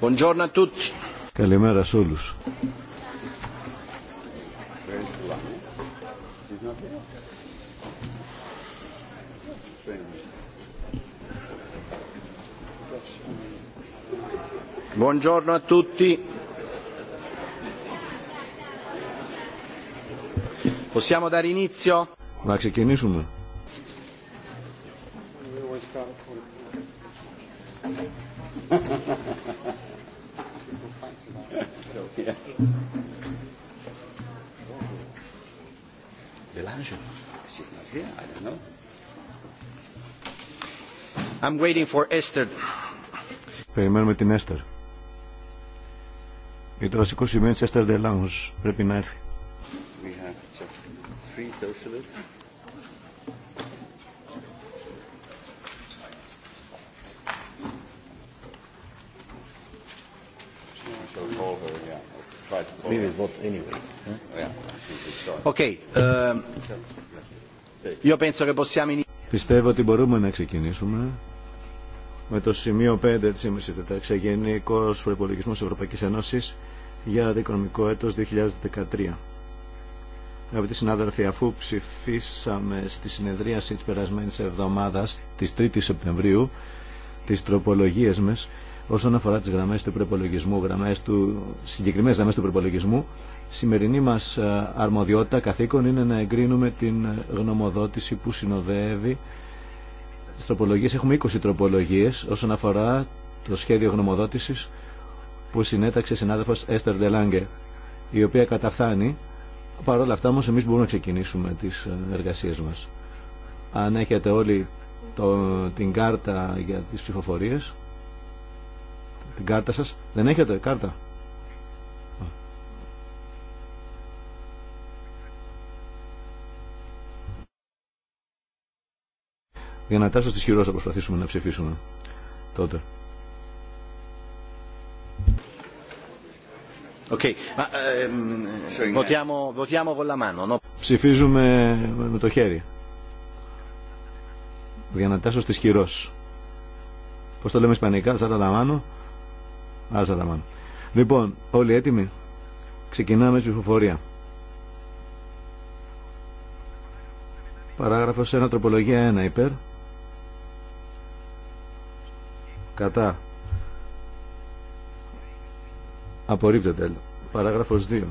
Buongiorno a tutti. Καλημέρα σε όλους. Buongiorno a tutti. Possiamo dare inizio? Να ξεκινήσουμε. Delange, she's not here. I don't know. I'm waiting for Esther. Περιμένουμε την Esther. Για το βασικό σημείο της Έστερ Delange πρέπει να έρθει. We have just three socialists. call her. We will vote anyway. Okay. Um, io penso che possiamo Πιστεύω ότι μπορούμε να ξεκινήσουμε με το σημείο 5 της ημερής τετάξης Γενικός Προϋπολογισμός Ευρωπαϊκής Ένωσης για το οικονομικό έτος 2013. Αγαπητοί συνάδελφοι, αφού ψηφίσαμε στη συνεδρίαση της περασμένης εβδομάδας της 3ης Σεπτεμβρίου τις τροπολογίες μας Όσον αφορά τις γραμμές του προπολογισμού, γραμμές του, συγκεκριμένες γραμμές του προπολογισμού, σημερινή μας ε, αρμοδιότητα καθήκον είναι να εγκρίνουμε την γνωμοδότηση που συνοδεύει τις τροπολογίες. Έχουμε 20 τροπολογίες όσον αφορά το σχέδιο γνωμοδότησης που συνέταξε συνάδελφος Έστερ Ντελάνγκε, η οποία καταφθάνει. Παρ' όλα αυτά όμως εμείς μπορούμε να ξεκινήσουμε τις εργασίες μας. Αν έχετε όλοι την κάρτα για τις ψηφοφορίες την κάρτα σας. Δεν έχετε κάρτα. τάσω στις χειρός θα προσπαθήσουμε να ψηφίσουμε τότε. Ehm, Ψηφίζουμε με το χέρι. τάσω στις χειρός. Πώς το λέμε σπανικά, σαν τα δαμάνω μάνα. Λοιπόν, όλοι έτοιμοι. Ξεκινάμε στη ψηφοφορία. Παράγραφος 1, τροπολογία 1, υπέρ. Κατά. Απορρίπτεται. Παράγραφος 2.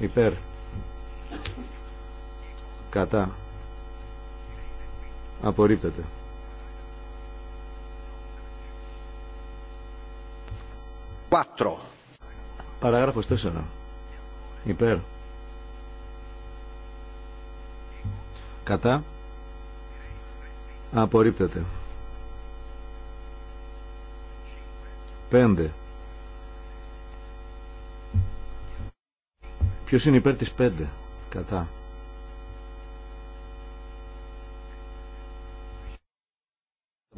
Υπέρ. Κατά. Απορρίπτεται. 4. Παράγραφος 4. Υπέρ. Κατά. Απορρίπτεται. 5. Ποιος είναι υπέρ της 5. Κατά.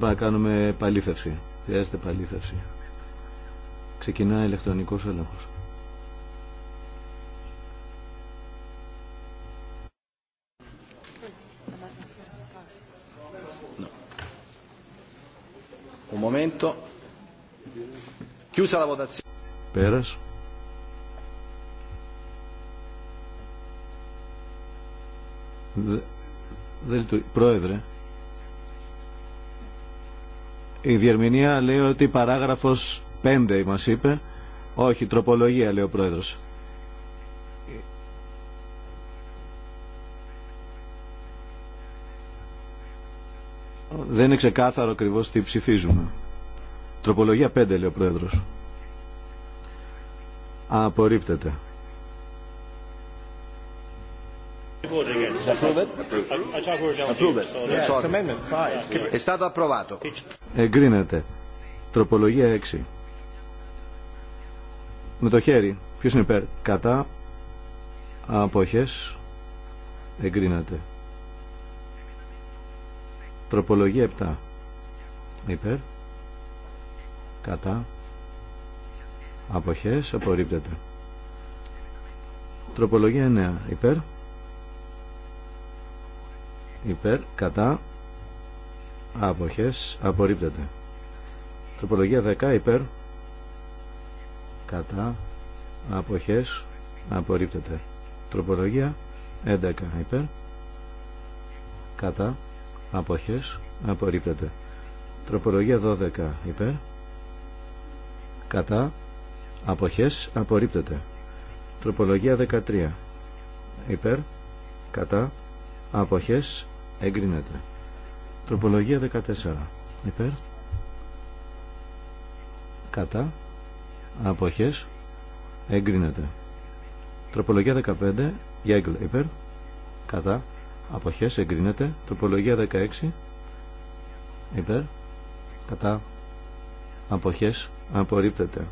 Θα κάνουμε παλήθευση. Χρειάζεται παλήθευση. Ξεκινά ηλεκτρονικός έλεγχος. Un Πέρας. Δεν το... Πρόεδρε. Η διερμηνία λέει ότι παράγραφος Πέντε μα είπε. Όχι, τροπολογία λέει ο πρόεδρο. Δεν είναι ξεκάθαρο ακριβώ τι ψηφίζουμε. Τροπολογία 5 λέει ο πρόεδρο. Απορρίπτεται. Εγκρίνεται. Τροπολογία 6 με το χέρι. Ποιος είναι υπέρ. Κατά. Αποχές. εγκρίνεται. Τροπολογία 7. Υπέρ. Κατά. Αποχές. Απορρίπτεται. Τροπολογία 9. Υπέρ. Υπέρ. Κατά. Αποχές. Απορρίπτεται. Τροπολογία 10. Υπέρ κατά αποχές απορρίπτεται τροπολογία 11 υπέρ κατά αποχές απορρίπτεται τροπολογία 12 υπέρ κατά αποχές απορρίπτεται τροπολογία 13 υπέρ κατά αποχές εγκρίνεται τροπολογία 14 υπέρ κατά αποχές εγκρίνεται τροπολογία 15 Γιέγκλ υπέρ κατά αποχές εγκρίνεται τροπολογία 16 υπέρ κατά αποχές απορρίπτεται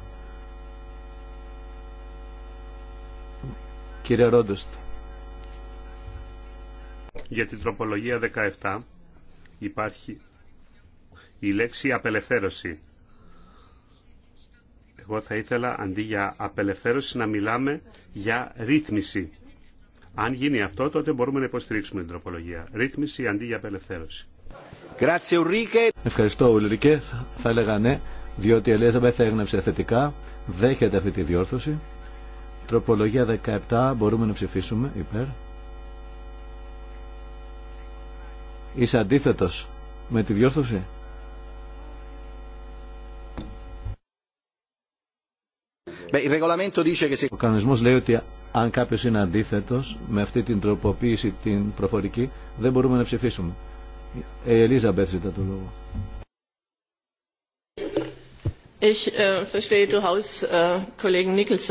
κύριε Ρόντοστ για την τροπολογία 17 υπάρχει η λέξη απελευθέρωση εγώ θα ήθελα αντί για απελευθέρωση να μιλάμε για ρύθμιση. Αν γίνει αυτό, τότε μπορούμε να υποστηρίξουμε την τροπολογία. Ρύθμιση αντί για απελευθέρωση. Ευχαριστώ, Ουλρικέ. Θα έλεγα ναι, διότι η Ελέζα έγνευσε θετικά. Δέχεται αυτή τη διόρθωση. Τροπολογία 17 μπορούμε να ψηφίσουμε υπέρ. Είσαι αντίθετος με τη διόρθωση. Ο κανονισμός λέει ότι αν κάποιος είναι αντίθετος με αυτή την τροποποίηση την προφορική δεν μπορούμε να ψηφίσουμε. Ε, η Ελίζα ζητά το λόγο. Ich, ε, verstehe, du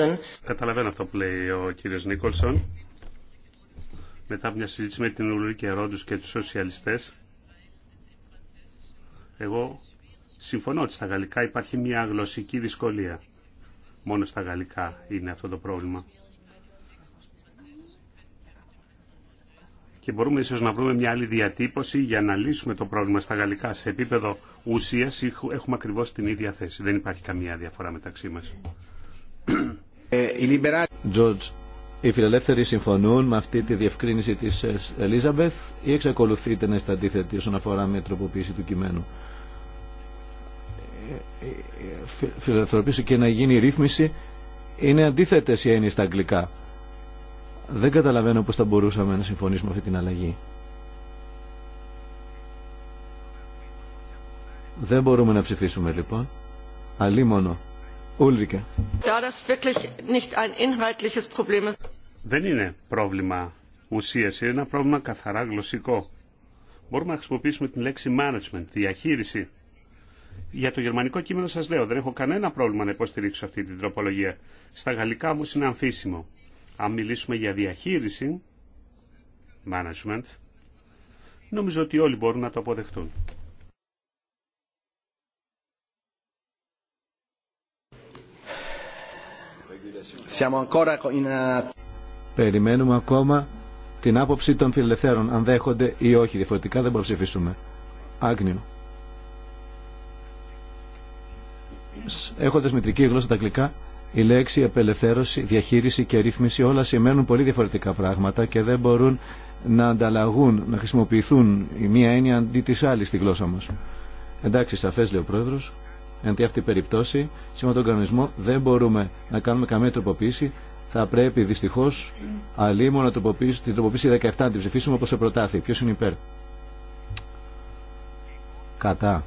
ε, Καταλαβαίνω αυτό που λέει ο κύριος Νίκολσον. Μετά από μια συζήτηση με την Ουλουρική και Ρόντους και τους σοσιαλιστές, εγώ συμφωνώ ότι στα γαλλικά υπάρχει μια γλωσσική δυσκολία. Μόνο στα γαλλικά είναι αυτό το πρόβλημα. Και μπορούμε ίσως να βρούμε μια άλλη διατύπωση για να λύσουμε το πρόβλημα στα γαλλικά. Σε επίπεδο ουσίας έχουμε ακριβώς την ίδια θέση. Δεν υπάρχει καμία διαφορά μεταξύ μας. Ε, George, οι φιλελεύθεροι συμφωνούν με αυτή τη διευκρίνηση της Ελίζαμπεθ ή εξακολουθείτε να είστε αντίθετοι όσον αφορά με τροποποίηση του κειμένου. Ε, ε, ε, φιλανθρωπήσει και να γίνει ρύθμιση είναι αντίθετες οι έννοιε στα αγγλικά. Δεν καταλαβαίνω πώς θα μπορούσαμε να συμφωνήσουμε αυτή την αλλαγή. Δεν μπορούμε να ψηφίσουμε λοιπόν. Αλίμονο. Ούλρικα. Δεν είναι πρόβλημα ουσία, είναι ένα πρόβλημα καθαρά γλωσσικό. Μπορούμε να χρησιμοποιήσουμε την λέξη management, διαχείριση για το γερμανικό κείμενο σας λέω, δεν έχω κανένα πρόβλημα να υποστηρίξω αυτή την τροπολογία. Στα γαλλικά όμως είναι αμφίσιμο. Αν μιλήσουμε για διαχείριση, management, νομίζω ότι όλοι μπορούν να το αποδεχτούν. Uh, Περιμένουμε ακόμα την άποψη των φιλελευθέρων. Αν δέχονται ή όχι διαφορετικά δεν μπορούμε να Άγνιο. έχοντας μητρική γλώσσα τα αγγλικά, η λέξη απελευθέρωση, διαχείριση και ρύθμιση όλα σημαίνουν πολύ διαφορετικά πράγματα και δεν μπορούν να ανταλλαγούν, να χρησιμοποιηθούν η μία έννοια αντί τη άλλη στη γλώσσα μα. Εντάξει, σαφέ λέει ο πρόεδρο, Εν αυτή αυτή περιπτώση, σύμφωνα τον κανονισμό, δεν μπορούμε να κάνουμε καμία τροποποίηση. Θα πρέπει δυστυχώ αλλήμω να τροποποιήσουμε την τροποποίηση 17 να την ψηφίσουμε όπω προτάθη. Ποιο είναι υπέρ. Κατά.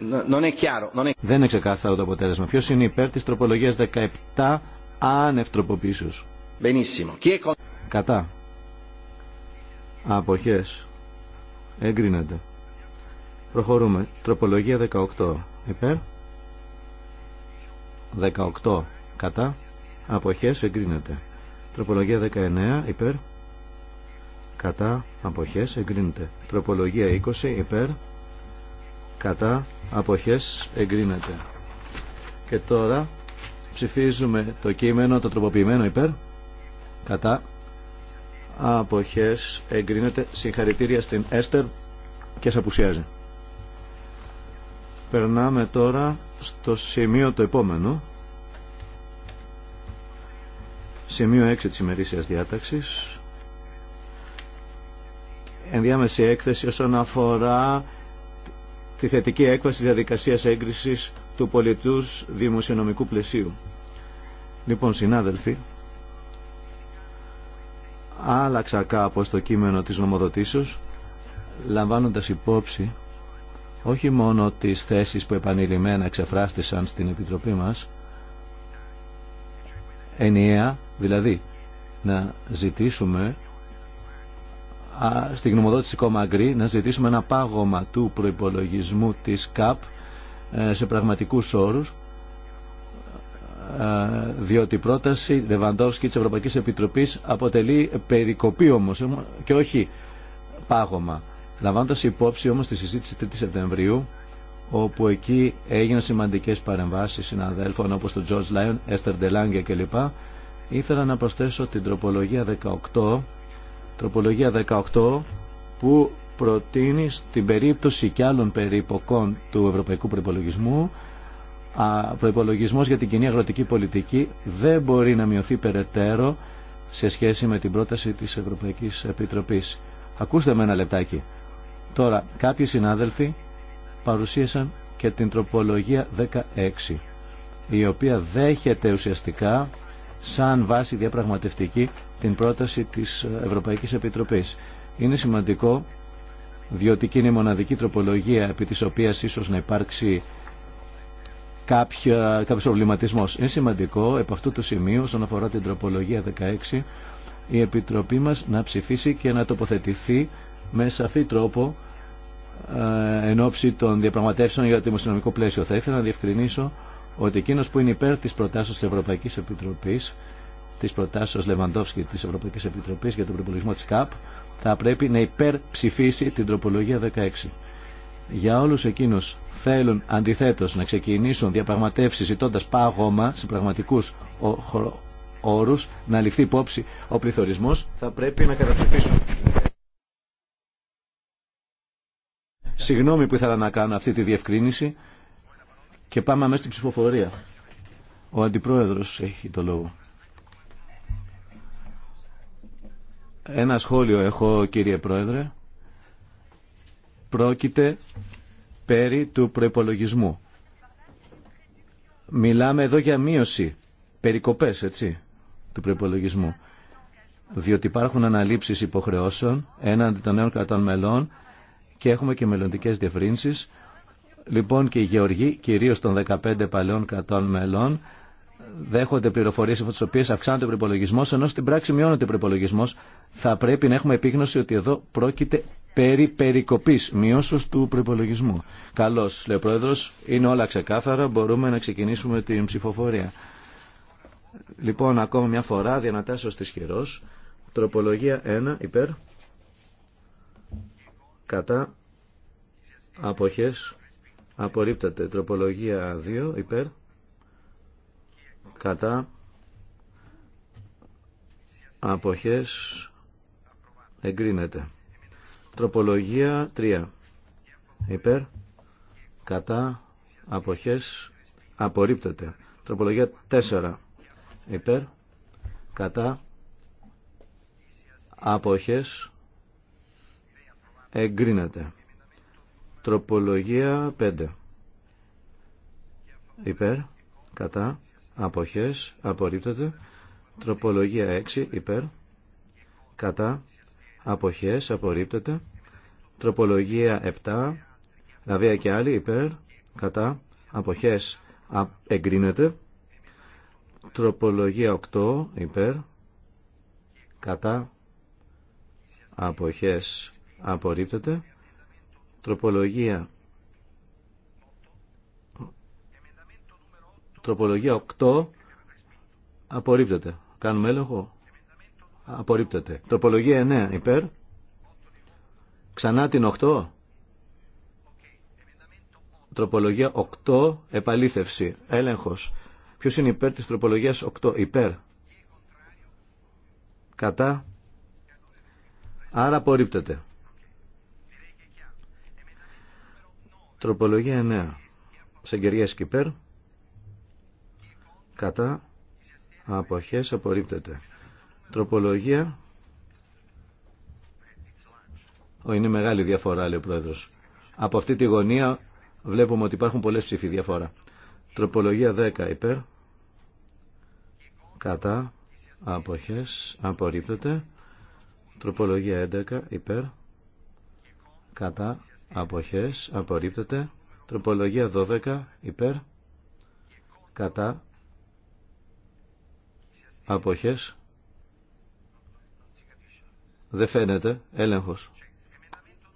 Δεν είναι ξεκάθαρο το αποτέλεσμα. Ποιο είναι υπέρ τη τροπολογία 17 άνευ τροποποίησεω. Κατά. Αποχέ. Εγκρίνεται. Προχωρούμε. Τροπολογία 18. Υπέρ. 18. Κατά. απόχέ εγκρίνεται. Τροπολογία 19. Υπέρ. Κατά. αποχέ, εγκρίνεται. Τροπολογία 20. Υπέρ κατά αποχές εγκρίνεται και τώρα ψηφίζουμε το κείμενο το τροποποιημένο υπέρ κατά αποχές εγκρίνεται συγχαρητήρια στην Έστερ και σε απουσιάζει περνάμε τώρα στο σημείο το επόμενο σημείο 6 της ημερήσιας διάταξης ενδιάμεση έκθεση όσον αφορά τη θετική έκβαση της διαδικασίας έγκρισης του πολιτούς δημοσιονομικού πλαισίου. Λοιπόν, συνάδελφοι, άλλαξα κάπως το κείμενο της νομοδοτήσεως, λαμβάνοντας υπόψη όχι μόνο τις θέσεις που επανειλημμένα εξεφράστησαν στην Επιτροπή μας, ενιαία, δηλαδή να ζητήσουμε στη γνωμοδότηση κόμμα κόμμα-αγκρή... να ζητήσουμε ένα πάγωμα του προϋπολογισμού της ΚΑΠ ε, σε πραγματικούς όρους ε, διότι η πρόταση Λεβαντόφσκη της Ευρωπαϊκής Επιτροπής αποτελεί περικοπή όμως ε, και όχι πάγωμα. Λαμβάνοντας υπόψη όμως τη συζήτηση 3 Σεπτεμβρίου όπου εκεί έγιναν σημαντικές παρεμβάσεις συναδέλφων όπως τον George Lyon, Esther DeLange κλπ. Ήθελα να προσθέσω την τροπολογία 18 τροπολογία 18 που προτείνει στην περίπτωση και άλλων περιποκών του ευρωπαϊκού προπολογισμού προϋπολογισμός για την κοινή αγροτική πολιτική δεν μπορεί να μειωθεί περαιτέρω σε σχέση με την πρόταση της Ευρωπαϊκής Επιτροπής. Ακούστε με ένα λεπτάκι. Τώρα, κάποιοι συνάδελφοι παρουσίασαν και την τροπολογία 16, η οποία δέχεται ουσιαστικά σαν βάση διαπραγματευτική την πρόταση της Ευρωπαϊκής Επιτροπής. Είναι σημαντικό διότι και είναι η μοναδική τροπολογία επί της οποίας ίσως να υπάρξει κάποια, κάποιος προβληματισμός. Είναι σημαντικό επ' αυτού του σημείου όσον αφορά την τροπολογία 16 η Επιτροπή μας να ψηφίσει και να τοποθετηθεί με σαφή τρόπο ε, εν ώψη των διαπραγματεύσεων για το δημοσιονομικό πλαίσιο. Θα ήθελα να διευκρινίσω ότι εκείνο που είναι υπέρ τη προτάσεω τη Ευρωπαϊκή Επιτροπή της προτάσεις Λεβαντόφσκη της Ευρωπαϊκής Επιτροπής για τον προπολογισμό της ΚΑΠ θα πρέπει να υπερψηφίσει την τροπολογία 16. Για όλους εκείνους θέλουν αντιθέτως να ξεκινήσουν διαπραγματεύσεις ζητώντα πάγωμα σε πραγματικούς όρους να ληφθεί υπόψη ο πληθωρισμός θα πρέπει να καταψηφίσουν. Συγγνώμη που ήθελα να κάνω αυτή τη διευκρίνηση και πάμε αμέσως στην ψηφοφορία. Ο Αντιπρόεδρος έχει το λόγο. Ένα σχόλιο έχω κύριε Πρόεδρε. Πρόκειται περί του προϋπολογισμού. Μιλάμε εδώ για μείωση, περικοπές έτσι, του προϋπολογισμού. Διότι υπάρχουν αναλήψεις υποχρεώσεων έναντι των νέων κρατών μελών και έχουμε και μελλοντικέ διευρύνσεις. Λοιπόν και οι γεωργοί, κυρίως των 15 παλαιών κρατών μελών, δέχονται πληροφορίε από τι οποίε αυξάνεται ο προπολογισμό, ενώ στην πράξη μειώνεται ο προπολογισμό, θα πρέπει να έχουμε επίγνωση ότι εδώ πρόκειται περί περικοπή μειώσεω του προπολογισμού. Καλώ, λέει ο Πρόεδρο, είναι όλα ξεκάθαρα, μπορούμε να ξεκινήσουμε την ψηφοφορία. Λοιπόν, ακόμα μια φορά, διανατάσσεω τη χειρό, τροπολογία 1 υπέρ, κατά, αποχές, απορρίπτεται, τροπολογία 2 υπέρ, κατά αποχές εγκρίνεται τροπολογία 3 υπέρ κατά αποχές απορρίπτεται τροπολογία 4 υπέρ κατά αποχές εγκρίνεται τροπολογία 5 υπέρ κατά αποχές απορρίπτεται τροπολογία 6 υπέρ κατά αποχές απορρίπτεται τροπολογία 7 λαβία και άλλη υπέρ κατά αποχές εγκρίνεται τροπολογία 8 υπέρ κατά αποχές απορρίπτεται τροπολογία Τροπολογία 8 απορρίπτεται. Κάνουμε έλεγχο. Απορρίπτεται. Τροπολογία 9 υπέρ. Ξανά την 8. Τροπολογία 8 επαλήθευση. Έλεγχος. Ποιος είναι υπέρ της τροπολογίας 8. Υπέρ. Κατά. Άρα απορρίπτεται. Τροπολογία 9. Σεγγερία και υπέρ κατά αποχές απορρίπτεται τροπολογία είναι μεγάλη διαφορά λέει ο πρόεδρος από αυτή τη γωνία βλέπουμε ότι υπάρχουν πολλές ψήφοι διαφορά τροπολογία 10 υπέρ κατά αποχές απορρίπτεται τροπολογία 11 υπέρ κατά αποχές απορρίπτεται τροπολογία 12 υπέρ κατά αποχές δεν φαίνεται έλεγχος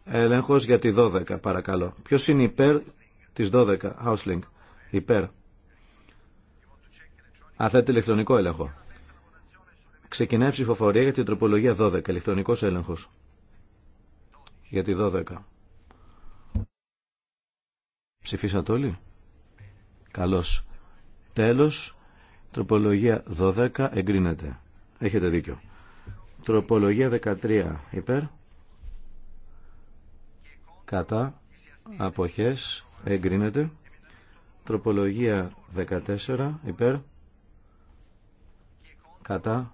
έλεγχος για τη 12 παρακαλώ ποιος είναι υπέρ της 12 Hausling υπέρ Αθέτει ηλεκτρονικό έλεγχο. Ξεκινάει ψηφοφορία για την τροπολογία 12, ηλεκτρονικός έλεγχος. Για τη 12. Ψηφίσατε όλοι. Καλώς. Τέλος Τροπολογία 12 εγκρίνεται. Έχετε δίκιο. Τροπολογία 13 υπέρ. Κατά. Αποχές εγκρίνεται. Τροπολογία 14 υπέρ. Κατά.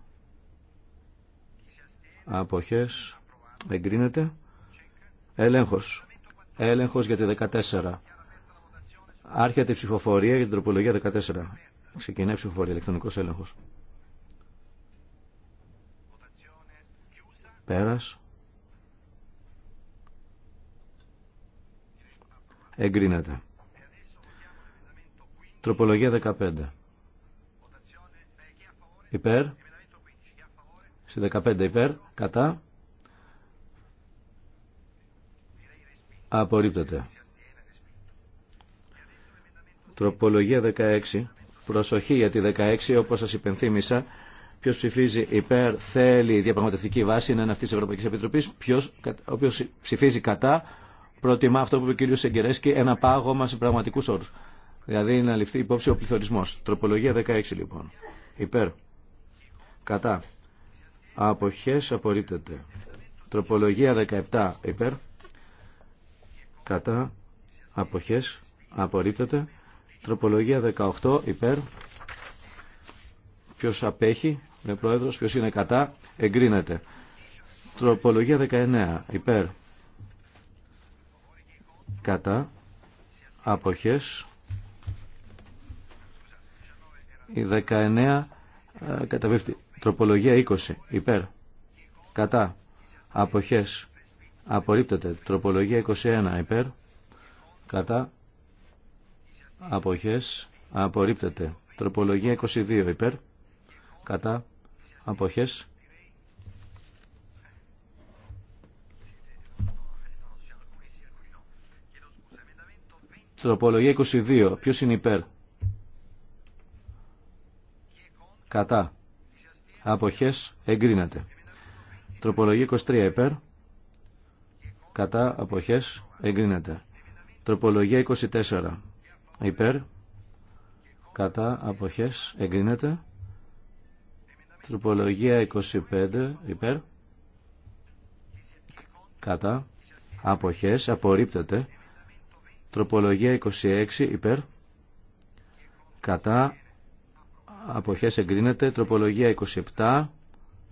Αποχές εγκρίνεται. Έλεγχος. Έλεγχος για τη 14. Άρχεται η ψηφοφορία για την τροπολογία 14. Ξεκινάει ψηφοφορία, ηλεκτρονικό έλεγχο. Πέρα. Εγκρίνεται. Τροπολογία 15. Υπέρ. Στην 15 υπέρ. Κατά. Απορρίπτεται. Τροπολογία 16. Προσοχή για τη 16, όπω σα υπενθύμησα. Ποιο ψηφίζει υπέρ θέλει διαπραγματευτική βάση να είναι αυτή τη Ευρωπαϊκή Επιτροπή. Όποιο ψηφίζει κατά προτιμά αυτό που είπε ο κ. Σεγκερέσκη ένα πάγωμα σε πραγματικού όρου. Δηλαδή να ληφθεί υπόψη ο πληθωρισμό. Τροπολογία 16 λοιπόν. Υπέρ. Κατά. Αποχέ απορρίπτεται. Τροπολογία 17 υπέρ. Κατά. Αποχέ απορρίπτεται. Τροπολογία 18 υπέρ. Ποιο απέχει, είναι πρόεδρο, ποιο είναι κατά, εγκρίνεται. Τροπολογία 19 υπέρ. Κατά. Αποχέ. Η 19 ε, καταπέφτει. Τροπολογία 20 υπέρ. Κατά. Αποχέ. Απορρίπτεται. Τροπολογία 21 υπέρ. Κατά αποχές απορρίπτεται. Τροπολογία 22 υπέρ κατά αποχές Τροπολογία 22. Ποιος είναι υπέρ. Κατά. Αποχές εγκρίνεται. Τροπολογία 23 υπέρ. Κατά. Αποχές εγκρίνεται. Τροπολογία 24 υπέρ κατά αποχές εγκρίνεται τροπολογία 25 υπέρ κατά αποχές απορρίπτεται τροπολογία 26 υπέρ κατά αποχές εγκρίνεται τροπολογία 27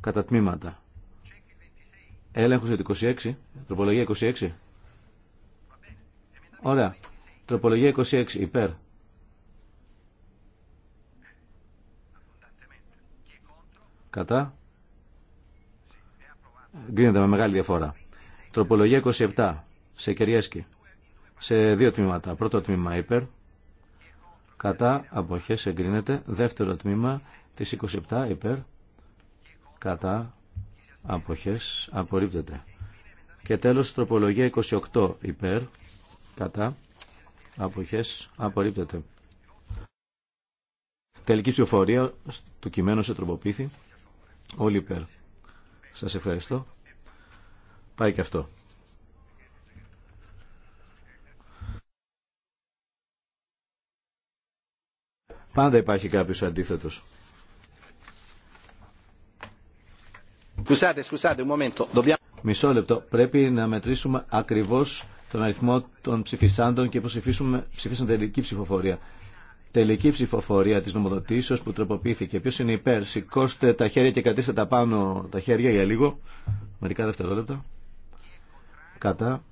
κατά τμήματα έλεγχος για 26 τροπολογία 26 Ωραία. Τροπολογία 26 υπέρ. Κατά. Γκρίνεται με μεγάλη διαφορά. Τροπολογία 27 σε Κεριέσκη. Σε δύο τμήματα. Πρώτο τμήμα υπέρ. Κατά αποχές εγκρίνεται. Δεύτερο τμήμα της 27 υπέρ. Κατά αποχές απορρίπτεται. Και τέλος τροπολογία 28 υπέρ. Κατά αποχές απορρίπτεται. Τελική ψηφοφορία του κειμένου σε τροποποίηθη. Όλοι υπέρ. Σας ευχαριστώ. Πάει και αυτό. Πάντα υπάρχει κάποιος αντίθετος. Μισό λεπτό. Πρέπει να μετρήσουμε ακριβώς τον αριθμό των ψηφισάντων και πώς ψηφίσαν τελική ψηφοφορία. Τελική ψηφοφορία της νομοδοτήσεως που τροποποιήθηκε. Ποιος είναι υπέρ. Σηκώστε τα χέρια και κρατήστε τα πάνω τα χέρια για λίγο. Μερικά δευτερόλεπτα. Κατά.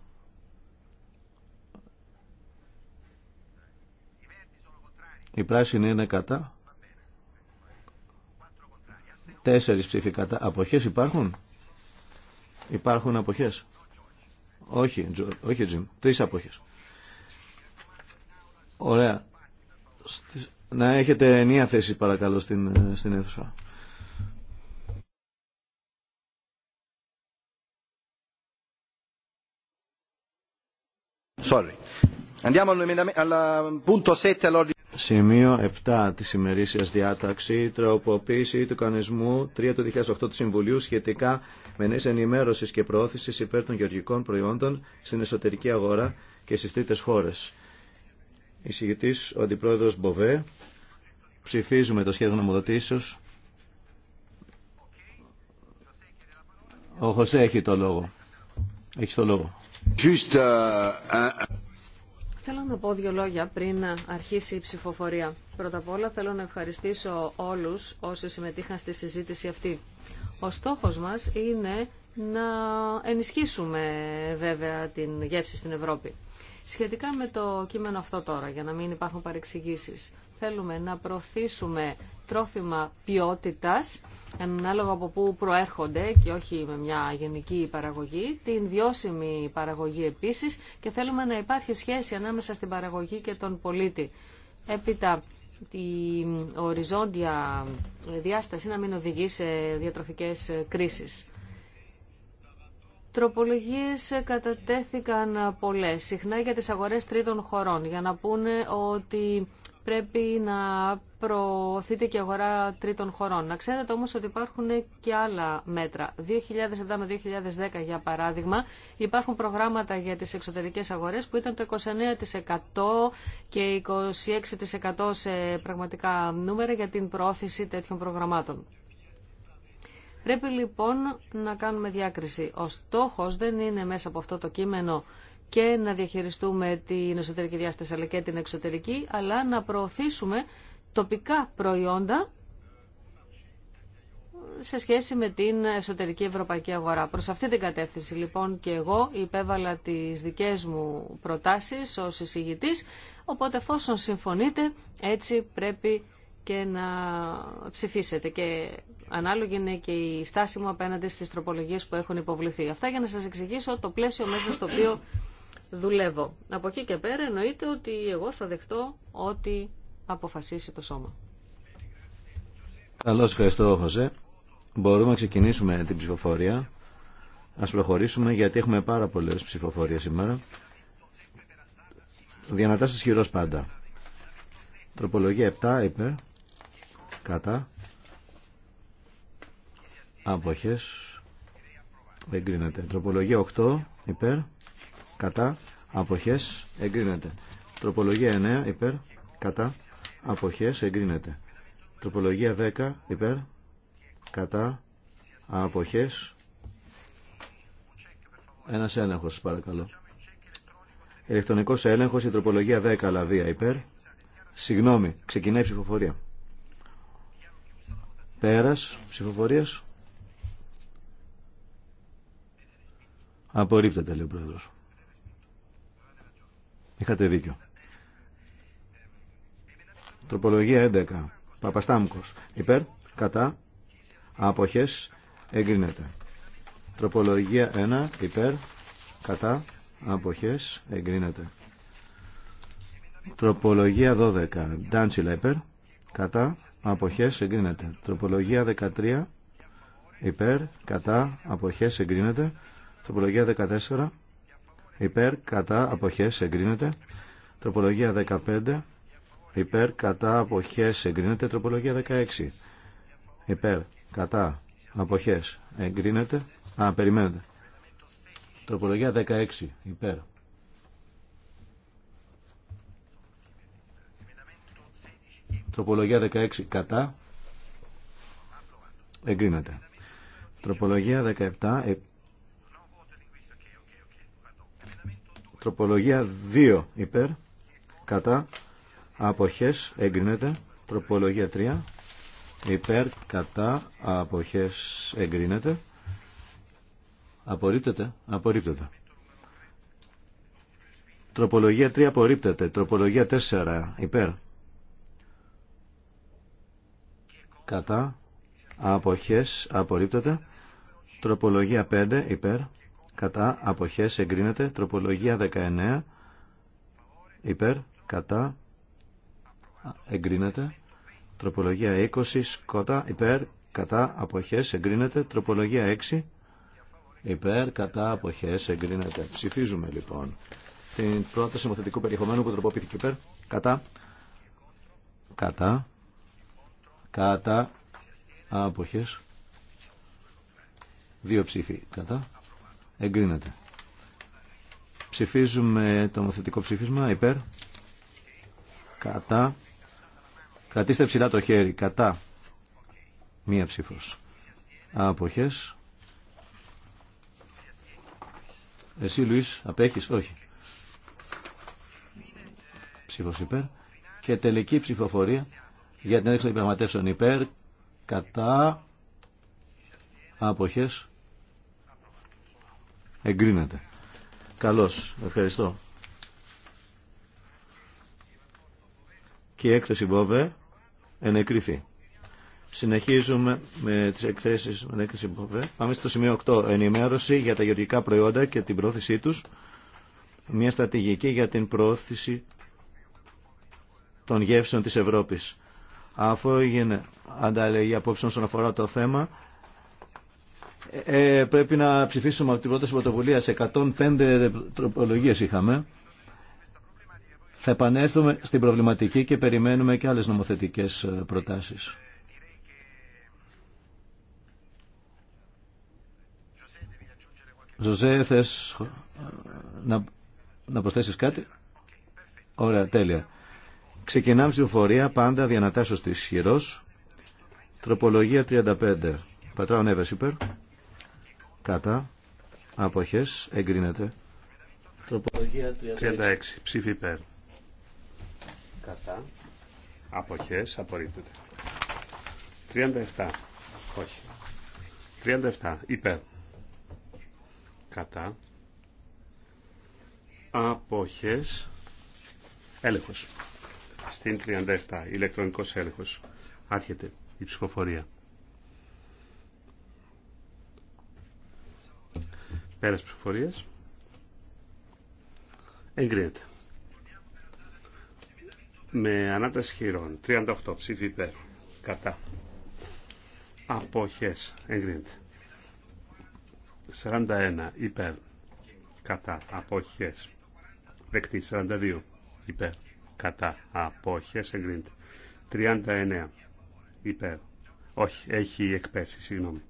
Η πράσινη είναι κατά. Τέσσερις ψήφοι κατά. Αποχές υπάρχουν. Υπάρχουν αποχές. Όχι, όχι Τζιμ. Τρεις απόχες. Ωραία. Να έχετε ενία θέση παρακαλώ στην, στην αίθουσα. Sorry. Andiamo al punto 7 all'ordine. Σημείο 7 της ημερήσια διάταξη, τροποποίηση του κανονισμού 3 του 2008 του Συμβουλίου σχετικά με νέες ενημέρωσης και προώθησης υπέρ των γεωργικών προϊόντων στην εσωτερική αγορά και στις τρίτες χώρες. Εισηγητής ο Αντιπρόεδρος Μποβέ. Ψηφίζουμε το σχέδιο νομοδοτήσεως. Ο Χωσέ έχει το λόγο. Έχει το λόγο. Just, uh, uh Θέλω να πω δύο λόγια πριν αρχίσει η ψηφοφορία. Πρώτα απ' όλα θέλω να ευχαριστήσω όλους όσοι συμμετείχαν στη συζήτηση αυτή. Ο στόχος μας είναι να ενισχύσουμε βέβαια την γεύση στην Ευρώπη. Σχετικά με το κείμενο αυτό τώρα, για να μην υπάρχουν παρεξηγήσεις, θέλουμε να προωθήσουμε τρόφιμα ποιότητας, ανάλογα από πού προέρχονται και όχι με μια γενική παραγωγή, την βιώσιμη παραγωγή επίσης και θέλουμε να υπάρχει σχέση ανάμεσα στην παραγωγή και τον πολίτη. Έπειτα, η οριζόντια διάσταση να μην οδηγεί σε διατροφικές κρίσεις. Τροπολογίες κατατέθηκαν πολλές, συχνά για τις αγορές τρίτων χωρών, για να πούνε ότι πρέπει να προωθείται και αγορά τρίτων χωρών. Να ξέρετε όμως ότι υπάρχουν και άλλα μέτρα. 2007 με 2010 για παράδειγμα υπάρχουν προγράμματα για τις εξωτερικές αγορές που ήταν το 29% και 26% σε πραγματικά νούμερα για την προώθηση τέτοιων προγραμμάτων. Πρέπει λοιπόν να κάνουμε διάκριση. Ο στόχος δεν είναι μέσα από αυτό το κείμενο και να διαχειριστούμε την εσωτερική διάσταση αλλά και την εξωτερική, αλλά να προωθήσουμε τοπικά προϊόντα σε σχέση με την εσωτερική ευρωπαϊκή αγορά. Προς αυτή την κατεύθυνση λοιπόν και εγώ υπέβαλα τις δικές μου προτάσεις ως εισηγητής, οπότε εφόσον συμφωνείτε έτσι πρέπει και να ψηφίσετε και ανάλογη είναι και η στάση μου απέναντι στις τροπολογίες που έχουν υποβληθεί. Αυτά για να σας εξηγήσω το πλαίσιο μέσα στο οποίο δουλεύω. Από εκεί και πέρα εννοείται ότι εγώ θα δεχτώ ότι αποφασίσει το σώμα. Καλώς ευχαριστώ, Χωσέ. Μπορούμε να ξεκινήσουμε την ψηφοφορία. Ας προχωρήσουμε γιατί έχουμε πάρα πολλές ψηφοφορίες σήμερα. Διανατάσεις χειρός πάντα. Τροπολογία 7, υπέρ, κατά, άποχες, εγκρίνεται. Τροπολογία 8, υπέρ, κατά, άποχες, εγκρίνεται. Τροπολογία 9, υπέρ, κατά, αποχές εγκρίνεται. Τροπολογία 10 υπέρ κατά αποχές ένας έλεγχος παρακαλώ. ηλεκτρονικός έλεγχος η τροπολογία 10 λαβία υπέρ. Συγγνώμη, ξεκινάει η ψηφοφορία. Πέρας ψηφοφορίας. Απορρίπτεται λέει ο πρόεδρος. Είχατε δίκιο. Τροπολογία 11. Παπαστάμκος. Υπέρ. Κατά. Αποχές. Εγκρίνεται. Τροπολογία 1. Υπέρ. Κατά. Αποχές. Εγκρίνεται. Τροπολογία 12. Ντάντσιλα υπέρ. Κατά. Αποχές. Εγκρίνεται. Τροπολογία 13. Υπέρ. Κατά. Αποχές. Εγκρίνεται. Τροπολογία 14. Υπέρ. Κατά. Αποχές. Εγκρίνεται. Τροπολογία 15 Υπέρ κατά αποχές εγκρίνεται τροπολογία 16. Υπέρ κατά αποχές εγκρίνεται. Α, περιμένετε. Τροπολογία 16. Υπέρ. Τροπολογία 16 κατά. Εγκρίνεται. Τροπολογία 17. Ε... Τροπολογία 2 υπέρ. Κατά αποχές εγκρίνεται τροπολογία 3 υπέρ κατά αποχές εγκρίνεται απορρίπτεται απορρίπτεται τροπολογία 3 απορρίπτεται τροπολογία 4 υπέρ κατά αποχές απορρίπτεται τροπολογία 5 υπέρ κατά αποχές εγκρίνεται τροπολογία 19 υπέρ κατά εγκρίνεται. Τροπολογία 20 κότα υπέρ κατά αποχές εγκρίνεται. Τροπολογία 6 υπέρ κατά αποχές εγκρίνεται. Ψηφίζουμε λοιπόν την πρόταση νομοθετικού περιεχομένου που τροποποιήθηκε υπέρ κατά κατά κατά αποχές δύο ψήφοι κατά εγκρίνεται. Ψηφίζουμε το νομοθετικό ψήφισμα υπέρ κατά Κρατήστε ψηλά το χέρι. Κατά. Μία ψήφος. Αποχές. Εσύ Λουίς απέχεις. Όχι. Ψήφος υπέρ. Και τελική ψηφοφορία για την έξοδο διαπραγματεύσεων υπέρ. Κατά. Αποχές. Εγκρίνεται. Καλώς. Ευχαριστώ. Και η έκθεση Μπόβε ενεκριθεί. Συνεχίζουμε με τις εκθέσεις. Πάμε στο σημείο 8. Ενημέρωση για τα γεωργικά προϊόντα και την πρόθεσή τους. Μια στρατηγική για την πρόθεση των γεύσεων της Ευρώπης. Αφού έγινε ανταλλαγή απόψε όσον αφορά το θέμα, ε, ε πρέπει να ψηφίσουμε από την πρόταση πρωτοβουλία. 105 τροπολογίε είχαμε. Θα επανέλθουμε στην προβληματική και περιμένουμε και άλλες νομοθετικές ε, προτάσεις. Ζωζέ, θες ε, να, να προσθέσεις κάτι? Ωραία, τέλεια. Ξεκινάμε ψηφοφορία πάντα διανατάσσω της χειρός. Τροπολογία 35. Πατράω Νέβες υπέρ. Κατά. Αποχές. Εγκρίνεται. Τροπολογία 36. 36. Ψήφι υπέρ κατά αποχές απορρίπτεται 37 όχι 37 υπέρ κατά αποχές έλεγχος στην 37 ηλεκτρονικός έλεγχος άρχεται η ψηφοφορία πέρας ψηφοφορίας εγκρίνεται με ανάταση χειρών. 38 ψήφι υπέρ. Κατά. Αποχές. Εγκρίνεται. 41 υπέρ. Κατά. Αποχές. Δεκτή. 42 υπέρ. Κατά. Αποχές. Εγκρίνεται. 39 υπέρ. Όχι. Έχει εκπέσει. Συγγνώμη.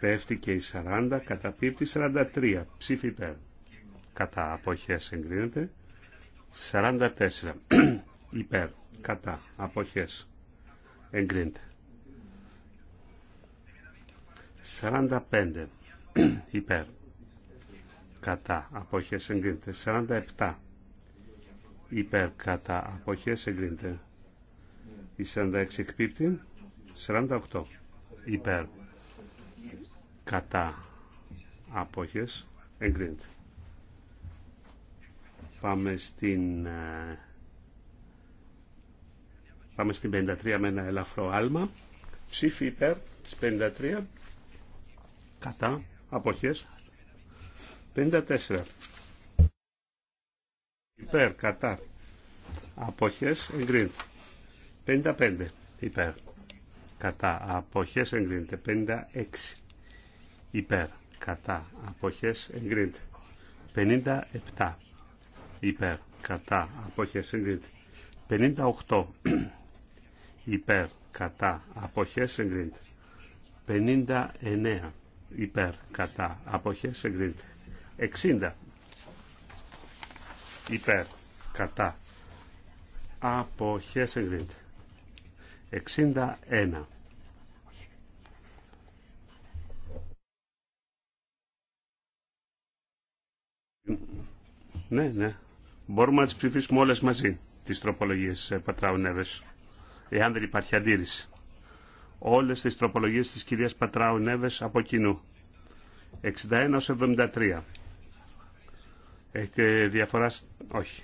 Πέφτει και η 40. Καταπίπτει 43. Ψήφι υπέρ. Κατά. Αποχές. Εγκρίνεται. 44 υπέρ κατά αποχές εγκρίνεται 45 υπέρ κατά αποχές εγκρίνεται 47 υπέρ κατά αποχές εγκρίνεται η 46 εκπίπτει 48 υπέρ κατά αποχές εγκρίνεται Πάμε στην... Ε, πάμε στην 53 με ένα ελαφρό άλμα. Ψήφι υπέρ της 53. Κατά. Αποχές. 54. Υπέρ. Κατά. Αποχές. Εγκρίνεται. 55. Υπέρ. Κατά. Αποχές. Εγκρίνεται. 56. Υπέρ. Κατά. Αποχές. Εγκρίνεται. 57 υπέρ, κατά, αποχές εγκρίνεται. 58 υπέρ, κατά, αποχές εγκρίνεται. 59 υπέρ, κατά, αποχές εγκρίνεται. 60 υπέρ, κατά, αποχές εγκρίνεται. 61 Ναι, ναι. Μπορούμε να τι ψηφίσουμε όλε μαζί, τι τροπολογίε ε, Πατράου Νέβε, εάν δεν υπάρχει αντίρρηση. Όλε τι τροπολογίε τη κυρία Πατράου κοινού. 61-73. από κοινού. 61 73. Έχετε διαφορά... Όχι.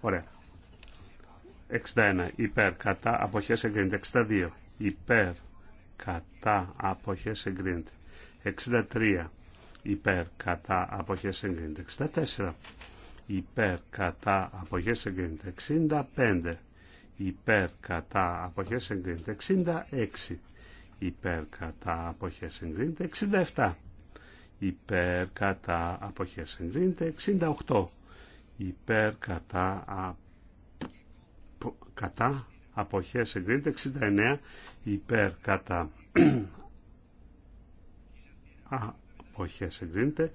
Ωραία. 61. Υπέρ, κατά, αποχές εγκρίνεται. 62. Υπέρ, κατά, αποχές εγκρίνεται. 63 υπέρ κατά αποχές εγκρίνεται 64, υπέρ κατά αποχές εγκρίνεται 65, υπέρ κατά αποχές εγκρίνεται 66, υπέρ κατά αποχές εγκρίνεται 67, υπέρ κατά αποχές εγκρίνεται 68, υπέρ κατά, απο, κατά αποχές εγκρίνεται 69, υπέρ κατά α, αποχές εγκρίνεται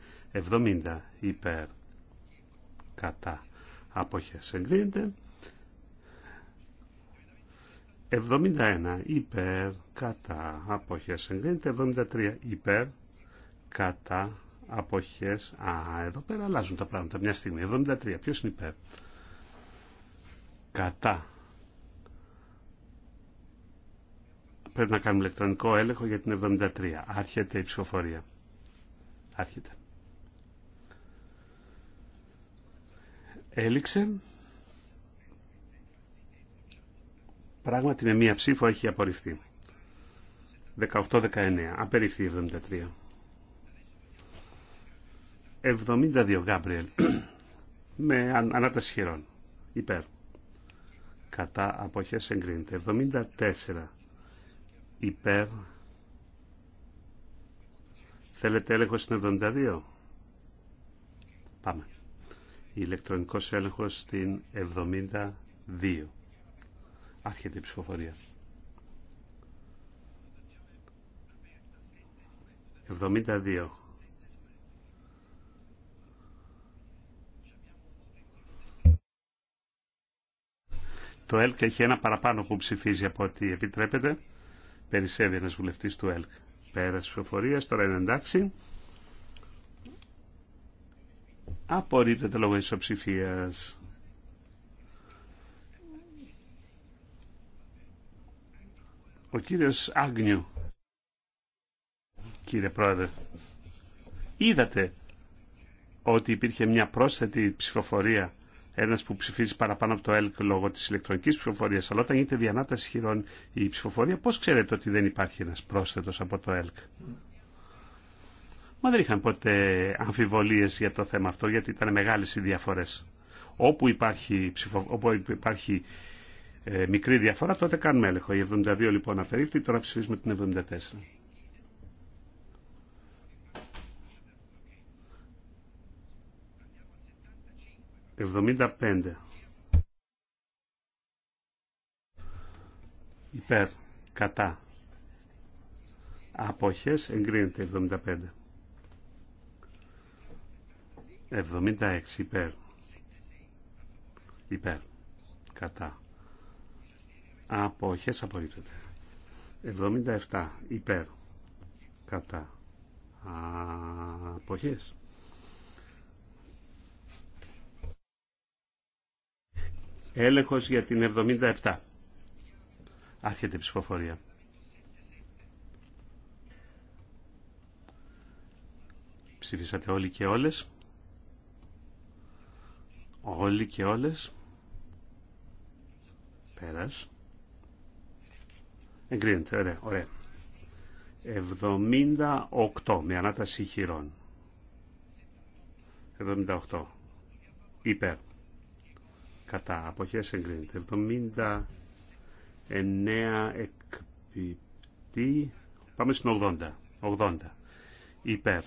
70 υπέρ κατά αποχές εγκρίνεται 71 υπέρ κατά αποχές εγκρίνεται 73 υπέρ κατά απόχέ, α εδώ πέρα αλλάζουν τα πράγματα μια στιγμή 73 ποιος είναι υπέρ κατά πρέπει να κάνουμε ηλεκτρονικό έλεγχο για την 73 άρχεται η ψηφοφορία Άρχεται. Έληξε. Πράγματι με μία ψήφο έχει απορριφθεί. 18-19. Απερίφθη 73. 72 Γκάμπριελ. με ανάταση χειρών. Υπέρ. Κατά αποχές εγκρίνεται. 74 υπέρ Θέλετε έλεγχο στην 72. Πάμε. Ηλεκτρονικό έλεγχο στην 72. Άρχεται η ψηφοφορία. 72. Το ΕΛΚ έχει ένα παραπάνω που ψηφίζει από ό,τι επιτρέπεται. Περισσεύει ένας βουλευτής του ΕΛΚ στις ψηφοφορία, τώρα είναι εντάξει. Απορρίπτεται λόγω ισοψηφία. Ο κύριος Άγνιου. Κύριε Πρόεδρε, είδατε ότι υπήρχε μια πρόσθετη ψηφοφορία ένα που ψηφίζει παραπάνω από το ΕΛΚ λόγω τη ηλεκτρονική ψηφοφορία, αλλά όταν γίνεται διανάταση χειρών η ψηφοφορία, Πώ ξέρετε ότι δεν υπάρχει ένα πρόσθετο από το ΕΛΚ. Μα δεν είχαν ποτέ αμφιβολίες για το θέμα αυτό, γιατί ήταν μεγάλε οι διαφορέ. Όπου υπάρχει, ψηφο... υπάρχει ε, μικρή διαφορά, τότε κάνουμε έλεγχο. Η 72 λοιπόν απερίφθη, τώρα ψηφίζουμε την 74. 75 υπέρ κατά αποχές εγκρίνεται 75 76 υπέρ υπέρ κατά αποχές απορρίπτεται 77 υπέρ κατά αποχές Έλεγχος για την 77. Άρχεται η ψηφοφορία. Ψηφίσατε όλοι και όλες. Όλοι και όλες. Πέρας. Εγκρίνεται, ωραία, ωραία. 78 με ανάταση χειρών. 78. Υπέρ κατά αποχές εγκρίνεται 79 εκπιπτή πάμε στην 80 80 υπέρ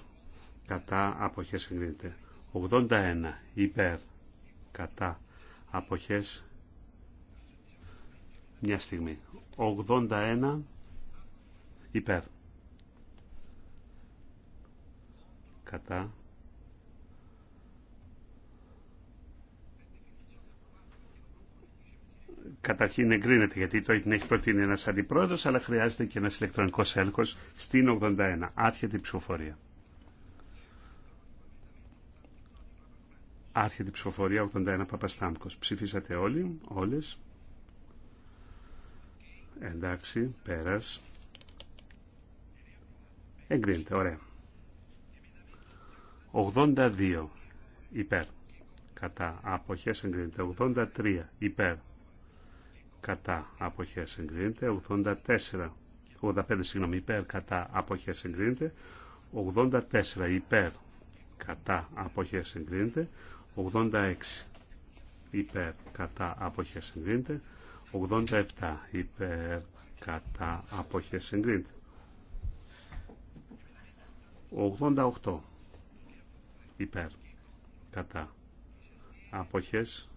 κατά αποχές εγκρίνεται 81 υπέρ κατά αποχές μια στιγμή 81 υπέρ κατά καταρχήν εγκρίνεται γιατί το έχει προτείνει ένας αντιπρόεδρος αλλά χρειάζεται και ένας ηλεκτρονικός έλεγχο στην 81. Άρχεται η ψηφοφορία. Άρχεται η ψηφοφορία 81 Παπαστάμκος. Ψήφισατε όλοι, όλες. Εντάξει, πέρας. Εγκρίνεται, ωραία. 82 υπέρ. Κατά αποχές εγκρίνεται. 83 υπέρ κατά αποχές συγκρίνεται, 84, 85 συγγνώμη, υπέρ κατά αποχές εγκρίνεται, 84 υπέρ κατά αποχές εγκρίνεται, 86 υπέρ κατά αποχές εγκρίνεται, 87 υπέρ κατά αποχές εγκρίνεται. 88 υπέρ κατά αποχές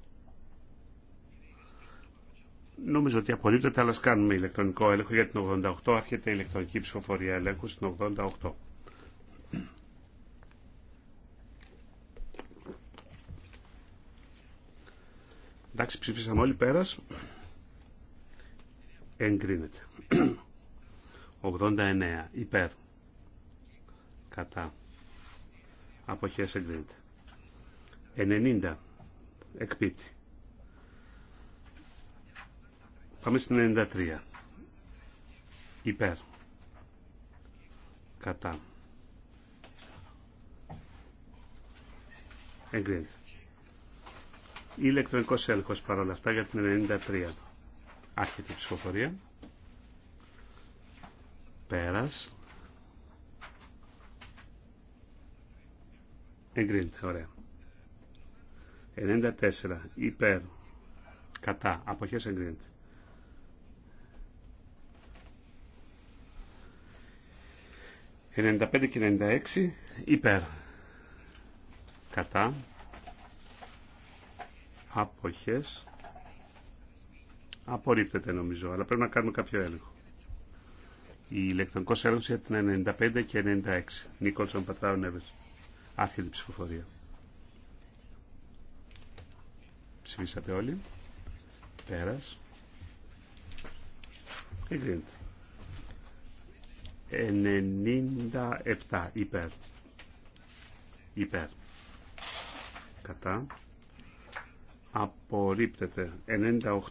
Νομίζω ότι απολύτωται, αλλά κάνουμε ηλεκτρονικό έλεγχο για την 88. Άρχεται η ηλεκτρονική ψηφοφορία ελέγχου στην 88. Εντάξει, ψηφίσαμε όλοι πέρας. Εγκρίνεται. 89. Υπέρ. Κατά. Αποχές εγκρίνεται. 90. Εκπίπτει. Πάμε στην 93. Υπέρ. Κατά. Εγκρίνεται. Ηλεκτρονικό έλεγχο παρόλα αυτά για την 93. Άρχεται η ψηφοφορία. Πέρα Εγκρίνεται, ωραία. 94. Υπέρ. Κατά. Αποχέ εγκρίνεται. 95 και 96 υπέρ κατά αποχές απορρίπτεται νομίζω αλλά πρέπει να κάνουμε κάποιο έλεγχο η ηλεκτρονικό έλεγχος για 95 και 96 Νίκολσον Πατράου Νέβες άρχιε ψηφοφορία ψηφίσατε όλοι πέρας εγκρίνεται 97 υπέρ. Υπέρ. Κατά. Απορρίπτεται.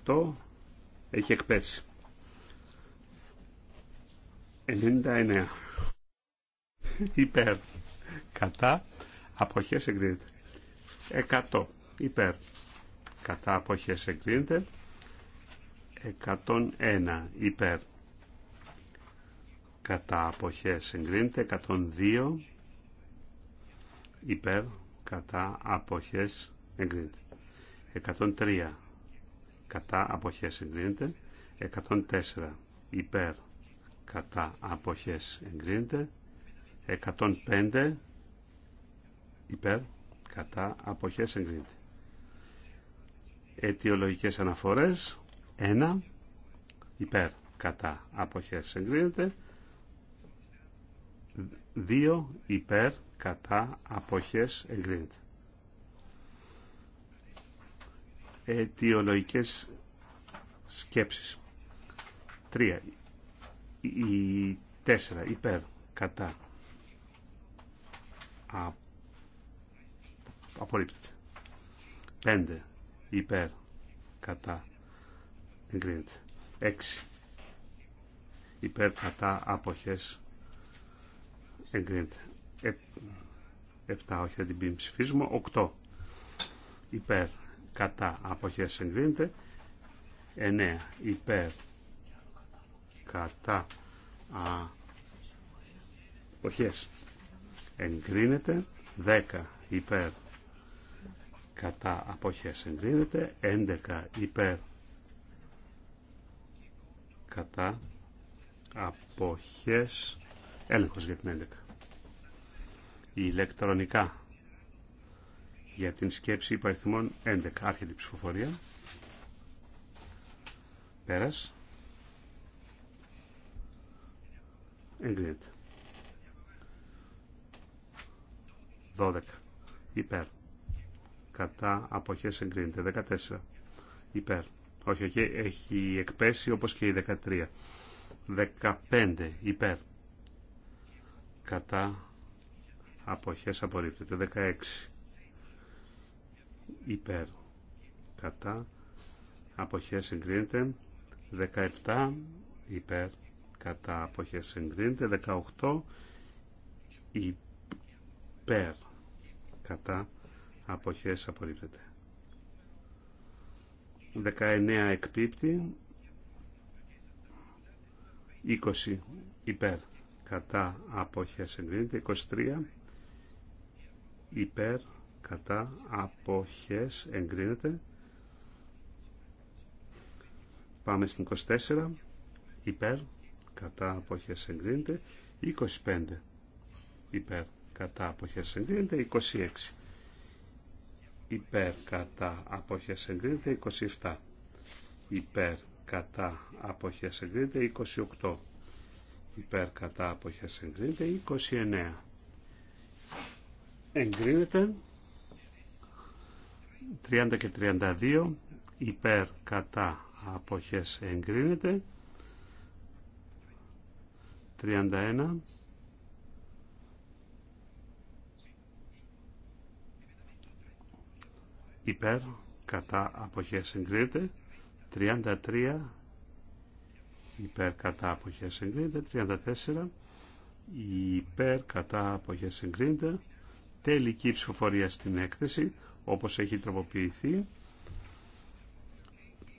98 έχει εκπέσει. 99 υπέρ. Κατά. Αποχές εγκρίνεται. 100 υπέρ. Κατά αποχές εγκρίνεται. 101 υπέρ κατά αποχές εγκρίνεται 102 υπέρ κατά αποχές εγκρίνεται 103 κατά αποχές εγκρίνεται 104 υπέρ κατά αποχές εγκρίνεται 105 υπέρ κατά αποχές εγκρίνεται αιτιολογικές αναφορές 1 υπέρ κατά αποχές εγκρίνεται 2 υπέρ κατά αποχές εγκρίνεται. Αιτιολογικές σκέψεις. 3. Η 4 υπέρ κατά α, απορρίπτεται. 5 υπέρ κατά εγκρίνεται. 6 υπέρ κατά αποχές εγκρίνεται. 7, ε, όχι θα την πει 8 υπέρ κατά αποχές εγκρίνεται. 9 υπέρ κατά αποχές εγκρίνεται. 10 υπέρ κατά αποχές εγκρίνεται. 11 υπέρ κατά αποχές Έλεγχος για την 11. Η ηλεκτρονικά για την σκέψη υπαριθμών 11. Άρχεται η ψηφοφορία. Πέρας. Εγκρίνεται. 12. Υπέρ. Κατά αποχές εγκρίνεται. 14. Υπέρ. Όχι, όχι, έχει εκπέσει όπως και η 13. 15. Υπέρ κατά αποχές απορρίπτεται 16 υπέρ κατά αποχές εγκρίνεται 17 υπέρ κατά αποχές εγκρίνεται 18 υπέρ κατά αποχές απορρίπτεται 19 εκπίπτει 20 υπέρ κατά αποχές εγκρίνεται 23 υπέρ κατά αποχές εγκρίνεται πάμε στην 24 υπέρ κατά αποχές εγκρίνεται 25 υπέρ κατά αποχές εγκρίνεται 26 υπέρ κατά αποχές εγκρίνεται 27 υπέρ κατά αποχές εγκρίνεται 28 υπέρ κατά αποχές εγκρίνεται 29 εγκρίνεται 30 και 32 υπέρ κατά αποχές εγκρίνεται 31 υπέρ κατά αποχές εγκρίνεται 33 υπέρ κατά αποχές εγκρίνεται 34 υπέρ κατά αποχές εγκρίνεται τελική ψηφοφορία στην έκθεση όπω έχει τροποποιηθεί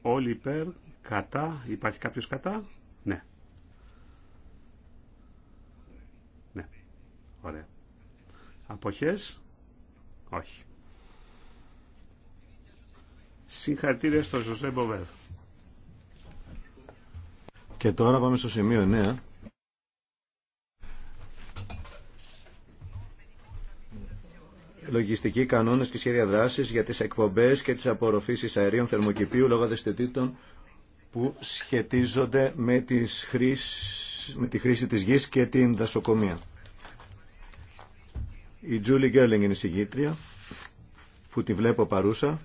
όλοι υπέρ κατά υπάρχει κάποιο κατά ναι ναι ωραία αποχές όχι Συγχαρητήρια στο Ζωζέ Μποβέρ. Και τώρα πάμε στο σημείο 9. Λογιστικοί κανόνες και σχέδια δράσης για τις εκπομπές και τις απορροφήσεις αερίων θερμοκηπίου λόγω δεστητήτων που σχετίζονται με, τις με τη χρήση της γης και την δασοκομεία. Η Τζούλι Γκέρλινγκ είναι η συγγήτρια που τη βλέπω παρούσα.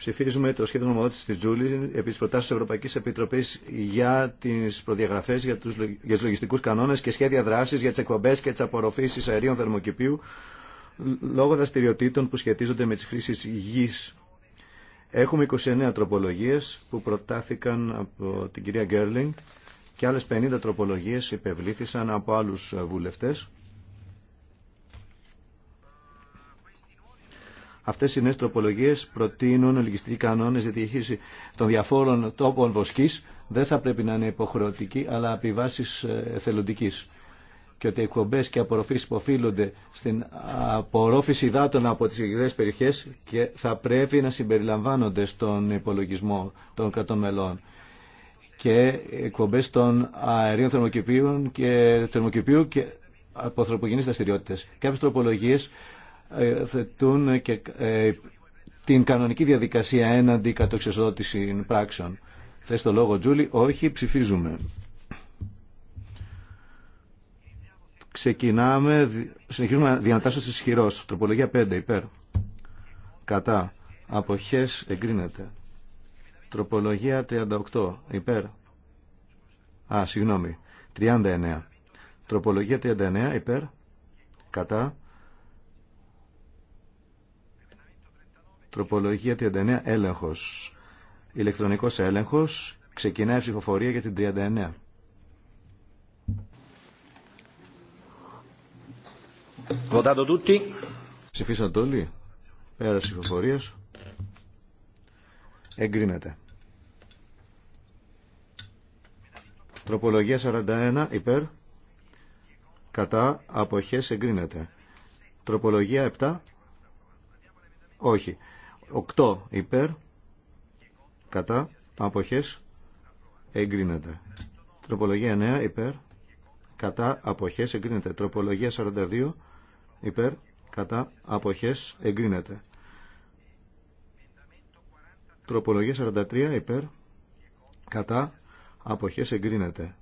Ψηφίζουμε το σχέδιο νομοδότηση τη Τζούλη επί τη προτάσει τη Ευρωπαϊκή Επιτροπή για τι προδιαγραφέ για του λογιστικού κανόνε και σχέδια δράση για τι εκπομπέ και τι απορροφήσει αερίων θερμοκηπίου λόγω δραστηριοτήτων που σχετίζονται με τι χρήσει γη. Έχουμε 29 τροπολογίε που προτάθηκαν από την κυρία Γκέρλινγκ και άλλε 50 τροπολογίε υπευλήθησαν από άλλου βουλευτέ. Αυτέ οι νέε τροπολογίε προτείνουν λογιστικοί κανόνες για τη διαχείριση των διαφόρων τόπων βοσκής. Δεν θα πρέπει να είναι υποχρεωτική, αλλά επιβάσει ε, εθελοντική. και ότι οι εκπομπέ και απορροφήσει που οφείλονται στην απορρόφηση υδάτων από τι υγρέ περιοχέ και θα πρέπει να συμπεριλαμβάνονται στον υπολογισμό των κρατών μελών. Και εκπομπέ των αερίων θερμοκηπίων και θερμοκηπίου και από ανθρωπογενεί δραστηριότητε. Κάποιε τροπολογίε θετούν και ε, την κανονική διαδικασία έναντι κατοξεσδότηση πράξεων. Θες το λόγο, Τζούλη. Όχι, ψηφίζουμε. Ξεκινάμε, συνεχίζουμε να διανατάσσουμε στις Τροπολογία 5, υπέρ. Κατά. Αποχές εγκρίνεται. Τροπολογία 38, υπέρ. Α, συγγνώμη. 39. Τροπολογία 39, υπέρ. Κατά. Τροπολογία 39. Έλεγχος. Ηλεκτρονικό έλεγχος. Ξεκινάει η ψηφοφορία για την 39. Votato tutti. όλοι. Πέρασε ψηφοφορία. Εγκρίνεται. Τροπολογία 41 υπέρ. Κατά αποχές εγκρίνεται. Τροπολογία 7. Όχι. 8 υπέρ κατά αποχές εγκρίνεται. Τροπολογία 9 υπέρ κατά αποχές εγκρίνεται. Τροπολογία 42 υπέρ κατά αποχές εγκρίνεται. Τροπολογία 43 υπέρ κατά αποχές εγκρίνεται.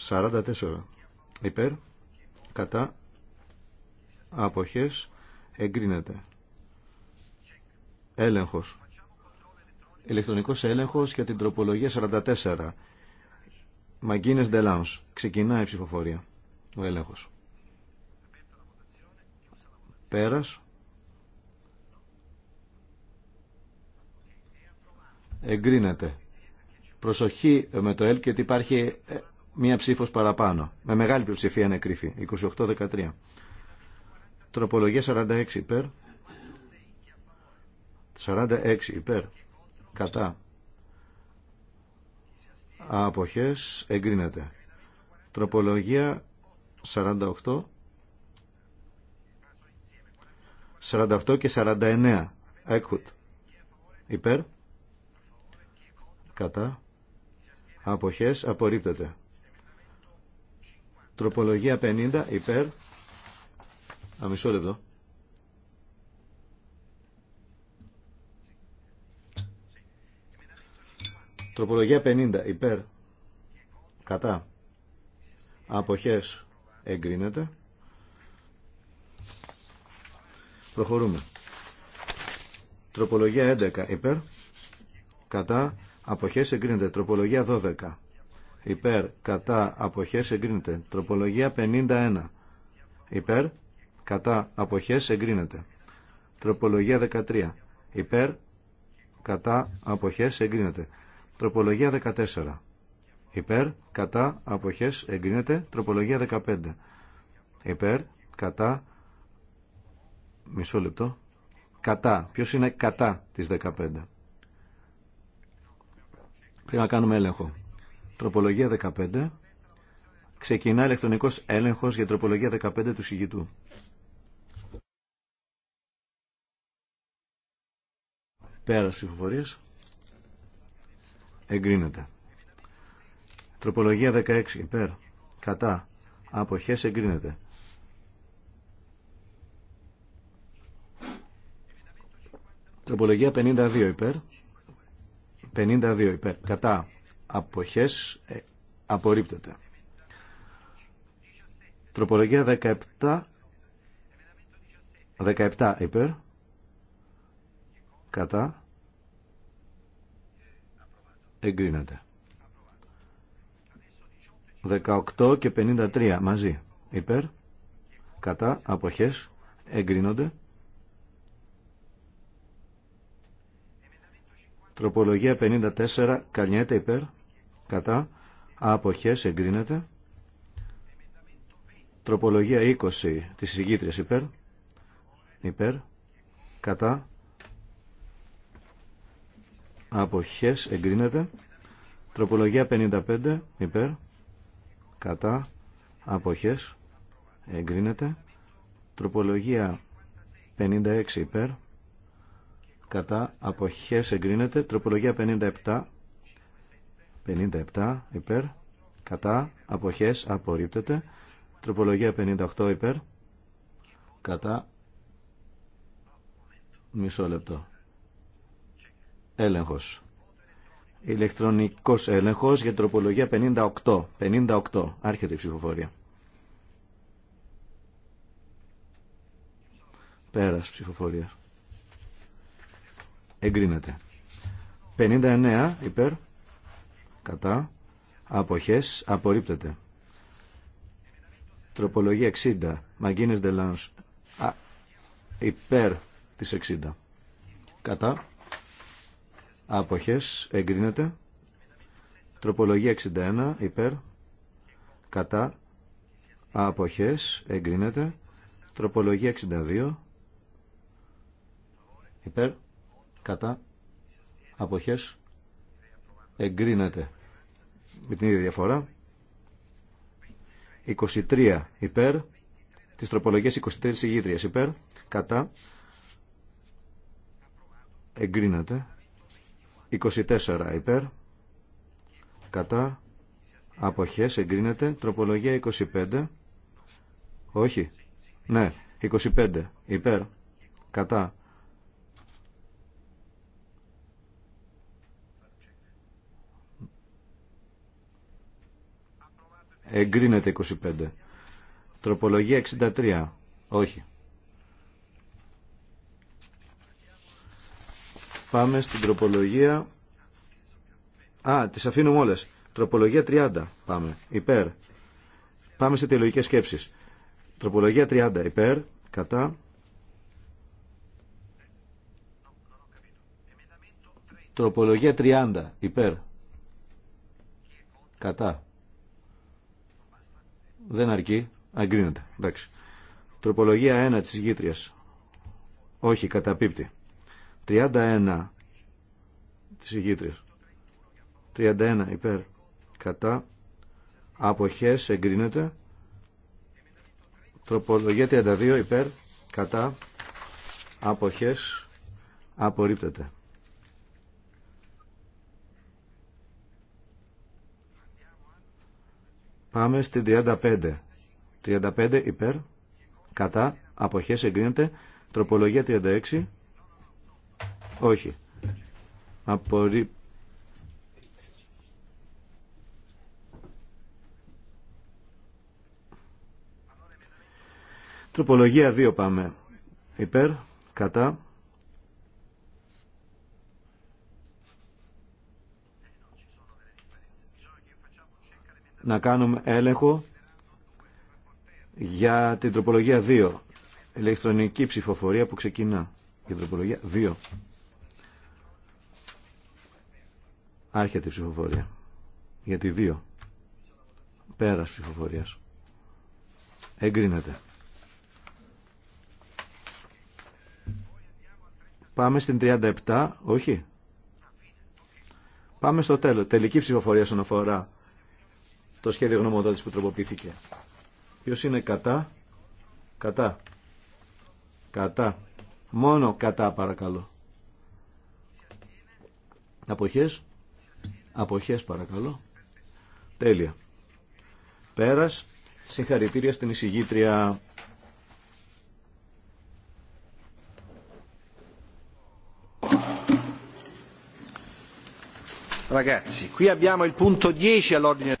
44 υπέρ κατά αποχές εγκρίνεται. Έλεγχος. Ηλεκτρονικός έλεγχος για την τροπολογία 44. Μαγκίνες Ντελάνς. ξεκίνα η ψηφοφορία. Ο έλεγχος. Πέρας. Εγκρίνεται. Προσοχή με το ΕΛ και ότι υπάρχει ε, μία ψήφος παραπάνω. Με μεγάλη πλειοψηφία ανεκρίθη. 28-13. Τροπολογία 46 υπέρ. 46 υπέρ. Κατά. Αποχές εγκρίνεται. Τροπολογία 48. 48 και 49. Έκουτ. Υπέρ. Κατά. Αποχές απορρίπτεται. Τροπολογία 50 υπέρ. Αμισό λεπτό. Τροπολογία 50 υπέρ κατά αποχές εγκρίνεται. Προχωρούμε. Τροπολογία 11 υπέρ κατά αποχές εγκρίνεται. Τροπολογία 12 υπέρ κατά αποχές εγκρίνεται. Τροπολογία 51 υπέρ κατά αποχές εγκρίνεται. Τροπολογία 13. Υπέρ κατά αποχές εγκρίνεται. Τροπολογία 14. Υπέρ κατά αποχές εγκρίνεται. Τροπολογία 15. Υπέρ κατά μισό λεπτό. Κατά. Ποιος είναι κατά της 15. Πρέπει να κάνουμε έλεγχο. Τροπολογία 15. Ξεκινά ηλεκτρονικός έλεγχος για τροπολογία 15 του συγητού. πέρα ψηφοφορία. Εγκρίνεται. Τροπολογία 16 υπέρ. Κατά. Αποχές εγκρίνεται. Τροπολογία 52 υπέρ. 52 υπέρ. Κατά. Αποχές ε, απορρίπτεται. Τροπολογία 17. 17 υπέρ κατά εγκρίνεται 18 και 53 μαζί υπέρ κατά αποχές εγκρίνονται τροπολογία 54 καλνιέται υπέρ κατά αποχές εγκρίνεται τροπολογία 20 της ηγήτριας υπέρ υπέρ κατά αποχές εγκρίνεται τροπολογία 55 υπέρ κατά αποχές εγκρίνεται τροπολογία 56 υπέρ κατά αποχές εγκρίνεται τροπολογία 57 57 υπέρ κατά αποχές απορρίπτεται τροπολογία 58 υπέρ κατά μισό λεπτό έλεγχος. Ηλεκτρονικός έλεγχος για τροπολογία 58. 58. Άρχεται η ψηφοφορία. Πέρας ψηφοφορία. Εγκρίνεται. 59 υπέρ. Κατά. Αποχές. Απορρίπτεται. Τροπολογία 60. Μαγκίνες Δελάνος. Υπέρ της 60. Κατά. Άποχες εγκρίνεται. Τροπολογία 61 υπέρ. Κατά. Άποχες εγκρίνεται. Τροπολογία 62 υπέρ. Κατά. Αποχές εγκρίνεται. Με την ίδια διαφορά. 23 υπέρ. Τις τροπολογίες 23 ηγήτριας υπέρ. Κατά. Εγκρίνεται. 24 υπέρ κατά αποχές εγκρίνεται τροπολογία 25 όχι ναι 25 υπέρ κατά εγκρίνεται 25 τροπολογία 63 όχι Πάμε στην τροπολογία... Α, τις αφήνουμε όλες. Τροπολογία 30 πάμε. Υπέρ. Πάμε σε τελογικές σκέψεις. Τροπολογία 30 υπέρ. Κατά. Τροπολογία 30 υπέρ. Κατά. Δεν αρκεί. Αγκρίνεται. Εντάξει. Τροπολογία 1 της γήτριας. Όχι, καταπίπτει. 31 της ηγήτριας. 31 υπέρ κατά αποχές εγκρίνεται. Τροπολογία 32 υπέρ κατά αποχές απορρίπτεται. Πάμε στην 35. 35 υπέρ, κατά, αποχές εγκρίνεται, τροπολογία 36 όχι. απορρίπτω. Τροπολογία 2 πάμε. Υπέρ, κατά. Να κάνουμε έλεγχο για την τροπολογία 2. Ηλεκτρονική ψηφοφορία που ξεκινά. η τροπολογία 2. Άρχεται η ψηφοφορία. Γιατί δύο. πέρα Πέρας ψηφοφορίας. Εγκρίνεται. Πάμε στην 37, όχι. Πάμε στο τέλος. Τελική ψηφοφορία στον αφορά το σχέδιο γνωμοδότης που τροποποιήθηκε. Ποιος είναι κατά. Κατά. Κατά. Μόνο κατά παρακαλώ. Αποχές. Αποχές παρακαλώ. Τέλεια. Πέρας. Συγχαρητήρια στην εισηγήτρια.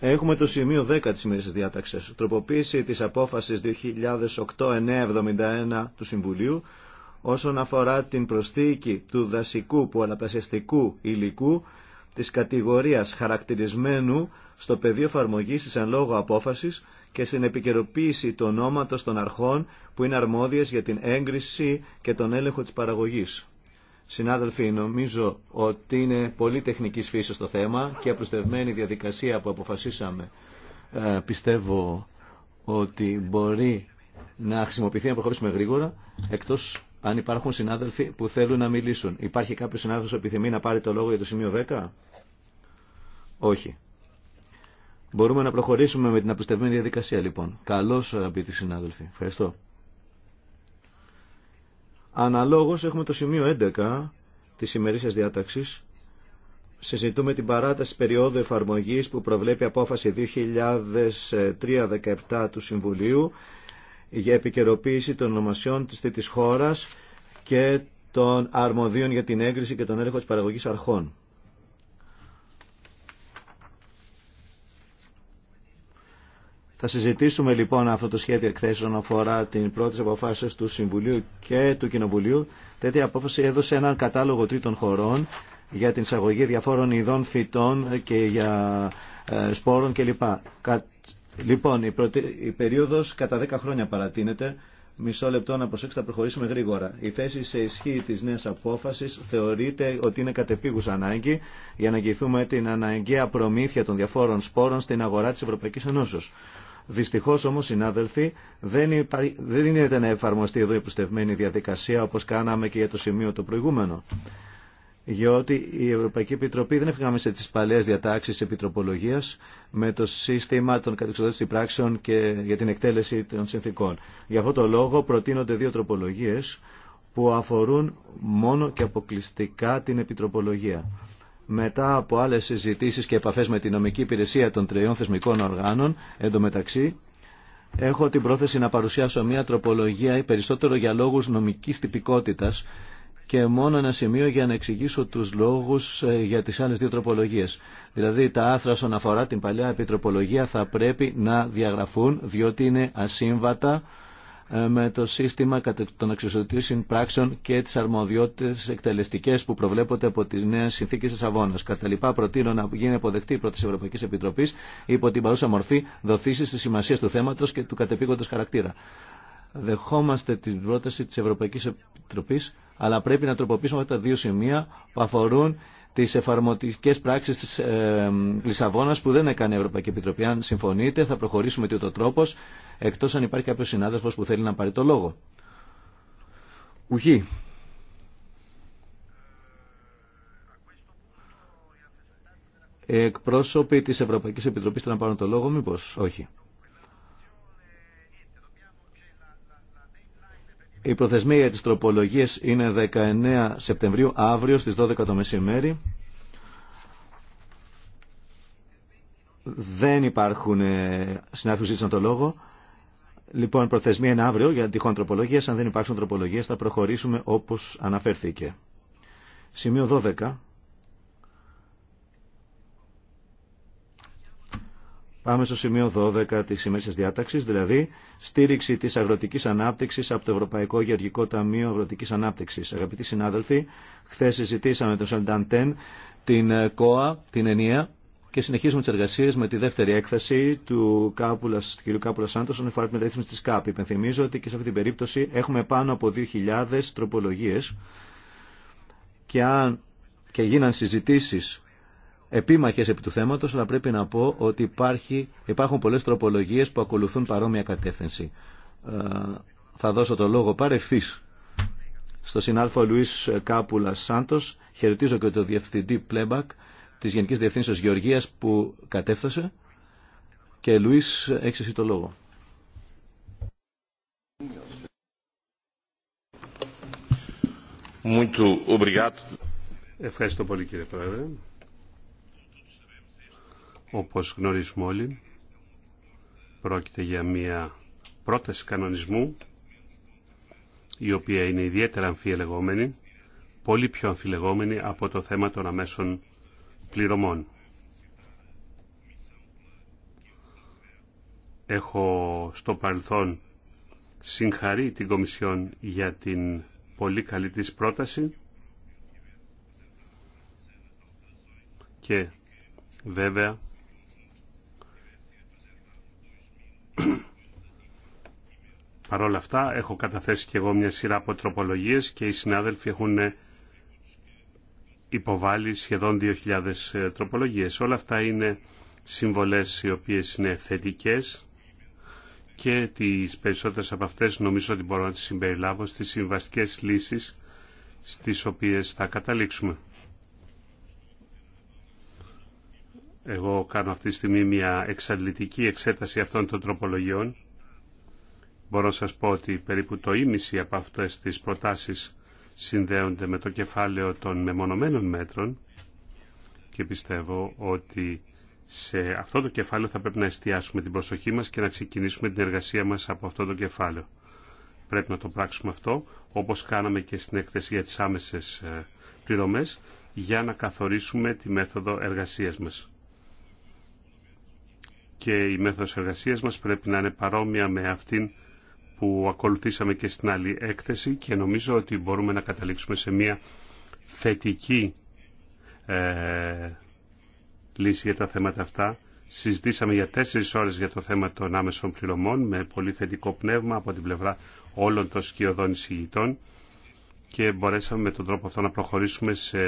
Έχουμε το σημείο 10 της σημερινής διάταξης. Τροποποίηση της απόφασης 2008-971 του Συμβουλίου όσον αφορά την προσθήκη του δασικού που πολλαπλασιαστικού υλικού της κατηγορίας χαρακτηρισμένου στο πεδίο εφαρμογή της εν λόγω απόφασης και στην επικαιροποίηση του ονόματος των αρχών που είναι αρμόδιες για την έγκριση και τον έλεγχο της παραγωγής. Συνάδελφοι, νομίζω ότι είναι πολύ τεχνική φύσης το θέμα και απλουστευμένη διαδικασία που αποφασίσαμε ε, πιστεύω ότι μπορεί να χρησιμοποιηθεί να προχωρήσουμε γρήγορα εκτός αν υπάρχουν συνάδελφοι που θέλουν να μιλήσουν. Υπάρχει κάποιος συνάδελφος που επιθυμεί να πάρει το λόγο για το σημείο 10? Όχι. Μπορούμε να προχωρήσουμε με την απιστευμένη διαδικασία λοιπόν. Καλώ αγαπητοί συνάδελφοι. Ευχαριστώ. Αναλόγως έχουμε το σημείο 11 τη ημερήσια διάταξη. Συζητούμε την παράταση περίοδου εφαρμογή που προβλέπει απόφαση 2003-17 του Συμβουλίου για επικαιροποίηση των ονομασιών της θήτης χώρας και των αρμοδίων για την έγκριση και τον έλεγχο της παραγωγής αρχών. Θα συζητήσουμε λοιπόν αυτό το σχέδιο εκθέσεων αφορά την πρώτη αποφάση του Συμβουλίου και του Κοινοβουλίου. Τέτοια απόφαση έδωσε έναν κατάλογο τρίτων χωρών για την εισαγωγή διαφόρων ειδών φυτών και για ε, σπόρων κλπ. Λοιπόν, η, η περίοδος κατά 10 χρόνια παρατείνεται. Μισό λεπτό να προσέξετε, θα προχωρήσουμε γρήγορα. Η θέση σε ισχύ τη νέα απόφαση θεωρείται ότι είναι κατεπίγουσα ανάγκη για να εγγυηθούμε την αναγκαία προμήθεια των διαφόρων σπόρων στην αγορά τη Ευρωπαϊκή Ενώσεω. Δυστυχώ όμω, συνάδελφοι, δεν, υπα... δεν είναι να εφαρμοστεί εδώ η προστευμένη διαδικασία όπω κάναμε και για το σημείο το προηγούμενο γιατί η Ευρωπαϊκή Επιτροπή δεν σε τις παλαιές διατάξεις επιτροπολογίας με το σύστημα των κατεξοδότησης πράξεων και για την εκτέλεση των συνθήκων. Γι' αυτό το λόγο προτείνονται δύο τροπολογίες που αφορούν μόνο και αποκλειστικά την επιτροπολογία. Μετά από άλλες συζητήσεις και επαφές με την νομική υπηρεσία των τριών θεσμικών οργάνων, εντωμεταξύ έχω την πρόθεση να παρουσιάσω μια τροπολογία περισσότερο για λόγους νομικής τυπικότητας και μόνο ένα σημείο για να εξηγήσω του λόγου ε, για τι άλλε δύο τροπολογίε. Δηλαδή τα άθρα όσον αφορά την παλιά επιτροπολογία θα πρέπει να διαγραφούν διότι είναι ασύμβατα ε, με το σύστημα των αξιοσωτήσεων πράξεων και τις αρμοδιότητες εκτελεστικές που προβλέπονται από τις νέες συνθήκες της Αβώνας. Κατά λοιπά προτείνω να γίνει αποδεκτή η πρώτη Ευρωπαϊκή Επιτροπή υπό την παρούσα μορφή δοθήση της σημασία του θέματος και του κατεπήγοντος χαρακτήρα. Δεχόμαστε την πρόταση τη Ευρωπαϊκή Επιτροπής αλλά πρέπει να τροποποιήσουμε αυτά τα δύο σημεία που αφορούν τι εφαρμοτικέ πράξει τη ε, Λισαβόνα που δεν έκανε η Ευρωπαϊκή Επιτροπή. Αν συμφωνείτε, θα προχωρήσουμε με ο τρόπο, εκτό αν υπάρχει κάποιο συνάδελφο που θέλει να πάρει το λόγο. Ουχή. Εκπρόσωποι της Ευρωπαϊκής Επιτροπής θέλουν να πάρουν το λόγο, μήπως όχι. Η προθεσμία για τις τροπολογίες είναι 19 Σεπτεμβρίου, αύριο στις 12 το μεσημέρι. Δεν υπάρχουν ε, συνάφιους, ζήτησαν το λόγο. Λοιπόν, προθεσμία είναι αύριο για τυχόν τροπολογίες. Αν δεν υπάρχουν τροπολογίες θα προχωρήσουμε όπως αναφέρθηκε. Σημείο 12. Πάμε στο σημείο 12 της ημέρας διάταξης, δηλαδή στήριξη της αγροτικής ανάπτυξης από το Ευρωπαϊκό Γεωργικό Ταμείο Αγροτικής Ανάπτυξης. Αγαπητοί συνάδελφοι, χθες συζητήσαμε τον Τεν την ε, ΚΟΑ, την ΕΝΙΑ και συνεχίζουμε τις εργασίες με τη δεύτερη έκθεση του, του κ. Κάπουλα Σάντος όσον αφορά τη μεταρρύθμιση της ΚΑΠ. Υπενθυμίζω ότι και σε αυτή την περίπτωση έχουμε πάνω από 2.000 τροπολογίες και, αν, και γίναν συζητήσεις επίμαχες επί του θέματος, αλλά πρέπει να πω ότι υπάρχει, υπάρχουν πολλές τροπολογίες που ακολουθούν παρόμοια κατεύθυνση. Ε, θα δώσω το λόγο παρευθύ στο συνάδελφο Λουίς Κάπουλα Σάντο. Χαιρετίζω και το διευθυντή Πλέμπακ της Γενικής Διευθύνσεω Γεωργίας που κατέφθασε. Και Λουίς, έχει το λόγο. Ευχαριστώ πολύ κύριε Πρόεδρε. Όπως γνωρίζουμε όλοι, πρόκειται για μία πρόταση κανονισμού, η οποία είναι ιδιαίτερα αμφιλεγόμενη, πολύ πιο αμφιλεγόμενη από το θέμα των αμέσων πληρωμών. Έχω στο παρελθόν συγχαρεί την Κομισιόν για την πολύ καλή της πρόταση και βέβαια Παρ' όλα αυτά έχω καταθέσει και εγώ μια σειρά από τροπολογίες και οι συνάδελφοι έχουν υποβάλει σχεδόν 2.000 ε, τροπολογίες. Όλα αυτά είναι συμβολές οι οποίες είναι θετικές και τις περισσότερες από αυτές νομίζω ότι μπορώ να τις συμπεριλάβω στις συμβαστικές λύσεις στις οποίες θα καταλήξουμε. Εγώ κάνω αυτή τη στιγμή μια εξαντλητική εξέταση αυτών των τροπολογιών. Μπορώ να σας πω ότι περίπου το ίμιση από αυτές τις προτάσεις συνδέονται με το κεφάλαιο των μεμονωμένων μέτρων και πιστεύω ότι σε αυτό το κεφάλαιο θα πρέπει να εστιάσουμε την προσοχή μας και να ξεκινήσουμε την εργασία μας από αυτό το κεφάλαιο. Πρέπει να το πράξουμε αυτό, όπως κάναμε και στην έκθεση για τις άμεσες ε, πληρωμές, για να καθορίσουμε τη μέθοδο εργασίας μας και η μέθοδος εργασίας μας πρέπει να είναι παρόμοια με αυτήν που ακολουθήσαμε και στην άλλη έκθεση και νομίζω ότι μπορούμε να καταλήξουμε σε μια θετική ε, λύση για τα θέματα αυτά. Συζητήσαμε για τέσσερις ώρες για το θέμα των άμεσων πληρωμών με πολύ θετικό πνεύμα από την πλευρά όλων των σκιωδών εισηγητών και μπορέσαμε με τον τρόπο αυτό να προχωρήσουμε σε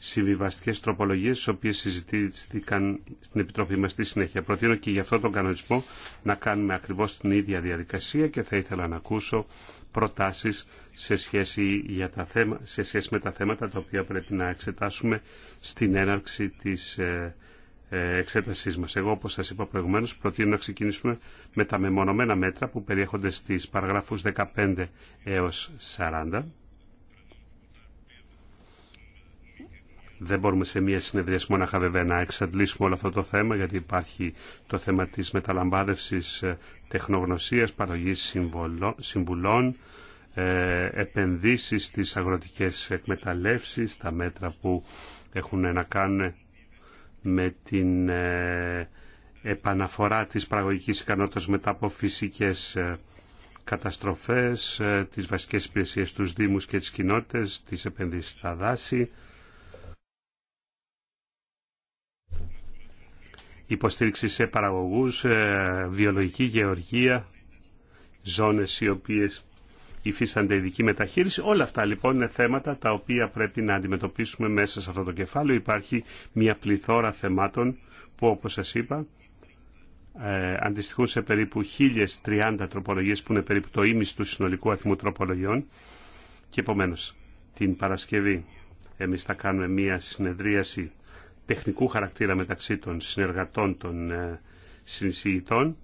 Συμβιβαστικέ τροπολογίε τι οποίε συζητήθηκαν στην Επιτροπή μα στη συνέχεια. Προτείνω και για αυτό τον κανονισμό να κάνουμε ακριβώ την ίδια διαδικασία και θα ήθελα να ακούσω προτάσει σε σχέση, για σε σχέση με τα θέματα τα οποία πρέπει να εξετάσουμε στην έναρξη της ε, ε, εξέτασή μα. Εγώ, όπω σα είπα προηγουμένω, προτείνω να ξεκινήσουμε με τα μεμονωμένα μέτρα που περιέχονται στι παραγράφου 15 έω 40 Δεν μπορούμε σε μία συνεδρία μόναχα βέβαια να εξαντλήσουμε όλο αυτό το θέμα, γιατί υπάρχει το θέμα της μεταλαμπάδευσης ε, τεχνογνωσίας, παραγωγής συμβουλών, ε, επενδύσεις στις αγροτικές εκμεταλλεύσεις, τα μέτρα που έχουν να κάνουν με την ε, επαναφορά της παραγωγικής ικανότητας μετά από φυσικές καταστροφές, τις βασικές υπηρεσίες στους Δήμους και τις κοινότητες, τις επενδύσεις στα δάση, υποστήριξη σε παραγωγούς, βιολογική γεωργία, ζώνες οι οποίες υφίστανται ειδική μεταχείριση. Όλα αυτά λοιπόν είναι θέματα τα οποία πρέπει να αντιμετωπίσουμε μέσα σε αυτό το κεφάλαιο. Υπάρχει μια πληθώρα θεμάτων που όπως σας είπα ε, αντιστοιχούν σε περίπου 1030 τροπολογίες που είναι περίπου το ίμιση του συνολικού αριθμού τροπολογιών και επομένω, την Παρασκευή εμείς θα κάνουμε μια συνεδρίαση τεχνικού χαρακτήρα μεταξύ των συνεργατών των ε, συνεισηγητών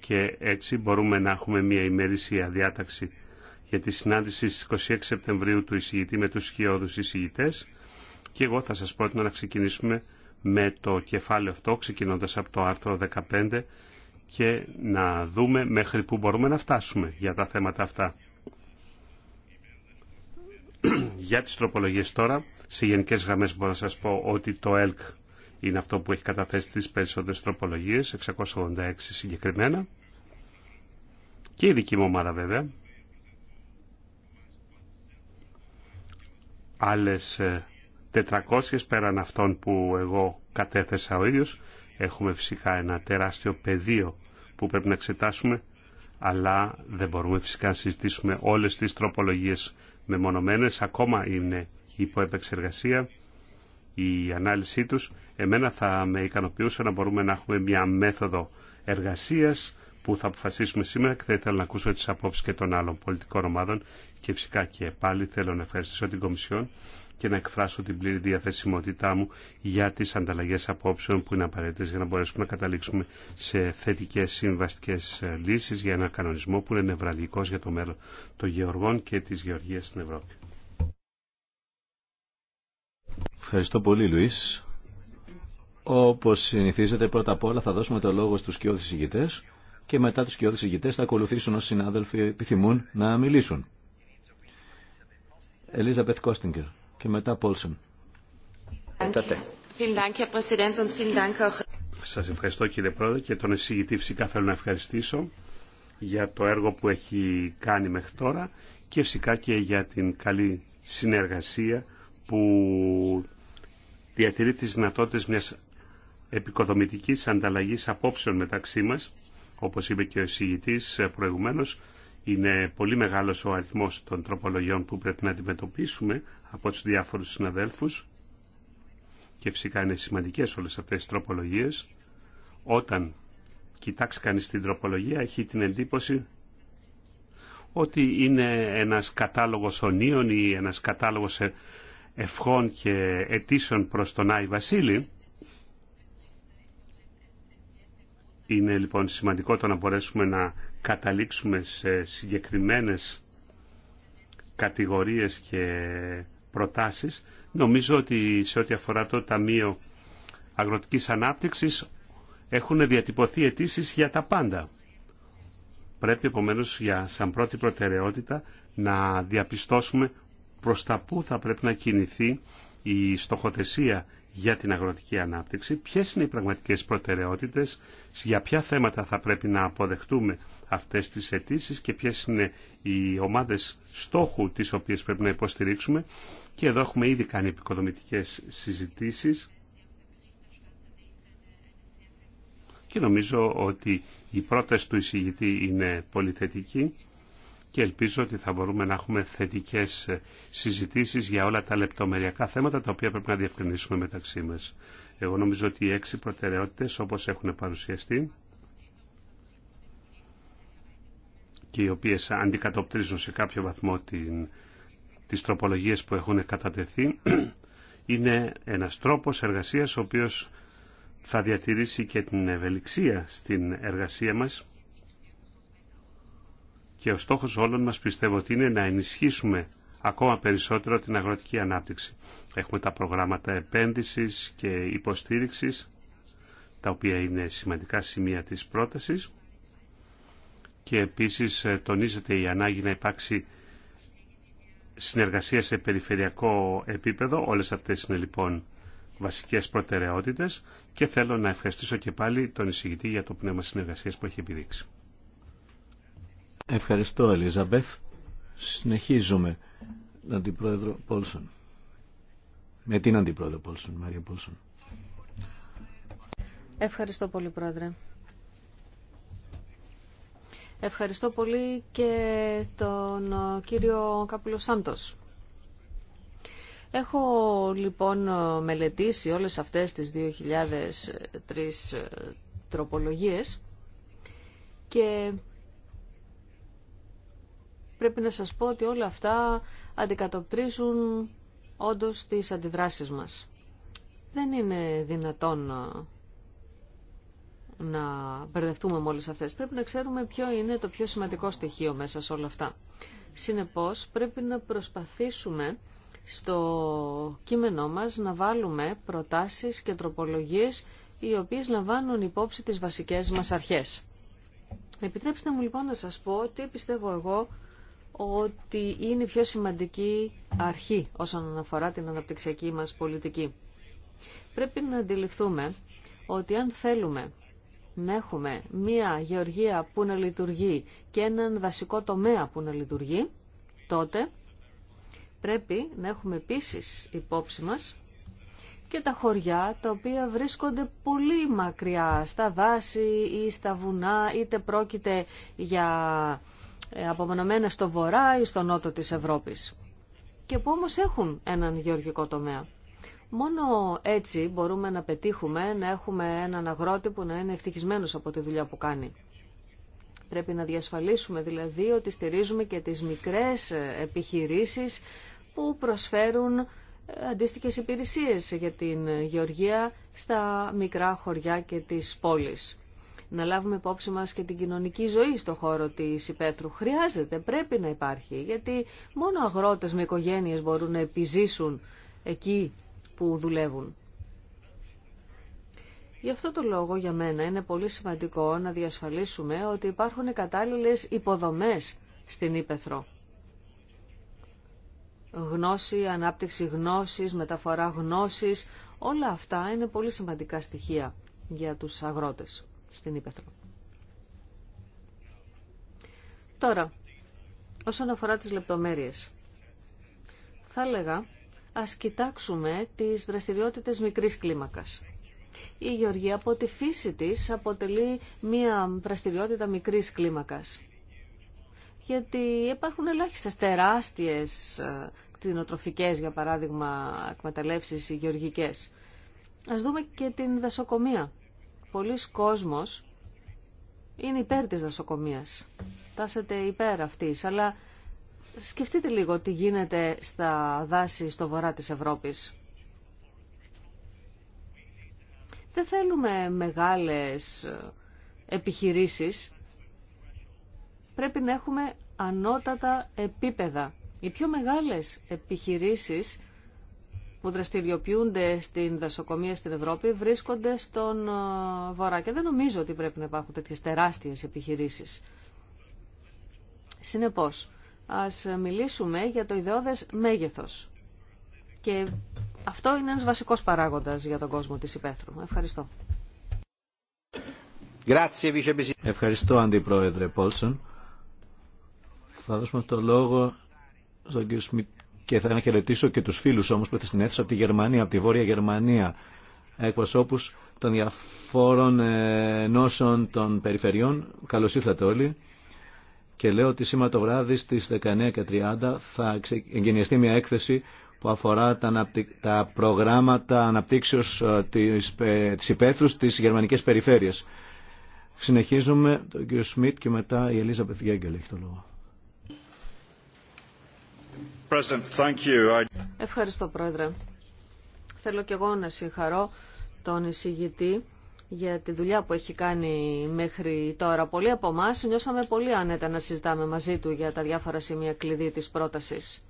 και έτσι μπορούμε να έχουμε μια ημερήσια διάταξη για τη συνάντηση στις 26 Σεπτεμβρίου του εισηγητή με τους σκιώδους εισηγητέ. και εγώ θα σας πρότεινα να ξεκινήσουμε με το κεφάλαιο αυτό ξεκινώντας από το άρθρο 15 και να δούμε μέχρι που μπορούμε να φτάσουμε για τα θέματα αυτά. Για τις τροπολογίες τώρα, σε γενικές γραμμές μπορώ να σας πω ότι το ΕΛΚ είναι αυτό που έχει καταθέσει τις περισσότερες τροπολογίες, 686 συγκεκριμένα. Και η δική μου ομάδα βέβαια. Άλλες 400 ε, πέραν αυτών που εγώ κατέθεσα ο ίδιος. Έχουμε φυσικά ένα τεράστιο πεδίο που πρέπει να εξετάσουμε, αλλά δεν μπορούμε φυσικά να συζητήσουμε όλες τις τροπολογίες μεμονωμένες, ακόμα είναι υπό επεξεργασία η ανάλυση τους. Εμένα θα με ικανοποιούσε να μπορούμε να έχουμε μια μέθοδο εργασίας που θα αποφασίσουμε σήμερα και θα ήθελα να ακούσω τις απόψεις και των άλλων πολιτικών ομάδων και φυσικά και πάλι θέλω να ευχαριστήσω την Κομισιόν και να εκφράσω την πλήρη διαθεσιμότητά μου για τι ανταλλαγέ απόψεων που είναι απαραίτητε για να μπορέσουμε να καταλήξουμε σε θετικέ συμβαστικέ ε, λύσει για ένα κανονισμό που είναι νευραλικός για το μέλλον των γεωργών και τη γεωργία στην Ευρώπη. Ευχαριστώ πολύ Λουί. Όπως συνηθίζεται, πρώτα απ' όλα θα δώσουμε το λόγο στους σκιώδει ηγητέ και μετά τους σκιώδει ηγητέ θα ακολουθήσουν όσοι συνάδελφοι επιθυμούν να μιλήσουν. Elizabeth Kostinger και μετά Πόλσεν. Σας ευχαριστώ κύριε Πρόεδρε και τον εισηγητή φυσικά θέλω να ευχαριστήσω για το έργο που έχει κάνει μέχρι τώρα και φυσικά και για την καλή συνεργασία που διατηρεί τις δυνατότητες μιας επικοδομητικής ανταλλαγής απόψεων μεταξύ μας, όπως είπε και ο εισηγητής προηγουμένως, είναι πολύ μεγάλος ο αριθμός των τροπολογιών που πρέπει να αντιμετωπίσουμε από τους διάφορους συναδέλφους και φυσικά είναι σημαντικές όλες αυτές οι τροπολογίες. Όταν κοιτάξει κανείς την τροπολογία έχει την εντύπωση ότι είναι ένας κατάλογος ονείων ή ένας κατάλογος ευχών και αιτήσεων προς τον Άι Βασίλη Είναι λοιπόν σημαντικό το να μπορέσουμε να καταλήξουμε σε συγκεκριμένες κατηγορίες και προτάσεις. Νομίζω ότι σε ό,τι αφορά το Ταμείο Αγροτικής Ανάπτυξης έχουν διατυπωθεί αιτήσει για τα πάντα. Πρέπει επομένως για, σαν πρώτη προτεραιότητα να διαπιστώσουμε προς τα πού θα πρέπει να κινηθεί η στοχοθεσία για την αγροτική ανάπτυξη, ποιες είναι οι πραγματικές προτεραιότητες, για ποια θέματα θα πρέπει να αποδεχτούμε αυτές τις αιτήσει και ποιες είναι οι ομάδες στόχου τις οποίες πρέπει να υποστηρίξουμε. Και εδώ έχουμε ήδη κάνει επικοδομητικές συζητήσεις και νομίζω ότι η πρόταση του εισηγητή είναι πολυθετική και ελπίζω ότι θα μπορούμε να έχουμε θετικές συζητήσεις για όλα τα λεπτομεριακά θέματα τα οποία πρέπει να διευκρινίσουμε μεταξύ μας. Εγώ νομίζω ότι οι έξι προτεραιότητες όπως έχουν παρουσιαστεί και οι οποίες αντικατοπτρίζουν σε κάποιο βαθμό την, τις τροπολογίες που έχουν κατατεθεί είναι ένας τρόπος εργασίας ο οποίος θα διατηρήσει και την ευελιξία στην εργασία μας και ο στόχος όλων μας πιστεύω ότι είναι να ενισχύσουμε ακόμα περισσότερο την αγροτική ανάπτυξη. Έχουμε τα προγράμματα επένδυσης και υποστήριξης, τα οποία είναι σημαντικά σημεία της πρότασης. Και επίσης ε, τονίζεται η ανάγκη να υπάρξει συνεργασία σε περιφερειακό επίπεδο. Όλες αυτές είναι λοιπόν βασικές προτεραιότητες και θέλω να ευχαριστήσω και πάλι τον εισηγητή για το πνεύμα συνεργασίας που έχει επιδείξει. Ευχαριστώ, Ελίζαμπεθ. Συνεχίζουμε. Αντιπρόεδρο Πόλσον. Με την Αντιπρόεδρο Πόλσον, Μαρία Πόλσον. Ευχαριστώ πολύ, Πρόεδρε. Ευχαριστώ πολύ και τον ε, κύριο Κάπουλο Σάντος. Έχω λοιπόν ε, μελετήσει όλες αυτές τις 2003 ε, τροπολογίες και πρέπει να σας πω ότι όλα αυτά αντικατοπτρίζουν όντως τις αντιδράσεις μας. Δεν είναι δυνατόν να μπερδευτούμε με όλες αυτές. Πρέπει να ξέρουμε ποιο είναι το πιο σημαντικό στοιχείο μέσα σε όλα αυτά. Συνεπώς πρέπει να προσπαθήσουμε στο κείμενό μας να βάλουμε προτάσεις και τροπολογίες οι οποίες λαμβάνουν υπόψη τις βασικές μας αρχές. Επιτρέψτε μου λοιπόν να σας πω τι πιστεύω εγώ ότι είναι η πιο σημαντική αρχή όσον αφορά την αναπτυξιακή μας πολιτική. Πρέπει να αντιληφθούμε ότι αν θέλουμε να έχουμε μία γεωργία που να λειτουργεί και έναν δασικό τομέα που να λειτουργεί, τότε πρέπει να έχουμε επίσης υπόψη μας και τα χωριά τα οποία βρίσκονται πολύ μακριά στα δάση ή στα βουνά, είτε πρόκειται για ε, απομονωμένα στο βορρά ή στο νότο της Ευρώπης και που όμως έχουν έναν γεωργικό τομέα. Μόνο έτσι μπορούμε να πετύχουμε να έχουμε έναν αγρότη που να είναι ευτυχισμένος από τη δουλειά που κάνει. Πρέπει να διασφαλίσουμε δηλαδή ότι στηρίζουμε και τις μικρές ε, επιχειρήσεις που προσφέρουν ε, αντίστοιχες υπηρεσίες για την γεωργία στα μικρά χωριά και τις πόλεις να λάβουμε υπόψη μας και την κοινωνική ζωή στον χώρο της υπαίθρου. Χρειάζεται, πρέπει να υπάρχει, γιατί μόνο αγρότες με οικογένειες μπορούν να επιζήσουν εκεί που δουλεύουν. Γι' αυτό το λόγο για μένα είναι πολύ σημαντικό να διασφαλίσουμε ότι υπάρχουν κατάλληλες υποδομές στην Ήπεθρο. Γνώση, ανάπτυξη γνώσης, μεταφορά γνώσης, όλα αυτά είναι πολύ σημαντικά στοιχεία για τους αγρότες στην Ήπεθρο. Τώρα, όσον αφορά τις λεπτομέρειες, θα έλεγα ας κοιτάξουμε τις δραστηριότητες μικρής κλίμακας. Η γεωργία από τη φύση της αποτελεί μία δραστηριότητα μικρής κλίμακας. Γιατί υπάρχουν ελάχιστες τεράστιες ε, κτηνοτροφικές, για παράδειγμα, εκμεταλλεύσεις γεωργικές. Ας δούμε και την δασοκομεία πολλοί κόσμος είναι υπέρ της δασοκομείας. Τάσετε υπέρ αυτής, αλλά σκεφτείτε λίγο τι γίνεται στα δάση στο βορρά της Ευρώπης. Δεν θέλουμε μεγάλες ε, επιχειρήσεις. Πρέπει να έχουμε ανώτατα επίπεδα. Οι πιο μεγάλες επιχειρήσεις που δραστηριοποιούνται στην δασοκομεία στην Ευρώπη βρίσκονται στον ε, Βορρά και δεν νομίζω ότι πρέπει να υπάρχουν τέτοιε τεράστιε επιχειρήσεις. Συνεπώ, ας μιλήσουμε για το ιδεώδες μέγεθο. Και αυτό είναι ένας βασικός παράγοντας για τον κόσμο της υπαίθρου. Ευχαριστώ. Ευχαριστώ, Αντιπρόεδρε Πόλσον. Θα δώσουμε το λόγο στον κύριο Σμιτ και θα χαιρετήσω και τους φίλους όμως που ήρθαν στην αίθουσα από τη Γερμανία, από τη Βόρεια Γερμανία, εκπροσώπους των διαφόρων ε, νόσων των περιφερειών. Καλώς ήρθατε όλοι. Και λέω ότι σήμερα το βράδυ στις 19.30 θα εγκαινιαστεί μια έκθεση που αφορά τα, προγράμματα αναπτύξεως ε, της, ε, της υπαίθρου της γερμανικής περιφέρειας. Συνεχίζουμε τον κύριο Σμιτ και μετά η Ελίζα Πεθιέγγελ έχει το λόγο. Ευχαριστώ, Πρόεδρε. Θέλω και εγώ να συγχαρώ τον εισηγητή για τη δουλειά που έχει κάνει μέχρι τώρα. Πολλοί από εμά νιώσαμε πολύ άνετα να συζητάμε μαζί του για τα διάφορα σημεία κλειδί της πρότασης.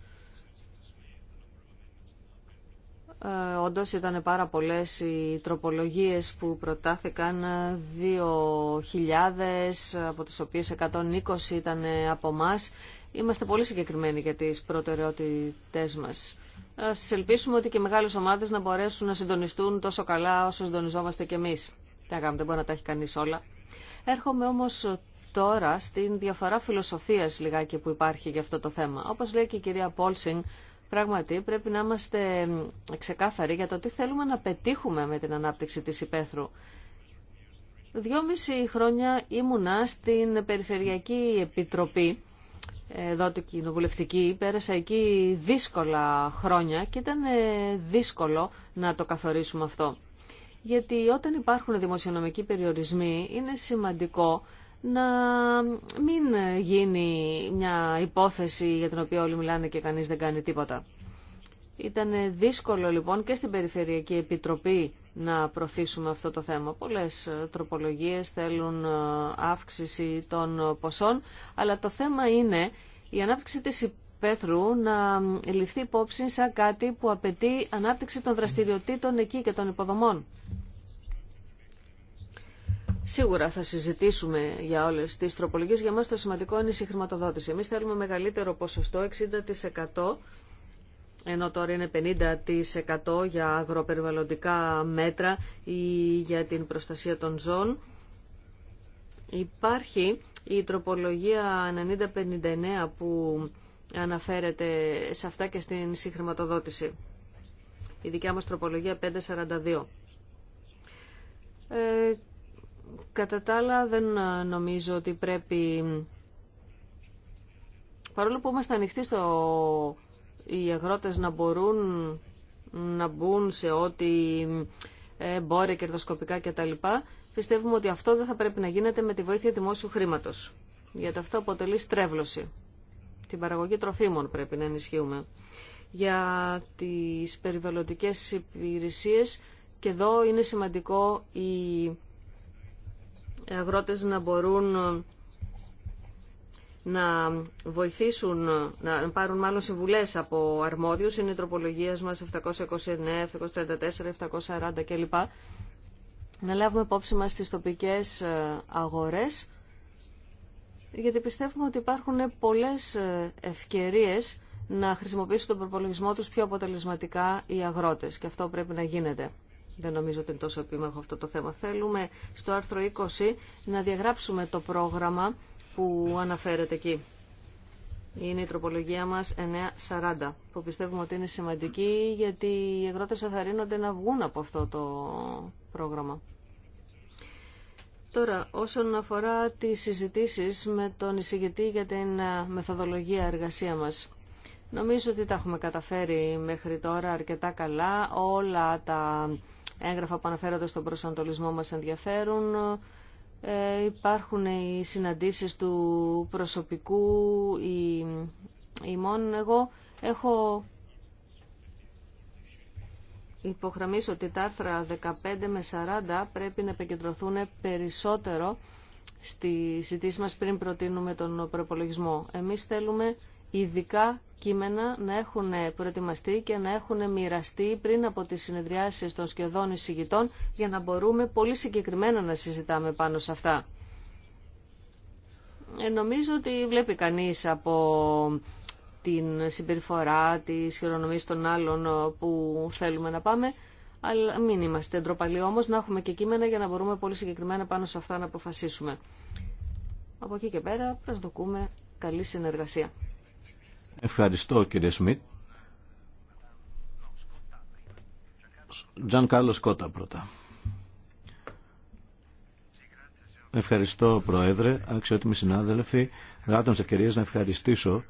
Ε, Όντω ήταν πάρα πολλές οι τροπολογίες που προτάθηκαν 2.000, από τις οποίες 120 ήταν από εμά Είμαστε πολύ συγκεκριμένοι για τις προτεραιότητές μας. Σας ελπίσουμε ότι και οι μεγάλες ομάδες να μπορέσουν να συντονιστούν τόσο καλά όσο συντονιζόμαστε κι εμείς. Τι να δεν μπορεί να τα έχει κανείς όλα. Έρχομαι όμως τώρα στην διαφορά φιλοσοφίας λιγάκι που υπάρχει για αυτό το θέμα. Όπως λέει και η κυρία Πόλσινγκ, πράγματι πρέπει να είμαστε ξεκάθαροι για το τι θέλουμε να πετύχουμε με την ανάπτυξη της υπαίθρου. Δυόμιση χρόνια ήμουνα στην Περιφερειακή Επιτροπή εδώ την κοινοβουλευτική, πέρασα εκεί δύσκολα χρόνια και ήταν ε, δύσκολο να το καθορίσουμε αυτό. Γιατί όταν υπάρχουν δημοσιονομικοί περιορισμοί είναι σημαντικό να μην γίνει μια υπόθεση για την οποία όλοι μιλάνε και κανείς δεν κάνει τίποτα. Ήταν δύσκολο λοιπόν και στην Περιφερειακή Επιτροπή να προθίσουμε αυτό το θέμα. Πολλές ε, τροπολογίες θέλουν ε, αύξηση των ποσών, αλλά το θέμα είναι η ανάπτυξη της υπαίθρου να ληφθεί υπόψη σαν κάτι που απαιτεί ανάπτυξη των δραστηριοτήτων εκεί και των υποδομών. Σίγουρα θα συζητήσουμε για όλε τι τροπολογίε. Για μα το σημαντικό είναι η συγχρηματοδότηση. Εμεί θέλουμε μεγαλύτερο ποσοστό, 60% ενώ τώρα είναι 50% για αγροπεριβαλλοντικά μέτρα ή για την προστασία των ζώων. Υπάρχει η τροπολογία 9059 που αναφέρεται σε αυτά και στην συγχρηματοδότηση. Η δικιά μας τροπολογία 542. Ε, κατά τα άλλα δεν νομίζω ότι πρέπει... Παρόλο που είμαστε ανοιχτοί στο οι αγρότες να μπορούν να μπουν σε ό,τι ε, εμπόρια, κερδοσκοπικά κτλ. Πιστεύουμε ότι αυτό δεν θα πρέπει να γίνεται με τη βοήθεια δημόσιου χρήματο. Γιατί αυτό αποτελεί στρέβλωση. Την παραγωγή τροφίμων πρέπει να ενισχύουμε. Για τις περιβαλλοντικές υπηρεσίε και εδώ είναι σημαντικό οι αγρότες να μπορούν να βοηθήσουν, να πάρουν μάλλον συμβουλές από αρμόδιους, είναι οι τροπολογίες μας 729, 734, 740 κλπ. Να λάβουμε υπόψη μας τις τοπικές ε, αγορές, γιατί πιστεύουμε ότι υπάρχουν πολλές ε, ευκαιρίες να χρησιμοποιήσουν τον προπολογισμό τους πιο αποτελεσματικά οι αγρότες και αυτό πρέπει να γίνεται. Δεν νομίζω ότι είναι τόσο επίμαχο αυτό το θέμα. Θέλουμε στο άρθρο 20 να διαγράψουμε το πρόγραμμα που αναφέρεται εκεί. Είναι η τροπολογία μας 9.40 που πιστεύουμε ότι είναι σημαντική γιατί οι εγρότες αθαρρύνονται να βγουν από αυτό το πρόγραμμα. Τώρα, όσον αφορά τις συζητήσεις με τον εισηγητή για την ε, μεθοδολογία εργασία μας. Νομίζω ότι τα έχουμε καταφέρει μέχρι τώρα αρκετά καλά. Όλα τα έγγραφα που αναφέρονται στον προσανατολισμό μας ενδιαφέρουν. Ε, υπάρχουν οι συναντήσεις του προσωπικού, ή οι μόνο εγώ έχω υπογραμμίσω ότι τα άρθρα 15 με 40 πρέπει να επικεντρωθούν περισσότερο στη συζήτηση μας πριν προτείνουμε τον προπολογισμό. Εμείς θέλουμε ειδικά κείμενα να έχουν προετοιμαστεί και να έχουν μοιραστεί πριν από τις συνεδριάσεις των σχεδόν εισηγητών για να μπορούμε πολύ συγκεκριμένα να συζητάμε πάνω σε αυτά. Ε, νομίζω ότι βλέπει κανείς από την συμπεριφορά της χειρονομής των άλλων ε, που θέλουμε να πάμε, αλλά μην είμαστε ντροπαλοί όμως, να έχουμε και κείμενα για να μπορούμε πολύ συγκεκριμένα πάνω σε αυτά να αποφασίσουμε. Από εκεί και πέρα προσδοκούμε καλή συνεργασία. Ευχαριστώ κύριε Σμιτ. Τζαν Κάρλος Κότα πρώτα. Ευχαριστώ Πρόεδρε, αξιότιμοι συνάδελφοι. Δράτω σε ευκαιρίες να ευχαριστήσω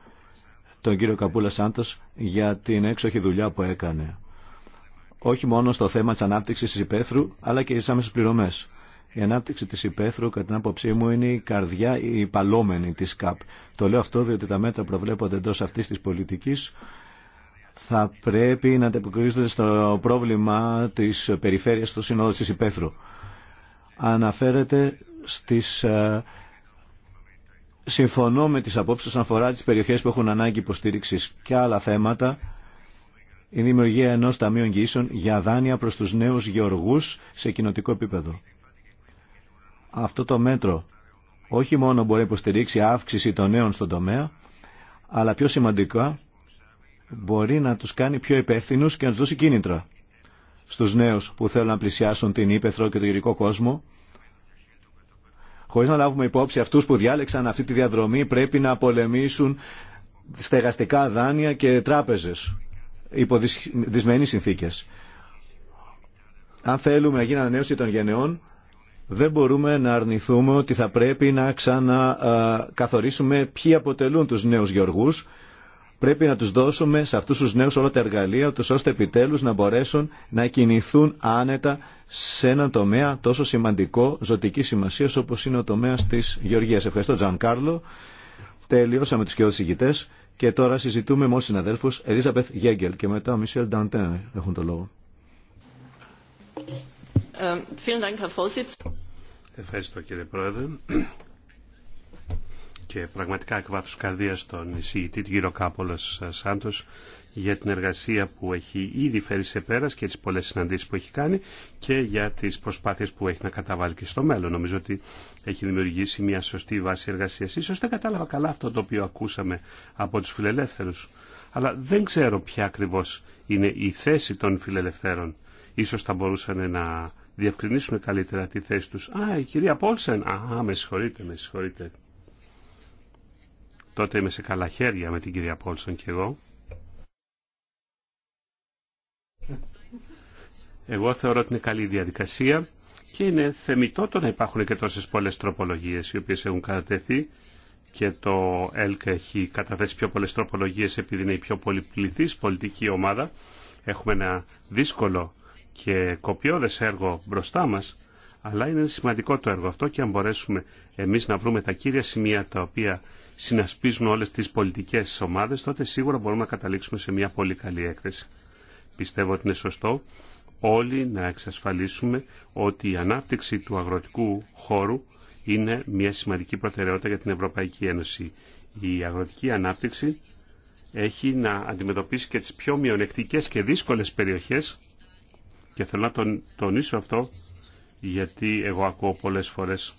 τον κύριο Καπούλα Σάντος για την έξοχη δουλειά που έκανε. Όχι μόνο στο θέμα της ανάπτυξης της υπαίθρου, αλλά και στις άμεσες πληρωμές. Η ανάπτυξη της υπαίθρου, κατά την άποψή μου, είναι η καρδιά, η παλόμενη της ΚΑΠ. Το λέω αυτό διότι τα μέτρα προβλέπονται εντό αυτής της πολιτικής θα πρέπει να ανταποκρίζονται στο πρόβλημα της περιφέρειας του Συνόδου της Υπέθρου. Αναφέρεται στις... Ε, συμφωνώ με τις απόψεις όσον αφορά τις περιοχές που έχουν ανάγκη υποστήριξη και άλλα θέματα. Η δημιουργία ενός ταμείου εγγυήσεων για δάνεια προς τους νέους γεωργούς σε κοινοτικό επίπεδο αυτό το μέτρο όχι μόνο μπορεί να υποστηρίξει αύξηση των νέων στον τομέα, αλλά πιο σημαντικά μπορεί να τους κάνει πιο υπεύθυνους και να τους δώσει κίνητρα στους νέους που θέλουν να πλησιάσουν την ύπεθρο και τον γυρικό κόσμο. Χωρίς να λάβουμε υπόψη αυτούς που διάλεξαν αυτή τη διαδρομή πρέπει να πολεμήσουν στεγαστικά δάνεια και τράπεζες υπό συνθήκες. Αν θέλουμε να γίνει ανανέωση των γενεών δεν μπορούμε να αρνηθούμε ότι θα πρέπει να ξανακαθορίσουμε ποιοι αποτελούν τους νέους γεωργούς. Πρέπει να τους δώσουμε σε αυτούς τους νέους όλα τα εργαλεία, τους ώστε επιτέλους να μπορέσουν να κινηθούν άνετα σε ένα τομέα τόσο σημαντικό ζωτική σημασία όπως είναι ο τομέας της γεωργίας. Ευχαριστώ Τζαν Κάρλο. Τελειώσαμε τους κοιόδους και τώρα συζητούμε με όλους συναδέλφους Ελίζαπεθ Γέγκελ και μετά ο Μισελ Νταντέν έχουν το λόγο. Ähm, Ευχαριστώ κύριε Πρόεδρε. Και πραγματικά εκ βάθους καρδίας τον εισηγητή του κύριο Κάπολο Σάντος για την εργασία που έχει ήδη φέρει σε πέρας και τις πολλές συναντήσεις που έχει κάνει και για τις προσπάθειες που έχει να καταβάλει και στο μέλλον. Νομίζω ότι έχει δημιουργήσει μια σωστή βάση εργασίας. Ίσως δεν κατάλαβα καλά αυτό το οποίο ακούσαμε από τους φιλελεύθερους. Αλλά δεν ξέρω ποια ακριβώς είναι η θέση των φιλελευθέρων. Ίσως θα μπορούσαν να διευκρινίσουν καλύτερα τη θέση τους. Α, η κυρία Πόλσεν. Α, με συγχωρείτε, με συγχωρείτε. Τότε είμαι σε καλά χέρια με την κυρία Πόλσεν και εγώ. Εγώ θεωρώ ότι είναι καλή διαδικασία και είναι θεμητό το να υπάρχουν και τόσες πολλές τροπολογίες οι οποίες έχουν κατατεθεί και το ΕΛΚ έχει καταθέσει πιο πολλές τροπολογίες επειδή είναι η πιο πολυπληθής πολιτική ομάδα. Έχουμε ένα δύσκολο και κοπιώδες έργο μπροστά μας, αλλά είναι σημαντικό το έργο αυτό και αν μπορέσουμε εμείς να βρούμε τα κύρια σημεία τα οποία συνασπίζουν όλες τις πολιτικές ομάδες, τότε σίγουρα μπορούμε να καταλήξουμε σε μια πολύ καλή έκθεση. Πιστεύω ότι είναι σωστό όλοι να εξασφαλίσουμε ότι η ανάπτυξη του αγροτικού χώρου είναι μια σημαντική προτεραιότητα για την Ευρωπαϊκή Ένωση. Η αγροτική ανάπτυξη έχει να αντιμετωπίσει και τις πιο μειονεκτικές και δύσκολες περιοχές και θέλω να τον τονίσω αυτό γιατί εγώ ακούω πολλές φορές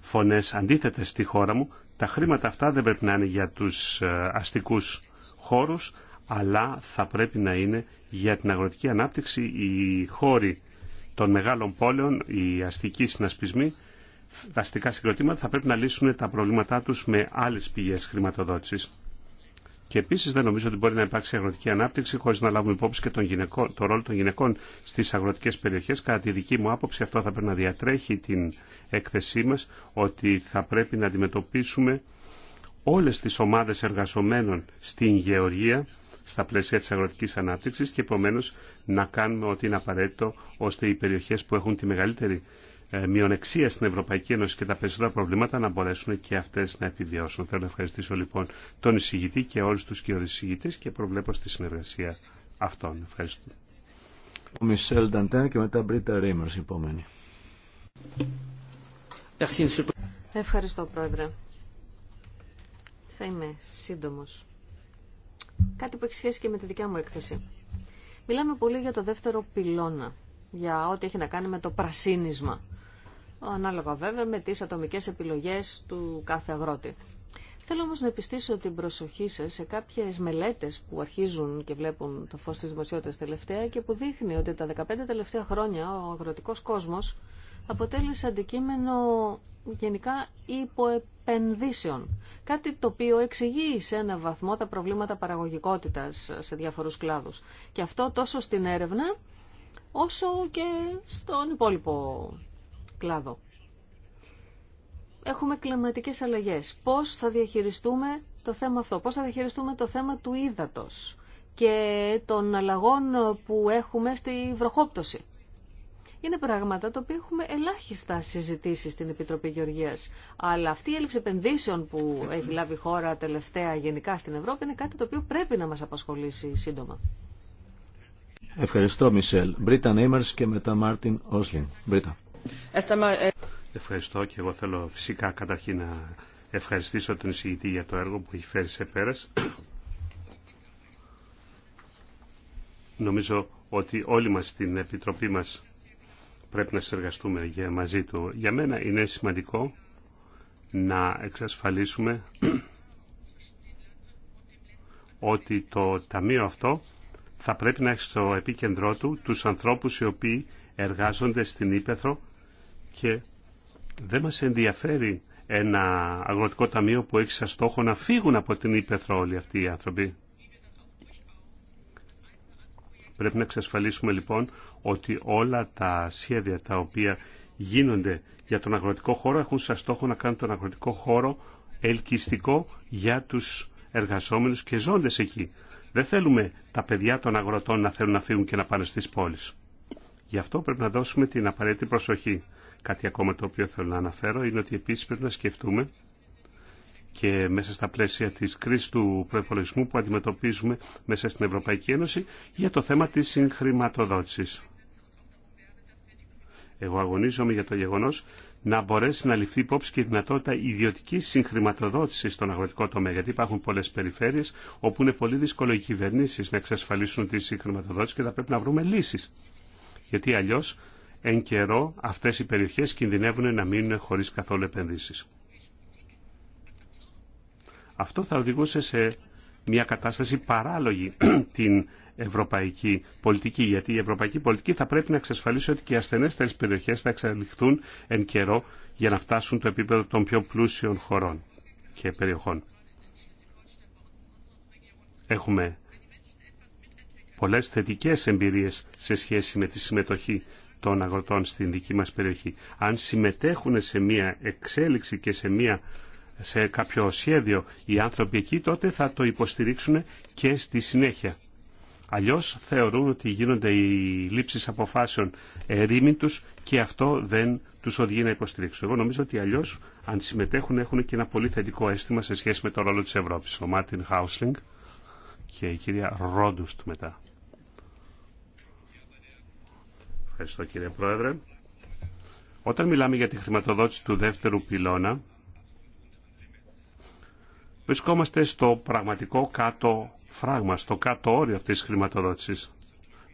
φωνές αντίθετες στη χώρα μου. Τα χρήματα αυτά δεν πρέπει να είναι για τους ε, αστικούς χώρους, αλλά θα πρέπει να είναι για την αγροτική ανάπτυξη. Οι χώροι των μεγάλων πόλεων, οι αστικοί συνασπισμοί, τα αστικά συγκροτήματα θα πρέπει να λύσουν τα προβλήματά τους με άλλες πηγές χρηματοδότησης. Και επίση δεν νομίζω ότι μπορεί να υπάρξει αγροτική ανάπτυξη χωρί να λάβουμε υπόψη και τον, γυναικό, το ρόλο των γυναικών στι αγροτικέ περιοχέ. Κατά τη δική μου άποψη, αυτό θα πρέπει να διατρέχει την έκθεσή μα, ότι θα πρέπει να αντιμετωπίσουμε όλε τι ομάδε εργαζομένων στην γεωργία στα πλαίσια της αγροτικής ανάπτυξης και επομένως να κάνουμε ό,τι είναι απαραίτητο ώστε οι περιοχές που έχουν τη μεγαλύτερη ε, μειονεξία στην Ευρωπαϊκή Ένωση και τα περισσότερα προβλήματα να μπορέσουν και αυτές να επιβιώσουν. Θέλω να ευχαριστήσω λοιπόν τον εισηγητή και όλους τους και εισηγητές και προβλέπω στη συνεργασία αυτών. Ευχαριστώ. Ο Μισελ Νταντέν και μετά Μπρίτα επόμενη. Ευχαριστώ, Πρόεδρε. Θα είμαι σύντομος. Κάτι που έχει σχέση και με τη δικιά μου έκθεση. Μιλάμε πολύ για το δεύτερο πυλώνα, για ό,τι έχει να κάνει με το πρασίνισμα ανάλογα βέβαια με τις ατομικές επιλογές του κάθε αγρότη. Θέλω όμως να επιστήσω την προσοχή σας σε κάποιες μελέτες που αρχίζουν και βλέπουν το φως της δημοσιότητας τελευταία και που δείχνει ότι τα 15 τελευταία χρόνια ο αγροτικός κόσμος αποτέλεσε αντικείμενο γενικά υποεπενδύσεων. Κάτι το οποίο εξηγεί σε ένα βαθμό τα προβλήματα παραγωγικότητας σε διάφορους κλάδους. Και αυτό τόσο στην έρευνα όσο και στον υπόλοιπο κλάδο. Έχουμε κλιματικές αλλαγές. Πώς θα διαχειριστούμε το θέμα αυτό, πώς θα διαχειριστούμε το θέμα του ύδατος και των αλλαγών που έχουμε στη βροχόπτωση. Είναι πράγματα τα οποία έχουμε ελάχιστα συζητήσει στην Επιτροπή Γεωργίας. Αλλά αυτή η έλλειψη επενδύσεων που έχει λάβει η χώρα τελευταία γενικά στην Ευρώπη είναι κάτι το οποίο πρέπει να μα απασχολήσει σύντομα. Ευχαριστώ, Μισελ. Μπρίτα Νέιμερ και μετά Μάρτιν Όσλιν. Μπρίτα. Ε, Ευχαριστώ και εγώ θέλω φυσικά καταρχήν να ευχαριστήσω τον εισηγητή για το έργο που έχει φέρει σε πέρας. Νομίζω ότι όλοι μας στην Επιτροπή μας πρέπει να συνεργαστούμε για μαζί του. Για μένα είναι σημαντικό να εξασφαλίσουμε ότι το Ταμείο αυτό θα πρέπει να έχει στο επίκεντρό του τους ανθρώπους οι οποίοι εργάζονται στην Ήπεθρο και δεν μας ενδιαφέρει ένα αγροτικό ταμείο που έχει σαν στόχο να φύγουν από την Ήπεθρο όλοι αυτοί οι άνθρωποι. Πρέπει να εξασφαλίσουμε λοιπόν ότι όλα τα σχέδια τα οποία γίνονται για τον αγροτικό χώρο έχουν σαν στόχο να κάνουν τον αγροτικό χώρο ελκυστικό για τους εργαζόμενους και ζώντες εκεί. Δεν θέλουμε τα παιδιά των αγροτών να θέλουν να φύγουν και να πάνε στις πόλεις. Γι' αυτό πρέπει να δώσουμε την απαραίτητη προσοχή. Κάτι ακόμα το οποίο θέλω να αναφέρω είναι ότι επίση πρέπει να σκεφτούμε και μέσα στα πλαίσια της κρίσης του προπολογισμού που αντιμετωπίζουμε μέσα στην Ευρωπαϊκή Ένωση για το θέμα της συγχρηματοδότησης. Εγώ αγωνίζομαι για το γεγονός να μπορέσει να ληφθεί υπόψη και η δυνατότητα ιδιωτική συγχρηματοδότηση στον αγροτικό τομέα. Γιατί υπάρχουν πολλέ περιφέρειε όπου είναι πολύ δύσκολο οι κυβερνήσει να εξασφαλίσουν τη συγχρηματοδότηση και θα πρέπει να βρούμε λύσει. Γιατί αλλιώ εν καιρό αυτές οι περιοχές κινδυνεύουν να μείνουν χωρίς καθόλου επενδύσεις. Αυτό θα οδηγούσε σε μια κατάσταση παράλογη την ευρωπαϊκή πολιτική, γιατί η ευρωπαϊκή πολιτική θα πρέπει να εξασφαλίσει ότι και οι ασθενέστερε περιοχές θα εξελιχθούν εν καιρό για να φτάσουν το επίπεδο των πιο πλούσιων χωρών και περιοχών. Έχουμε πολλές θετικές εμπειρίες σε σχέση με τη συμμετοχή των αγροτών στην δική μας περιοχή. Αν συμμετέχουν σε μία εξέλιξη και σε, μια, σε κάποιο σχέδιο οι άνθρωποι εκεί, τότε θα το υποστηρίξουν και στη συνέχεια. Αλλιώς θεωρούν ότι γίνονται οι λήψεις αποφάσεων ερήμην τους και αυτό δεν τους οδηγεί να υποστηρίξουν. Εγώ νομίζω ότι αλλιώς αν συμμετέχουν έχουν και ένα πολύ θετικό αίσθημα σε σχέση με το ρόλο της Ευρώπης. Ο Μάρτιν Χάουσλινγκ και η κυρία Ρόντουστ μετά. Ευχαριστώ κύριε Πρόεδρε. Όταν μιλάμε για τη χρηματοδότηση του δεύτερου πυλώνα, βρισκόμαστε στο πραγματικό κάτω φράγμα, στο κάτω όριο αυτής της χρηματοδότησης.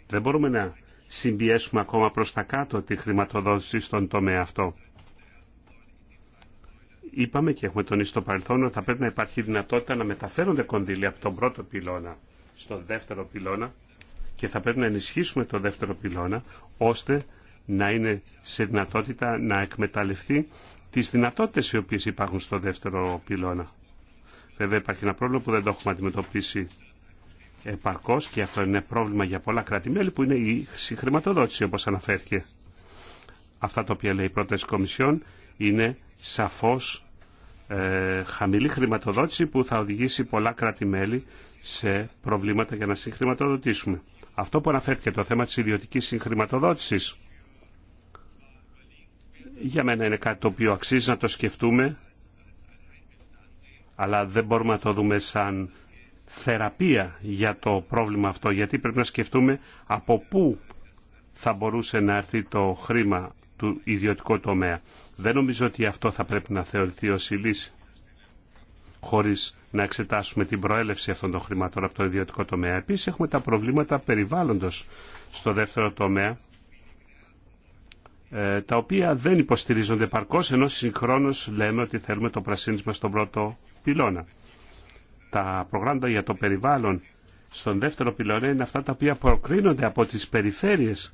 Δεν μπορούμε να συμπιέσουμε ακόμα προς τα κάτω τη χρηματοδότηση στον τομέα αυτό. Είπαμε και έχουμε τονίσει στο παρελθόν ότι θα πρέπει να υπάρχει δυνατότητα να μεταφέρονται κονδύλια από τον πρώτο πυλώνα στο δεύτερο πυλώνα και θα πρέπει να ενισχύσουμε το δεύτερο πυλώνα ώστε να είναι σε δυνατότητα να εκμεταλλευτεί τις δυνατότητες οι οποίες υπάρχουν στο δεύτερο πυλώνα. Βέβαια υπάρχει ένα πρόβλημα που δεν το έχουμε αντιμετωπίσει επαρκώς και αυτό είναι πρόβλημα για πολλά κράτη-μέλη που είναι η συγχρηματοδότηση όπως αναφέρθηκε. Αυτά τα οποία λέει η πρόταση Κομισιόν είναι σαφώς ε, χαμηλή χρηματοδότηση που θα οδηγήσει πολλά κράτη-μέλη σε προβλήματα για να συγχρηματοδοτήσουμε. Αυτό που αναφέρθηκε το θέμα της ιδιωτικής συγχρηματοδότησης για μένα είναι κάτι το οποίο αξίζει να το σκεφτούμε αλλά δεν μπορούμε να το δούμε σαν θεραπεία για το πρόβλημα αυτό γιατί πρέπει να σκεφτούμε από πού θα μπορούσε να έρθει το χρήμα του ιδιωτικού τομέα. Δεν νομίζω ότι αυτό θα πρέπει να θεωρηθεί ως η λύση χωρί να εξετάσουμε την προέλευση αυτών των χρημάτων από το ιδιωτικό τομέα. Επίση έχουμε τα προβλήματα περιβάλλοντο στο δεύτερο τομέα, ε, τα οποία δεν υποστηρίζονται παρκώ ενώ συγχρόνω λέμε ότι θέλουμε το πρασίνισμα στον πρώτο πυλώνα. Τα προγράμματα για το περιβάλλον στον δεύτερο πυλώνα είναι αυτά τα οποία προκρίνονται από τις περιφέρειες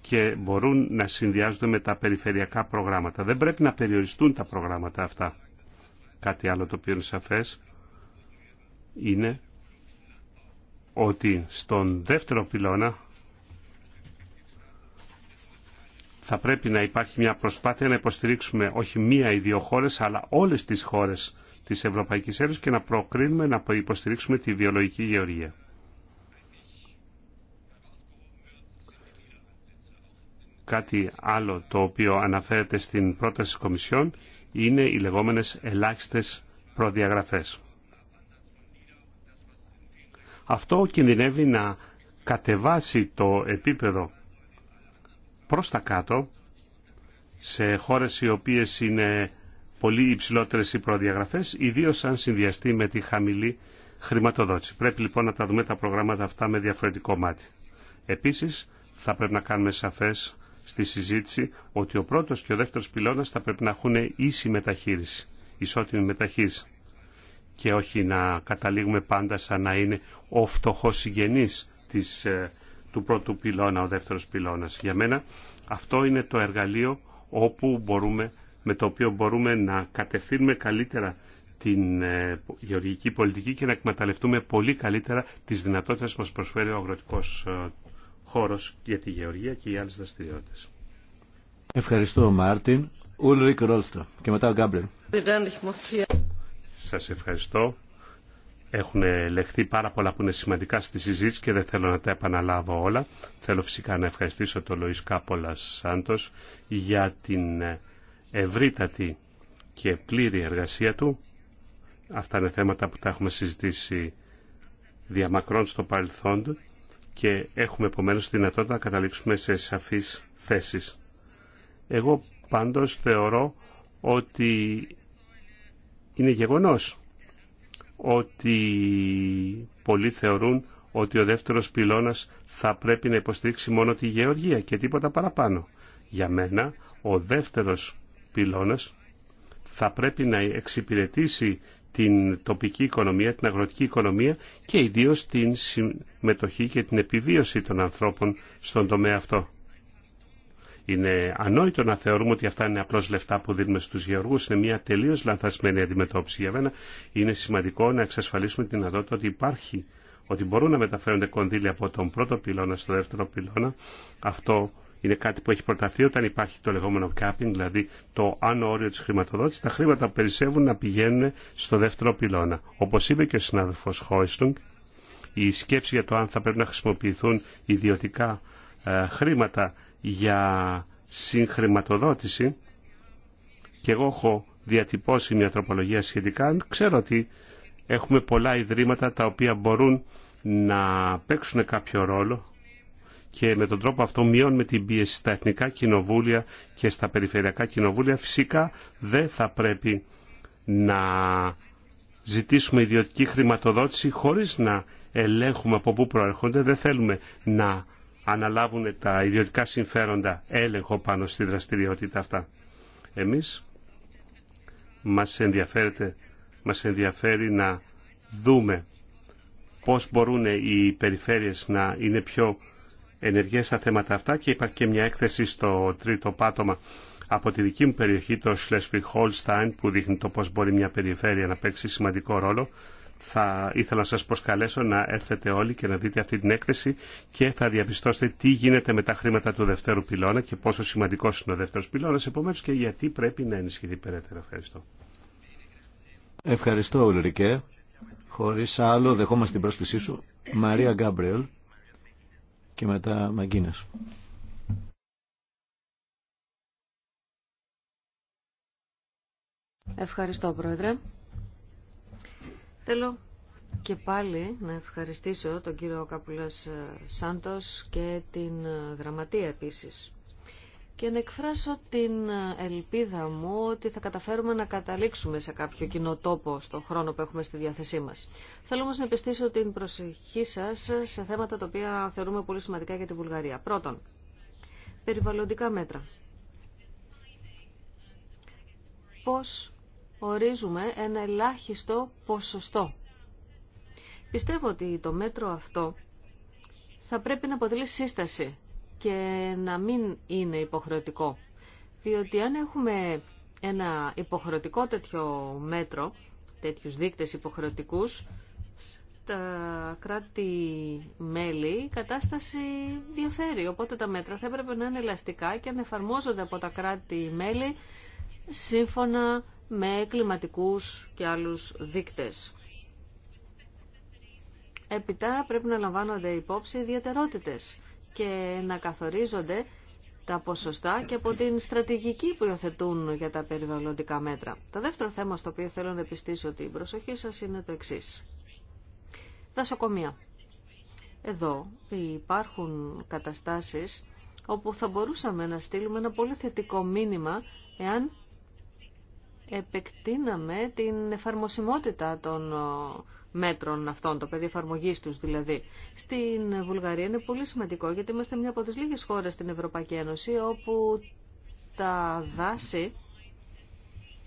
και μπορούν να συνδυάζονται με τα περιφερειακά προγράμματα. Δεν πρέπει να περιοριστούν τα προγράμματα αυτά. Κάτι άλλο το οποίο είναι σαφές είναι ότι στον δεύτερο πυλώνα θα πρέπει να υπάρχει μια προσπάθεια να υποστηρίξουμε όχι μία ή δύο χώρες, αλλά όλες τις χώρες της Ευρωπαϊκής Ένωσης και να προκρίνουμε να υποστηρίξουμε τη βιολογική γεωργία. Κάτι άλλο το οποίο αναφέρεται στην πρόταση της Κομισιόν είναι οι λεγόμενες ελάχιστες προδιαγραφές. Αυτό κινδυνεύει να κατεβάσει το επίπεδο προς τα κάτω σε χώρες οι οποίες είναι πολύ υψηλότερες οι προδιαγραφές, ιδίως αν συνδυαστεί με τη χαμηλή χρηματοδότηση. Πρέπει λοιπόν να τα δούμε τα προγράμματα αυτά με διαφορετικό μάτι. Επίσης, θα πρέπει να κάνουμε σαφές στη συζήτηση ότι ο πρώτος και ο δεύτερος πυλώνας θα πρέπει να έχουν ίση μεταχείριση, ισότιμη μεταχείριση και όχι να καταλήγουμε πάντα σαν να είναι ο φτωχό συγγενή ε, του πρώτου πυλώνα, ο δεύτερο πυλώνα. Για μένα αυτό είναι το εργαλείο όπου μπορούμε, με το οποίο μπορούμε να κατευθύνουμε καλύτερα την ε, γεωργική πολιτική και να εκμεταλλευτούμε πολύ καλύτερα τις δυνατότητες που μας προσφέρει ο αγροτικός ε, χώρος για τη γεωργία και οι άλλες δραστηριότητε. Ευχαριστώ Μάρτιν. Ούλρικ Ρόλστρα και μετά ο Γκάμπλερ. Σας ευχαριστώ. Έχουν ελεχθεί πάρα πολλά που είναι σημαντικά στη συζήτηση και δεν θέλω να τα επαναλάβω όλα. Θέλω φυσικά να ευχαριστήσω τον Λοϊς Κάπολα Σάντος για την ευρύτατη και πλήρη εργασία του. Αυτά είναι θέματα που τα έχουμε συζητήσει διαμακρών στο παρελθόν του και έχουμε επομένως τη δυνατότητα να καταλήξουμε σε σαφείς θέσεις. Εγώ πάντως θεωρώ ότι είναι γεγονός ότι πολλοί θεωρούν ότι ο δεύτερος πυλώνας θα πρέπει να υποστηρίξει μόνο τη γεωργία και τίποτα παραπάνω. Για μένα ο δεύτερος πυλώνας θα πρέπει να εξυπηρετήσει την τοπική οικονομία, την αγροτική οικονομία και ιδίως την συμμετοχή και την επιβίωση των ανθρώπων στον τομέα αυτό. Είναι ανόητο να θεωρούμε ότι αυτά είναι απλώς λεφτά που δίνουμε στους γεωργούς. Είναι μια τελείως λανθασμένη αντιμετώπιση. Για μένα είναι σημαντικό να εξασφαλίσουμε την δυνατότητα ότι υπάρχει, ότι μπορούν να μεταφέρονται κονδύλια από τον πρώτο πυλώνα στο δεύτερο πυλώνα. Αυτό είναι κάτι που έχει προταθεί όταν υπάρχει το λεγόμενο capping, δηλαδή το άνω όριο της χρηματοδότησης, τα χρήματα που περισσεύουν να πηγαίνουν στο δεύτερο πυλώνα. Όπως είπε και ο συνάδελφος Χόιστονγκ, η σκέψη για το αν θα πρέπει να χρησιμοποιηθούν ιδιωτικά ε, χρήματα για συγχρηματοδότηση και εγώ έχω διατυπώσει μια τροπολογία σχετικά, ξέρω ότι έχουμε πολλά ιδρύματα τα οποία μπορούν να παίξουν κάποιο ρόλο και με τον τρόπο αυτό μειώνουμε την πίεση στα εθνικά κοινοβούλια και στα περιφερειακά κοινοβούλια. Φυσικά δεν θα πρέπει να ζητήσουμε ιδιωτική χρηματοδότηση χωρίς να ελέγχουμε από πού προέρχονται. Δεν θέλουμε να αναλάβουν τα ιδιωτικά συμφέροντα έλεγχο πάνω στη δραστηριότητα αυτά. Εμείς μας, μας ενδιαφέρει να δούμε πώς μπορούν οι περιφέρειες να είναι πιο ενεργέ στα θέματα αυτά και υπάρχει και μια έκθεση στο τρίτο πάτωμα από τη δική μου περιοχή, το Schleswig-Holstein, που δείχνει το πώς μπορεί μια περιφέρεια να παίξει σημαντικό ρόλο. Θα ήθελα να σας προσκαλέσω να έρθετε όλοι και να δείτε αυτή την έκθεση και θα διαπιστώσετε τι γίνεται με τα χρήματα του δευτέρου πυλώνα και πόσο σημαντικός είναι ο δεύτερος πυλώνας, επομένως και γιατί πρέπει να ενισχυθεί περαιτέρω. Ευχαριστώ. Ευχαριστώ, Ουλρικέ. Χωρίς άλλο, δεχόμαστε την πρόσκλησή σου. Μαρία Γκάμπριελ και μετά Ευχαριστώ, Πρόεδρε. Θέλω και πάλι να ευχαριστήσω τον κύριο Καπουλάς ε, Σάντος και την ε, γραμματεία επίσης και να εκφράσω την ε, ελπίδα μου ότι θα καταφέρουμε να καταλήξουμε σε κάποιο κοινό τόπο στον χρόνο που έχουμε στη διάθεσή μας. Θέλω όμως να επιστήσω την προσοχή σας σε θέματα τα οποία θεωρούμε πολύ σημαντικά για τη Βουλγαρία. Πρώτον, περιβαλλοντικά μέτρα. Πώς ορίζουμε ένα ελάχιστο ποσοστό. Πιστεύω ότι το μέτρο αυτό θα πρέπει να αποτελεί σύσταση και να μην είναι υποχρεωτικό. Διότι αν έχουμε ένα υποχρεωτικό τέτοιο μέτρο, τέτοιους δείκτες υποχρεωτικούς, τα κράτη-μέλη η κατάσταση διαφέρει. Οπότε τα μέτρα θα έπρεπε να είναι ελαστικά και να εφαρμόζονται από τα κράτη-μέλη σύμφωνα με κλιματικούς και άλλους δείκτες. Επιτά πρέπει να λαμβάνονται υπόψη ιδιαιτερότητες και να καθορίζονται τα ποσοστά και από την στρατηγική που υιοθετούν για τα περιβαλλοντικά μέτρα. Το δεύτερο θέμα στο οποίο θέλω να επιστήσω την προσοχή σας είναι το εξής. Δασοκομεία. Εδώ υπάρχουν καταστάσεις όπου θα μπορούσαμε να στείλουμε ένα πολύ θετικό μήνυμα εάν επεκτείναμε την εφαρμοσιμότητα των μέτρων αυτών, το παιδί εφαρμογή του δηλαδή. Στην Βουλγαρία είναι πολύ σημαντικό γιατί είμαστε μια από τι λίγε χώρε στην Ευρωπαϊκή Ένωση όπου τα δάση,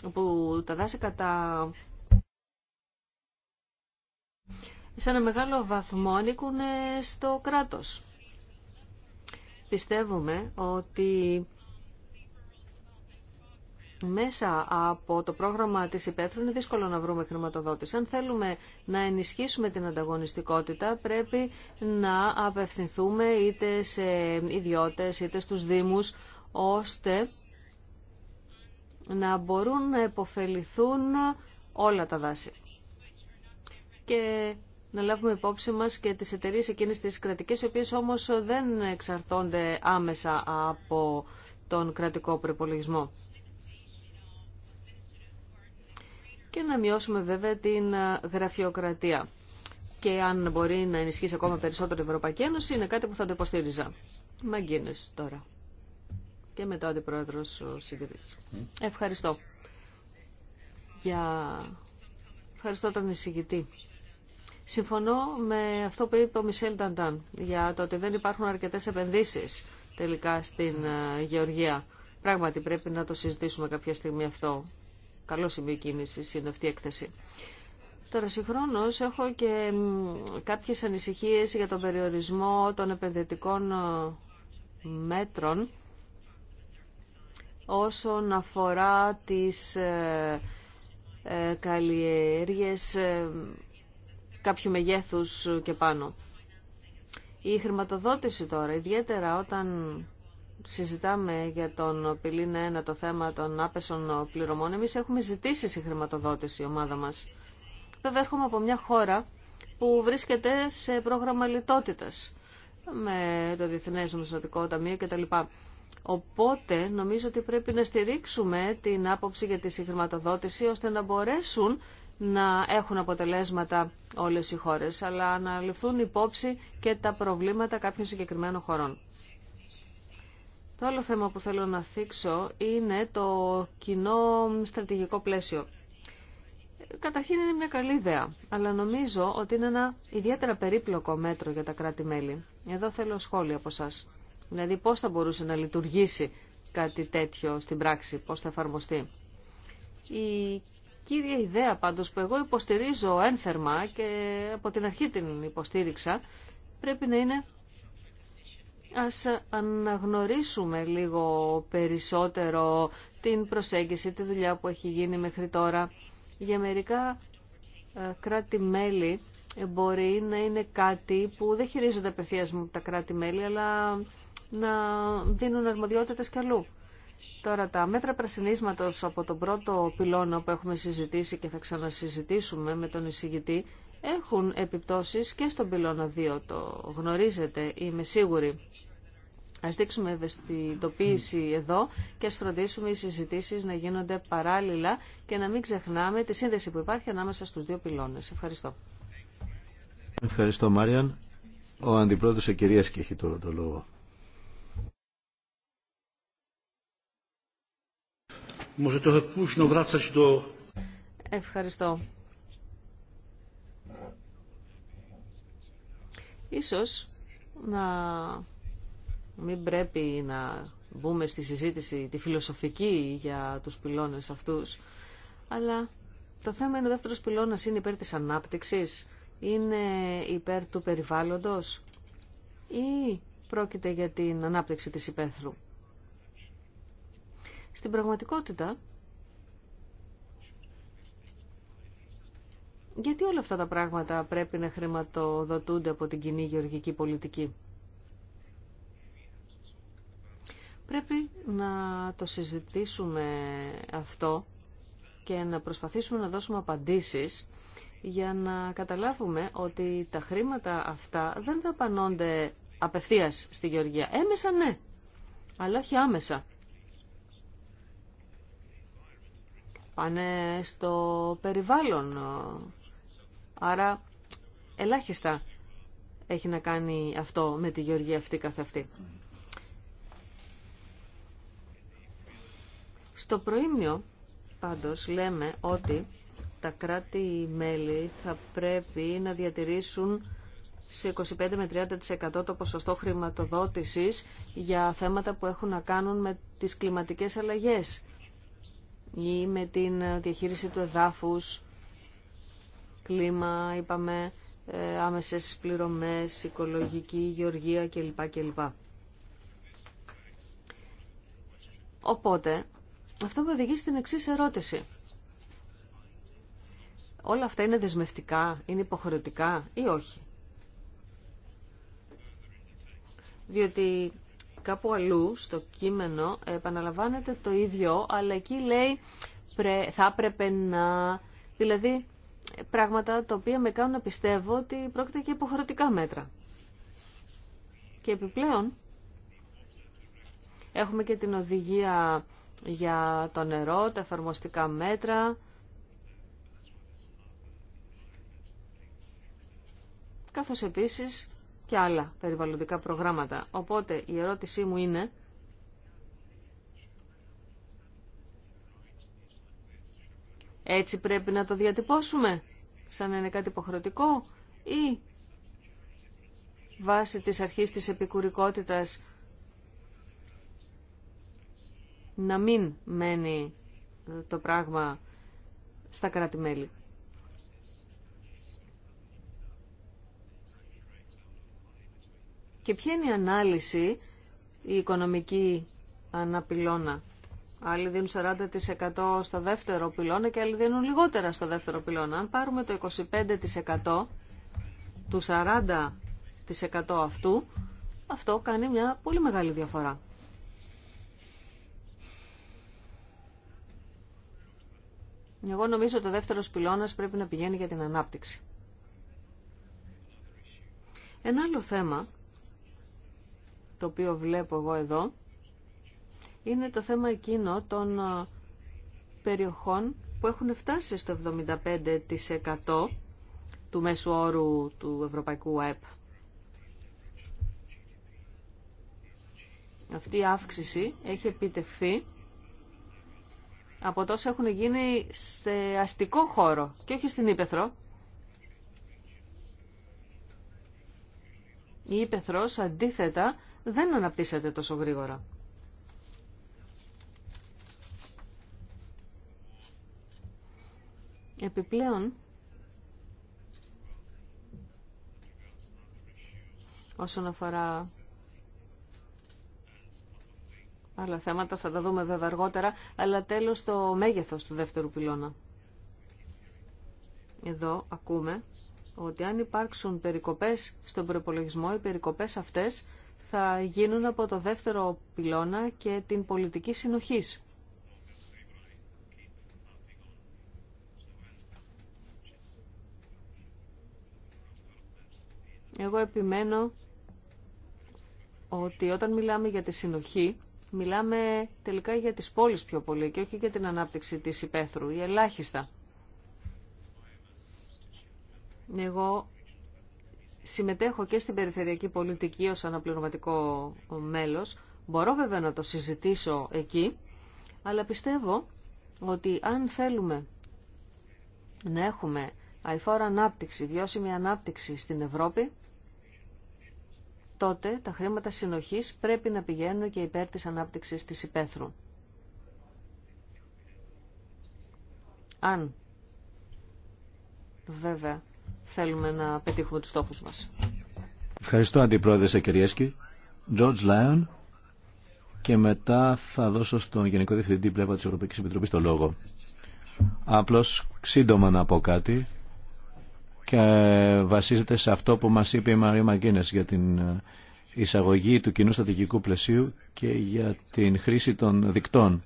όπου τα δάση κατά. σε ένα μεγάλο βαθμό ανήκουν στο κράτος. Πιστεύουμε ότι μέσα από το πρόγραμμα της υπαίθρου είναι δύσκολο να βρούμε χρηματοδότηση. Αν θέλουμε να ενισχύσουμε την ανταγωνιστικότητα πρέπει να απευθυνθούμε είτε σε ιδιώτες είτε στους δήμους ώστε να μπορούν να επωφεληθούν όλα τα δάση. Και να λάβουμε υπόψη μας και τις εταιρείες εκείνες τις κρατικές, οι οποίες όμως δεν εξαρτώνται άμεσα από τον κρατικό προπολογισμό. και να μειώσουμε βέβαια την ε, γραφειοκρατία. Και αν μπορεί να ενισχύσει ακόμα περισσότερο η Ευρωπαϊκή Ένωση, είναι κάτι που θα το υποστήριζα. Μαγκίνε τώρα. Και μετά ο αντιπρόεδρο ο Mm. Ευχαριστώ. Για... Ευχαριστώ τον εισηγητή. Συμφωνώ με αυτό που είπε ο Μισελ Νταντάν για το ότι δεν υπάρχουν αρκετέ επενδύσει τελικά στην ε, Γεωργία. Πράγματι πρέπει να το συζητήσουμε κάποια στιγμή αυτό καλό η κίνηση είναι αυτή η έκθεση. Τώρα συγχρόνω έχω και κάποιες ανησυχίε για τον περιορισμό των επενδυτικών ε, μέτρων όσον αφορά τις ε, ε, καλλιέργειες κάποιου μεγέθους και πάνω. Η χρηματοδότηση τώρα, ιδιαίτερα όταν συζητάμε για τον πυλήνα 1 το θέμα των άπεσων πληρωμών, εμείς έχουμε ζητήσει συγχρηματοδότηση η ομάδα μας. Βέβαια έρχομαι από μια χώρα που βρίσκεται σε πρόγραμμα λιτότητας με το Διεθνές Νομισματικό Ταμείο κτλ. Οπότε νομίζω ότι πρέπει να στηρίξουμε την άποψη για τη συγχρηματοδότηση ώστε να μπορέσουν να έχουν αποτελέσματα όλες οι χώρες, αλλά να ληφθούν υπόψη και τα προβλήματα κάποιων συγκεκριμένων χωρών. Το άλλο θέμα που θέλω να θίξω είναι το κοινό στρατηγικό πλαίσιο. Καταρχήν είναι μια καλή ιδέα, αλλά νομίζω ότι είναι ένα ιδιαίτερα περίπλοκο μέτρο για τα κράτη-μέλη. Εδώ θέλω σχόλια από εσά. Δηλαδή πώς θα μπορούσε να λειτουργήσει κάτι τέτοιο στην πράξη, πώς θα εφαρμοστεί. Η κύρια ιδέα πάντως που εγώ υποστηρίζω ένθερμα και από την αρχή την υποστήριξα, πρέπει να είναι Ας αναγνωρίσουμε λίγο περισσότερο την προσέγγιση, τη δουλειά που έχει γίνει μέχρι τώρα. Για μερικά ε, κράτη-μέλη μπορεί να είναι κάτι που δεν χειρίζονται απευθείας μου τα κράτη-μέλη, αλλά να δίνουν αρμοδιότητες κι αλλού. Τώρα τα μέτρα πρασινίσματος από τον πρώτο πυλώνα που έχουμε συζητήσει και θα ξανασυζητήσουμε με τον εισηγητή έχουν επιπτώσεις και στον πυλώνα 2. Το γνωρίζετε, είμαι σίγουρη. Ας δείξουμε ευαισθητοποίηση εδώ και ας φροντίσουμε οι συζητήσεις να γίνονται παράλληλα και να μην ξεχνάμε τη σύνδεση που υπάρχει ανάμεσα στους δύο πυλώνες. Ευχαριστώ. Ευχαριστώ Μάριαν. Ο Αντιπρόεδρος ο και έχει τώρα το λόγο. Ευχαριστώ. Ίσως να μην πρέπει να μπούμε στη συζήτηση τη φιλοσοφική για τους πυλώνες αυτούς, αλλά το θέμα είναι ο δεύτερος πυλώνας είναι υπέρ της ανάπτυξης, είναι υπέρ του περιβάλλοντος ή πρόκειται για την ανάπτυξη της υπαίθρου. Στην πραγματικότητα, Γιατί όλα αυτά τα πράγματα πρέπει να χρηματοδοτούνται από την κοινή γεωργική πολιτική. Πρέπει να το συζητήσουμε αυτό και να προσπαθήσουμε να δώσουμε απαντήσεις για να καταλάβουμε ότι τα χρήματα αυτά δεν δαπανώνται απευθείας στη Γεωργία. Έμεσα ναι, αλλά όχι άμεσα. Πάνε στο περιβάλλον, Άρα ελάχιστα έχει να κάνει αυτό με τη γεωργία αυτή καθ' αυτή. Στο προήμιο πάντως λέμε ότι τα κράτη-μέλη θα πρέπει να διατηρήσουν σε 25 με 30% το ποσοστό χρηματοδότησης για θέματα που έχουν να κάνουν με τις κλιματικές αλλαγές ή με την διαχείριση του εδάφους κλίμα, είπαμε, ε, άμεσες πληρωμές, οικολογική, γεωργία κλπ. κλπ. Οπότε, αυτό με οδηγεί στην εξή ερώτηση. Όλα αυτά είναι δεσμευτικά, είναι υποχρεωτικά ή όχι. Διότι κάπου αλλού στο κείμενο επαναλαμβάνεται το ίδιο, αλλά εκεί λέει θα έπρεπε να... Δηλαδή πράγματα τα οποία με κάνουν να πιστεύω ότι πρόκειται για υποχρεωτικά μέτρα. Και επιπλέον έχουμε και την οδηγία για το νερό, τα εφαρμοστικά μέτρα. καθώς επίσης και άλλα περιβαλλοντικά προγράμματα. Οπότε η ερώτησή μου είναι Έτσι πρέπει να το διατυπώσουμε, σαν να είναι κάτι υποχρεωτικό ή βάσει της αρχής της επικουρικότητας να μην μένει ε, το πράγμα στα κράτη-μέλη. Και ποια είναι η ανάλυση η οικονομική αναπηλώνα Άλλοι δίνουν 40% στο δεύτερο πυλώνα και άλλοι δίνουν λιγότερα στο δεύτερο πυλώνα. Αν πάρουμε το 25% του 40% αυτού, αυτό κάνει μια πολύ μεγάλη διαφορά. Εγώ νομίζω ότι ο δεύτερος πυλώνας πρέπει να πηγαίνει για την ανάπτυξη. Ένα άλλο θέμα, το οποίο βλέπω εγώ εδώ, είναι το θέμα εκείνο των ε, περιοχών που έχουν φτάσει στο 75% του μέσου όρου του Ευρωπαϊκού ΑΕΠ. Αυτή η αύξηση έχει επιτευχθεί από τόσα έχουν γίνει σε αστικό χώρο και όχι στην Ήπεθρο. Η Ήπεθρος αντίθετα δεν αναπτύσσεται τόσο γρήγορα. Επιπλέον, όσον αφορά άλλα θέματα, θα τα δούμε βέβαια αργότερα, αλλά τέλος το μέγεθος του δεύτερου πυλώνα. Εδώ ακούμε ότι αν υπάρξουν περικοπές στον προπολογισμό, οι περικοπές αυτές θα γίνουν από το δεύτερο πυλώνα και την πολιτική συνοχής. Εγώ επιμένω ότι όταν μιλάμε για τη συνοχή, μιλάμε τελικά για τις πόλεις πιο πολύ και όχι για την ανάπτυξη της υπαίθρου ή ελάχιστα. Εγώ συμμετέχω και στην περιφερειακή πολιτική ως αναπληρωματικό μέλος. Μπορώ βέβαια να το συζητήσω εκεί, αλλά πιστεύω ότι αν θέλουμε να έχουμε αηφόρα ανάπτυξη, βιώσιμη ανάπτυξη στην Ευρώπη, τότε τα χρήματα συνοχής πρέπει να πηγαίνουν και υπέρ της ανάπτυξης της υπαίθρου. Αν βέβαια θέλουμε να πετύχουμε τους στόχους μας. Ευχαριστώ Αντιπρόεδρε Σεκεριέσκη. George Lyon και μετά θα δώσω στον Γενικό Διευθυντή Πλέβα της Ευρωπαϊκής Επιτροπής το λόγο. Απλώς σύντομα να πω κάτι και βασίζεται σε αυτό που μας είπε η Μαρία Μαγκίνες για την ε, εισαγωγή του κοινού στατικικού πλαισίου και για την χρήση των δικτών.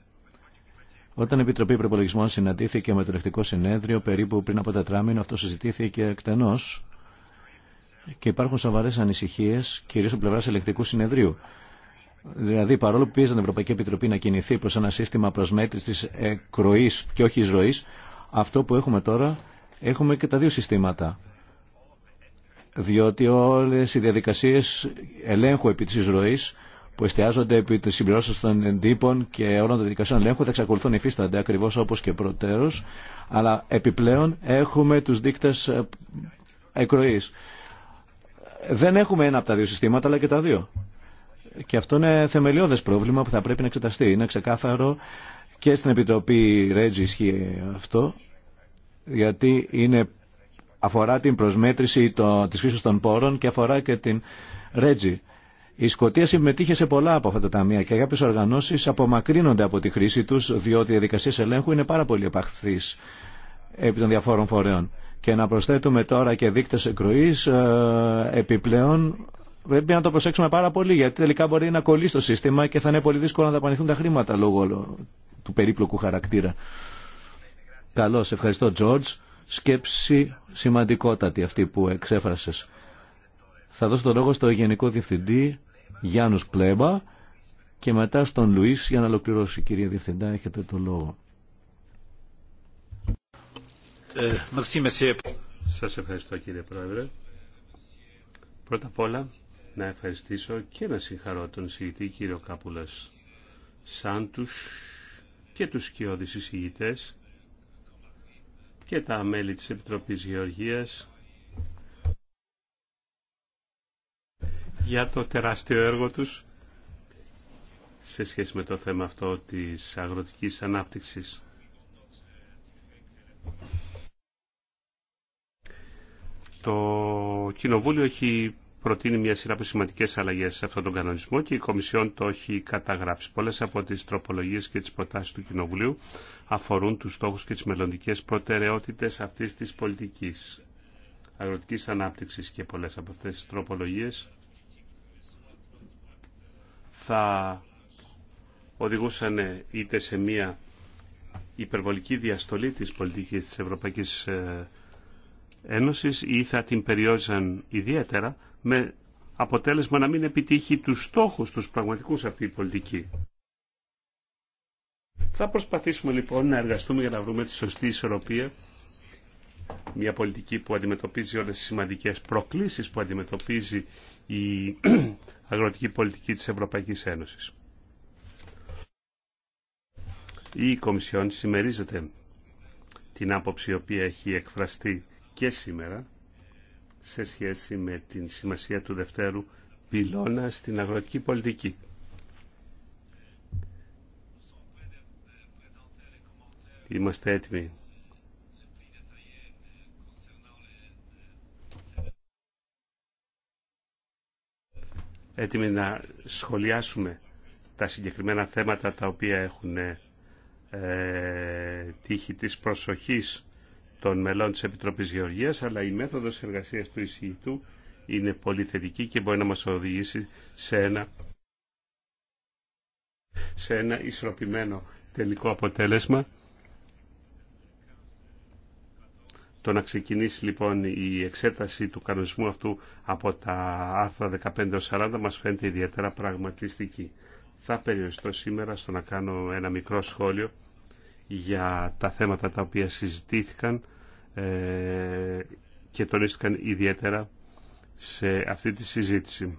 Όταν η Επιτροπή Προπολογισμών συναντήθηκε με το Ελεκτικό Συνέδριο περίπου πριν από τετράμινο, αυτό συζητήθηκε εκτενώς και υπάρχουν σοβαρέ ανησυχίε, κυρίω από πλευρά Ελεκτικού Συνεδρίου. Δηλαδή, παρόλο που πίεζαν την Ευρωπαϊκή Επιτροπή να κινηθεί προ ένα σύστημα προσμέτρηση εκροή και όχι ζωή, αυτό που έχουμε τώρα Έχουμε και τα δύο συστήματα. Διότι όλες οι διαδικασίες ελέγχου επί της εισρωής που εστιάζονται επί της συμπληρώσεως των εντύπων και όλων των διαδικασιών ελέγχου θα εξακολουθούν υφίστανται ακριβώς όπως και προτέρω. Αλλά επιπλέον έχουμε τους δείκτες ε, εκροής. Δεν έχουμε ένα από τα δύο συστήματα, αλλά και τα δύο. Και αυτό είναι θεμελιώδες πρόβλημα που θα πρέπει να εξεταστεί. Είναι ξεκάθαρο και στην Επιτροπή Ρέτζη ισχύει αυτό γιατί είναι, αφορά την προσμέτρηση το, της χρήσης των πόρων και αφορά και την ρέτζη. Η Σκωτία συμμετείχε σε πολλά από αυτά τα ταμεία και κάποιε οργανώσει απομακρύνονται από τη χρήση του, διότι οι διαδικασίε ελέγχου είναι πάρα πολύ επαχθεί επί των διαφόρων φορέων. Και να προσθέτουμε τώρα και δείκτε εκροή ε, επιπλέον. Πρέπει να το προσέξουμε πάρα πολύ, γιατί τελικά μπορεί να κολλήσει το σύστημα και θα είναι πολύ δύσκολο να δαπανηθούν τα χρήματα λόγω του περίπλοκου χαρακτήρα. Καλώ. ευχαριστώ Τζόρτζ. Σκέψη σημαντικότατη αυτή που εξέφρασες. Θα δώσω το λόγο στο Γενικό Διευθυντή Γιάννους Πλέμπα και μετά στον Λουίς για να ολοκληρώσει. Κύριε Διευθυντά, έχετε το λόγο. Ε, Σας ευχαριστώ κύριε Πρόεδρε. Πρώτα απ' όλα να ευχαριστήσω και να συγχαρώ τον συγητή κύριο Κάπουλας Σάντους και τους σκιώδης εισηγητές και τα μέλη της Επιτροπής Γεωργίας για το τεράστιο έργο τους σε σχέση με το θέμα αυτό της αγροτικής ανάπτυξης. Το Κοινοβούλιο έχει προτείνει μια σειρά από σημαντικές αλλαγές σε αυτόν τον κανονισμό και η Κομισιόν το έχει καταγράψει. Πολλές από τις τροπολογίες και τις προτάσεις του Κοινοβουλίου αφορούν τους στόχους και τις μελλοντικές προτεραιότητες αυτής της πολιτικής αγροτικής ανάπτυξης και πολλές από αυτές τις τροπολογίες θα οδηγούσαν είτε σε μία υπερβολική διαστολή της πολιτικής της Ευρωπαϊκής ε, Ένωσης ή θα την περιόριζαν ιδιαίτερα με αποτέλεσμα να μην επιτύχει τους στόχους τους πραγματικούς αυτή η πολιτική. Θα προσπαθήσουμε λοιπόν να εργαστούμε για να βρούμε τη σωστή ισορροπία. Μια πολιτική που αντιμετωπίζει όλες τις σημαντικές προκλήσεις που αντιμετωπίζει η αγροτική πολιτική της Ευρωπαϊκής Ένωσης. Η Κομισιόν συμμερίζεται την άποψη η οποία έχει εκφραστεί και σήμερα σε σχέση με την σημασία του δευτέρου πυλώνα στην αγροτική πολιτική. Είμαστε έτοιμοι. Έτοιμοι να σχολιάσουμε τα συγκεκριμένα θέματα τα οποία έχουν ε, τύχει της προσοχής των μελών της Επιτροπής Γεωργίας, αλλά η μέθοδος εργασίας του εισηγητού είναι πολύ θετική και μπορεί να μας οδηγήσει σε ένα, σε ένα ισορροπημένο τελικό αποτέλεσμα Το να ξεκινήσει λοιπόν η εξέταση του κανονισμού αυτού από τα άρθρα 15-40 μας φαίνεται ιδιαίτερα πραγματιστική. Θα περιοριστώ σήμερα στο να κάνω ένα μικρό σχόλιο για τα θέματα τα οποία συζητήθηκαν ε, και τονίστηκαν ιδιαίτερα σε αυτή τη συζήτηση.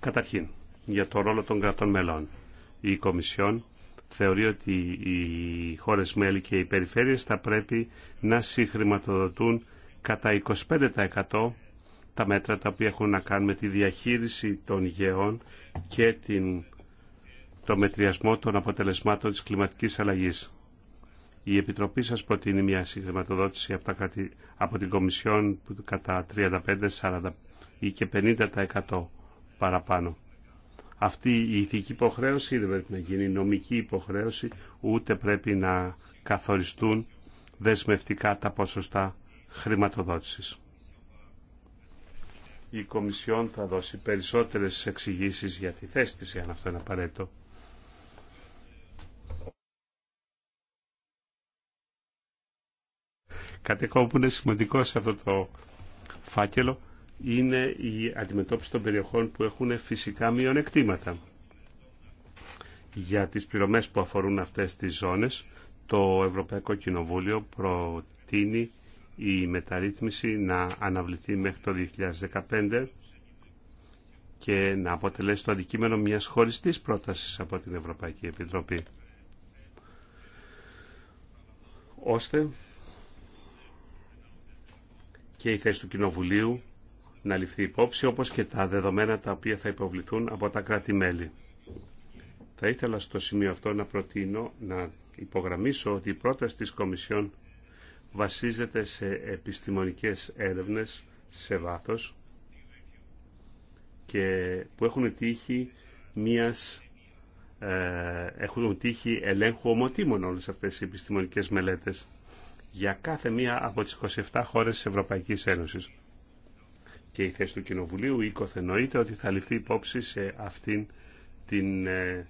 Καταρχήν, για το ρόλο των κρατών μελών. Η Κομισιόν θεωρεί ότι οι χώρες μέλη και οι περιφέρειες θα πρέπει να συγχρηματοδοτούν κατά 25% τα μέτρα τα οποία έχουν να κάνουν με τη διαχείριση των γεών και την, το μετριασμό των αποτελεσμάτων της κλιματικής αλλαγής. Η Επιτροπή σας προτείνει μια συγχρηματοδότηση από, τα, από την Κομισιόν κατά 35, 40 ή και 50% παραπάνω. Αυτή η ηθική υποχρέωση δεν πρέπει να γίνει νομική υποχρέωση, ούτε πρέπει να καθοριστούν δεσμευτικά τα ποσοστά χρηματοδότησης. Η Κομισιόν θα δώσει περισσότερες εξηγήσει για τη θέση αν αυτό είναι απαραίτητο. Κάτι είναι σημαντικό σε αυτό το φάκελο είναι η αντιμετώπιση των περιοχών που έχουν φυσικά μειονεκτήματα. Για τις πληρωμές που αφορούν αυτές τις ζώνες, το Ευρωπαϊκό Κοινοβούλιο προτείνει η μεταρρύθμιση να αναβληθεί μέχρι το 2015 και να αποτελέσει το αντικείμενο μιας χωριστής πρότασης από την Ευρωπαϊκή Επιτροπή. Ώστε και η θέση του Κοινοβουλίου να ληφθεί υπόψη, όπως και τα δεδομένα τα οποία θα υποβληθούν από τα κράτη-μέλη. Θα ήθελα στο σημείο αυτό να προτείνω να υπογραμμίσω ότι η πρόταση της Κομισιόν βασίζεται σε επιστημονικές έρευνες σε βάθος και που έχουν τύχει μίας ε, έχουν τύχει ελέγχου ομοτήμων όλες αυτές οι επιστημονικές μελέτες για κάθε μία από τις 27 χώρες της Ευρωπαϊκής Ένωσης και η θέση του Κοινοβουλίου οίκοθε εννοείται ότι θα ληφθεί υπόψη σε αυτήν την ε,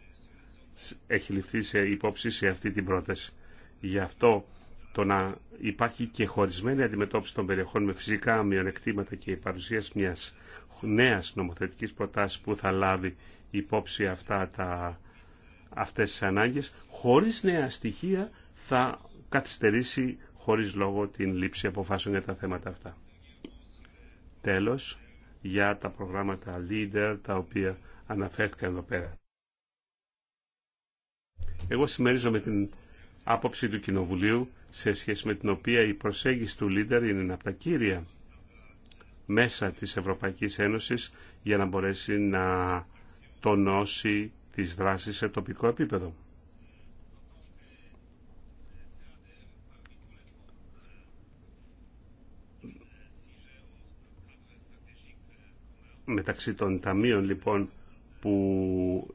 έχει ληφθεί σε υπόψη σε αυτή την πρόταση. Γι' αυτό το να υπάρχει και χωρισμένη αντιμετώπιση των περιοχών με φυσικά μειονεκτήματα και η παρουσία μιας νέας νομοθετικής προτάσης που θα λάβει υπόψη αυτά τα, αυτές τις ανάγκες, χωρίς νέα στοιχεία θα καθυστερήσει χωρίς λόγο την λήψη αποφάσεων για τα θέματα αυτά. Τέλος, για τα προγράμματα leader τα οποία αναφέρθηκαν εδώ πέρα. Εγώ συμμερίζομαι την άποψη του Κοινοβουλίου σε σχέση με την οποία η προσέγγιση του leader είναι από τα κύρια μέσα της Ευρωπαϊκής Ένωσης για να μπορέσει να τονώσει τις δράσεις σε τοπικό επίπεδο. μεταξύ των ταμείων λοιπόν που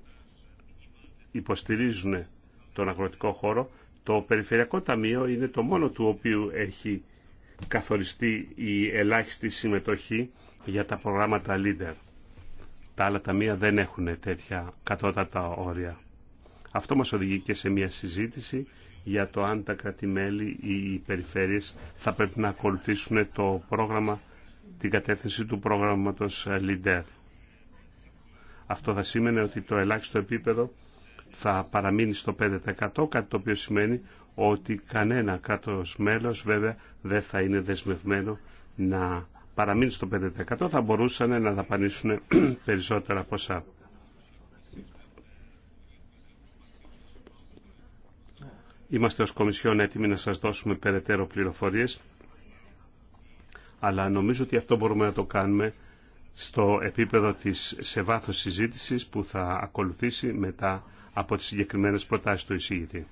υποστηρίζουν τον αγροτικό χώρο, το Περιφερειακό Ταμείο είναι το μόνο του οποίου έχει καθοριστεί η ελάχιστη συμμετοχή για τα προγράμματα leader. Τα άλλα ταμεία δεν έχουν τέτοια κατώτατα όρια. Αυτό μας οδηγεί και σε μια συζήτηση για το αν τα κρατημέλη ή οι περιφέρειες θα πρέπει να ακολουθήσουν το πρόγραμμα την κατεύθυνση του πρόγραμματος LIDER. Αυτό θα σήμαινε ότι το ελάχιστο επίπεδο θα παραμείνει στο 5% κάτι το οποίο σημαίνει ότι κανένα κράτος μέλος βέβαια δεν θα είναι δεσμευμένο να παραμείνει στο 5% θα μπορούσαν να δαπανίσουν περισσότερα ποσά. Είμαστε ως Κομισιόν έτοιμοι να σας δώσουμε περαιτέρω πληροφορίες αλλά νομίζω ότι αυτό μπορούμε να το κάνουμε στο επίπεδο της σε βάθος συζήτησης που θα ακολουθήσει μετά από τις συγκεκριμένες προτάσεις του εισηγητή.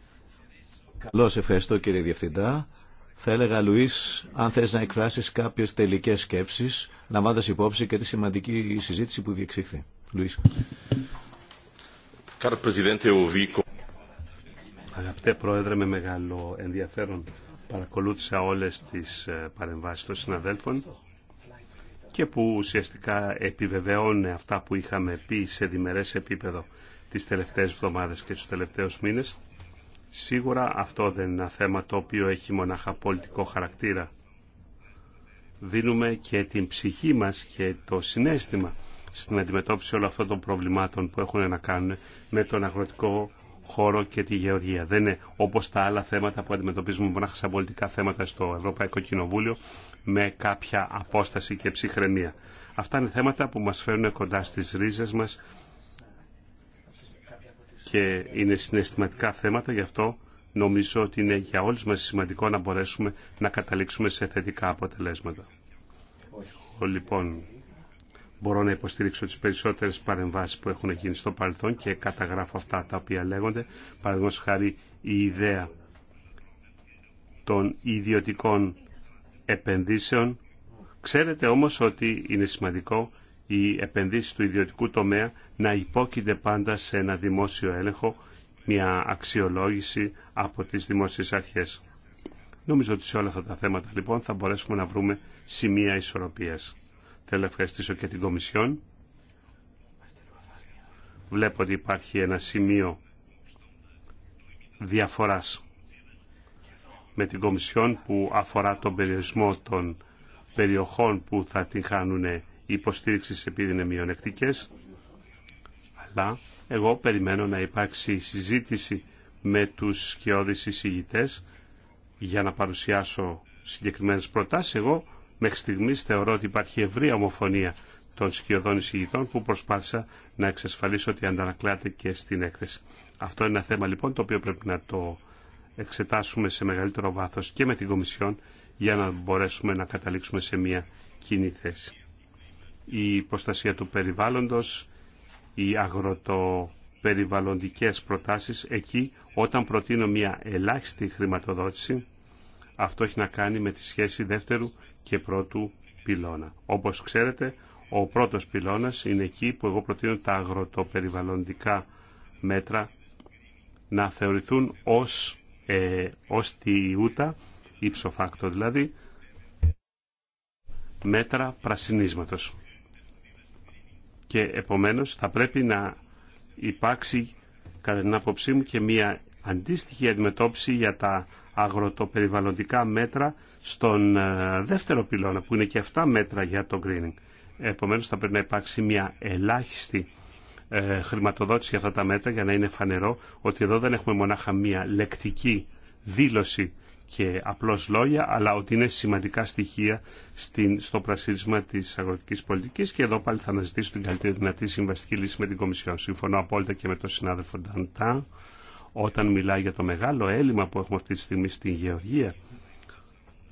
Καλώς, ευχαριστώ κύριε Διευθυντά. Θα έλεγα, Λουίς, αν θες να εκφράσεις κάποιες τελικές σκέψεις, μάθεις υπόψη και τη σημαντική συζήτηση που διεξήχθη. Λουίς. Αγαπητέ Πρόεδρε, με μεγάλο ενδιαφέρον παρακολούθησα όλες τις ε, παρεμβάσεις των συναδέλφων και που ουσιαστικά επιβεβαιώνουν αυτά που είχαμε πει σε διμερές επίπεδο τις τελευταίες εβδομάδες και τους τελευταίους μήνες. Σίγουρα αυτό δεν είναι ένα θέμα το οποίο έχει μονάχα πολιτικό χαρακτήρα. Δίνουμε και την ψυχή μας και το συνέστημα στην αντιμετώπιση όλων αυτών των προβλημάτων που έχουν να κάνουν με τον αγροτικό χώρο και τη γεωργία. Δεν είναι όπως τα άλλα θέματα που αντιμετωπίζουμε μονάχα σαν πολιτικά θέματα στο Ευρωπαϊκό Κοινοβούλιο με κάποια απόσταση και ψυχραιμία. Αυτά είναι θέματα που μας φέρνουν κοντά στις ρίζες μας και είναι συναισθηματικά θέματα, γι' αυτό νομίζω ότι είναι για όλους μας σημαντικό να μπορέσουμε να καταλήξουμε σε θετικά αποτελέσματα. Λοιπόν, μπορώ να υποστηρίξω τις περισσότερες παρεμβάσεις που έχουν γίνει στο παρελθόν και καταγράφω αυτά τα οποία λέγονται. Παραδείγματος χάρη η ιδέα των ιδιωτικών επενδύσεων. Ξέρετε όμως ότι είναι σημαντικό οι επενδύσεις του ιδιωτικού τομέα να υπόκειται πάντα σε ένα δημόσιο έλεγχο, μια αξιολόγηση από τις δημόσιες αρχές. Νομίζω ότι σε όλα αυτά τα θέματα λοιπόν θα μπορέσουμε να βρούμε σημεία ισορροπίας. Θέλω να ευχαριστήσω και την Κομισιόν. Βλέπω ότι υπάρχει ένα σημείο διαφοράς με την Κομισιόν που αφορά τον περιορισμό των περιοχών που θα την χάνουν υποστήριξη επειδή είναι μειονεκτικές. Αλλά εγώ περιμένω να υπάρξει συζήτηση με τους σκιώδεις εισηγητές για να παρουσιάσω συγκεκριμένες προτάσεις. Εγώ Μέχρι στιγμή θεωρώ ότι υπάρχει ευρία ομοφωνία των σκιωδών εισηγητών που προσπάθησα να εξασφαλίσω ότι αντανακλάται και στην έκθεση. Αυτό είναι ένα θέμα λοιπόν το οποίο πρέπει να το εξετάσουμε σε μεγαλύτερο βάθο και με την Κομισιόν για να μπορέσουμε να καταλήξουμε σε μια κοινή θέση. Η προστασία του περιβάλλοντος, οι αγροτοπεριβαλλοντικές προτάσεις, εκεί όταν προτείνω μια ελάχιστη χρηματοδότηση, αυτό έχει να κάνει με τη σχέση δεύτερου και πρώτου πυλώνα. Όπως ξέρετε, ο πρώτος πυλώνας είναι εκεί που εγώ προτείνω τα αγροτοπεριβαλλοντικά μέτρα να θεωρηθούν ως, ε, ως τη ούτα, υψοφάκτο δηλαδή, μέτρα πρασινίσματος. Και επομένως θα πρέπει να υπάρξει κατά την άποψή μου και μια αντίστοιχη αντιμετώπιση για τα αγροτοπεριβαλλοντικά μέτρα στον ε, δεύτερο πυλώνα που είναι και αυτά μέτρα για το greening. Επομένως θα πρέπει να υπάρξει μια ελάχιστη ε, χρηματοδότηση για αυτά τα μέτρα για να είναι φανερό ότι εδώ δεν έχουμε μονάχα μια λεκτική δήλωση και απλώς λόγια, αλλά ότι είναι σημαντικά στοιχεία στην, στο πρασίρισμα της αγροτικής πολιτικής και εδώ πάλι θα αναζητήσω την καλύτερη δυνατή συμβαστική λύση με την Κομισιόν. Συμφωνώ απόλυτα και με τον συνάδελφο Νταντά όταν μιλάει για το μεγάλο έλλειμμα που έχουμε αυτή τη στιγμή στην γεωργία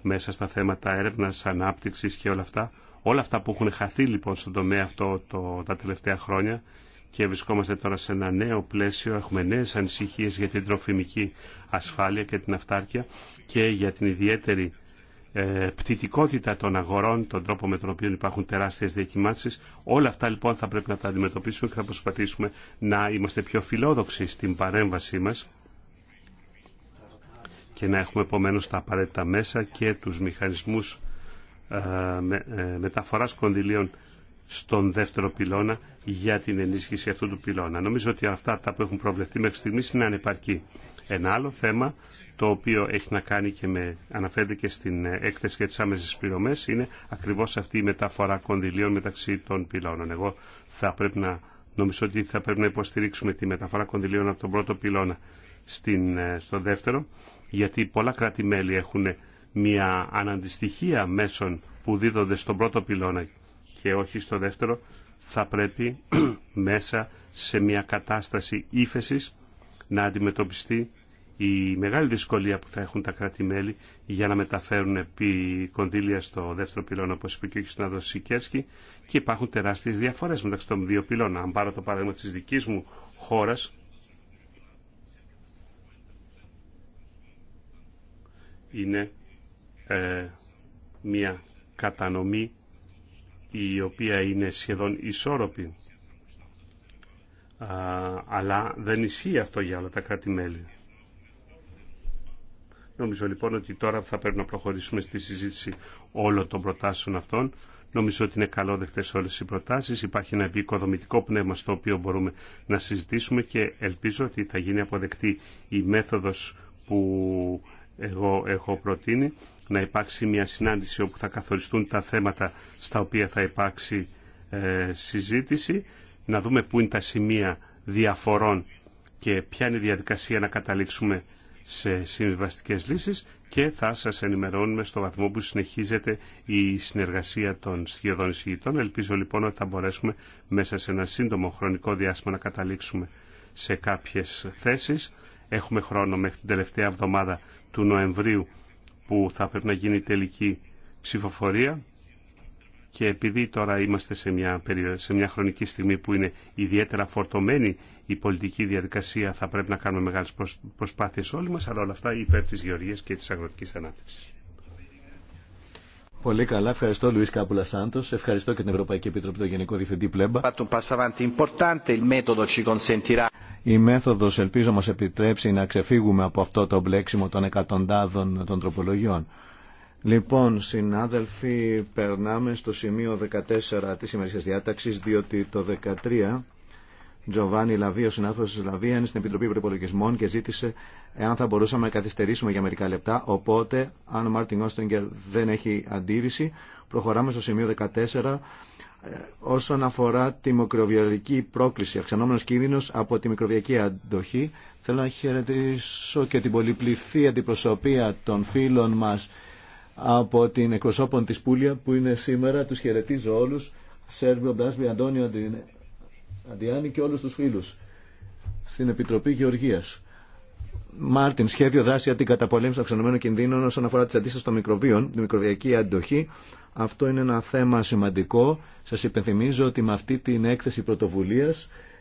μέσα στα θέματα έρευνας, ανάπτυξης και όλα αυτά. Όλα αυτά που έχουν χαθεί λοιπόν στον τομέα αυτό το, τα τελευταία χρόνια και βρισκόμαστε τώρα σε ένα νέο πλαίσιο, έχουμε νέες ανησυχίες για την τροφιμική ασφάλεια και την αυτάρκεια και για την ιδιαίτερη ε, πτυτικότητα των αγορών, τον τρόπο με τον οποίο υπάρχουν τεράστιες διακυμάνσεις. Όλα αυτά λοιπόν θα πρέπει να τα αντιμετωπίσουμε και θα προσπαθήσουμε να είμαστε πιο φιλόδοξοι στην παρέμβασή μας και να έχουμε επομένω τα απαραίτητα μέσα και τους μηχανισμούς ε, ε, μεταφοράς κονδυλίων στον δεύτερο πυλώνα για την ενίσχυση αυτού του πυλώνα. Νομίζω ότι αυτά τα που έχουν προβλεφθεί μέχρι στιγμής είναι ανεπαρκή. Ένα άλλο θέμα το οποίο έχει να κάνει και με, αναφέρεται και στην ε, έκθεση για τις άμεσες πληρωμές είναι ακριβώς αυτή η μεταφορά κονδυλίων μεταξύ των πυλώνων. Εγώ θα πρέπει να νομίζω ότι θα πρέπει να υποστηρίξουμε τη μεταφορά κονδυλίων από τον πρώτο πυλώνα στην, ε, στο δεύτερο γιατί πολλά κράτη-μέλη έχουν μια αναντιστοιχία μέσων που δίδονται στον πρώτο πυλώνα και όχι στο δεύτερο θα πρέπει μέσα σε μια κατάσταση ύφεσης να αντιμετωπιστεί η μεγάλη δυσκολία που θα έχουν τα κράτη-μέλη για να μεταφέρουν επί κονδύλια στο δεύτερο πυλώνα, όπω είπε και ο συνάδελφο και υπάρχουν τεράστιε διαφορέ μεταξύ των δύο πυλών. Αν πάρω το παράδειγμα τη δική μου χώρα, είναι ε, μια κατανομή η οποία είναι σχεδόν ισόρροπη αλλά δεν ισχύει αυτό για όλα τα κράτη-μέλη. Νομίζω λοιπόν ότι τώρα θα πρέπει να προχωρήσουμε στη συζήτηση όλων των προτάσεων αυτών. Νομίζω ότι είναι καλό δεχτές όλες οι προτάσει. Υπάρχει ένα επικοδομητικό πνεύμα στο οποίο μπορούμε να συζητήσουμε και ελπίζω ότι θα γίνει αποδεκτή η μέθοδο που εγώ έχω προτείνει να υπάρξει μια συνάντηση όπου θα καθοριστούν τα θέματα στα οποία θα υπάρξει ε, συζήτηση να δούμε πού είναι τα σημεία διαφορών και ποια είναι η διαδικασία να καταλήξουμε σε συμβιβαστικές λύσεις και θα σας ενημερώνουμε στο βαθμό που συνεχίζεται η συνεργασία των σχεδόν εισηγητών. Ελπίζω λοιπόν ότι θα μπορέσουμε μέσα σε ένα σύντομο χρονικό διάστημα να καταλήξουμε σε κάποιες θέσεις. Έχουμε χρόνο μέχρι την τελευταία εβδομάδα του Νοεμβρίου που θα πρέπει να γίνει τελική ψηφοφορία και επειδή τώρα είμαστε σε μια, σε μια χρονική στιγμή που είναι ιδιαίτερα φορτωμένη η πολιτική διαδικασία, θα πρέπει να κάνουμε μεγάλες προσπάθειες όλοι μας, αλλά όλα αυτά υπέρ της γεωργίας και της αγροτικής ανάπτυξης. Πολύ καλά. Ευχαριστώ, Λουί Κάπουλα Σάντο. Ευχαριστώ και την Ευρωπαϊκή Επιτροπή, τον Γενικό Διευθυντή Πλέμπα. Η μέθοδο, ελπίζω, μα επιτρέψει να ξεφύγουμε από αυτό το μπλέξιμο των εκατοντάδων των τροπολογιών. Λοιπόν, συνάδελφοι, περνάμε στο σημείο 14 της σημερινής διάταξης, διότι το 13 Τζοβάνι Λαβία, ο συνάδελφος της Λαβία, είναι στην Επιτροπή Προπολογισμών και ζήτησε εάν θα μπορούσαμε να καθυστερήσουμε για μερικά λεπτά. Οπότε, αν ο Μάρτιν Όστενγκερ δεν έχει αντίρρηση, προχωράμε στο σημείο 14 ε, όσον αφορά τη μικροβιολογική πρόκληση, αυξανόμενος κίνδυνος από τη μικροβιακή αντοχή. Θέλω να χαιρετήσω και την πολυπληθή αντιπροσωπεία των φίλων μα από την εκπροσώπων της Πούλια που είναι σήμερα. Τους χαιρετίζω όλους, Σέρβιο Μπράσβη, Αντώνιο Αντιάνη και όλους τους φίλους στην Επιτροπή Γεωργίας. Μάρτιν, σχέδιο δράση για την καταπολέμηση των αυξανωμένων κινδύνων όσον αφορά τι αντίσταση των μικροβίων, τη μικροβιακή αντοχή. Αυτό είναι ένα θέμα σημαντικό. Σα υπενθυμίζω ότι με αυτή την έκθεση πρωτοβουλία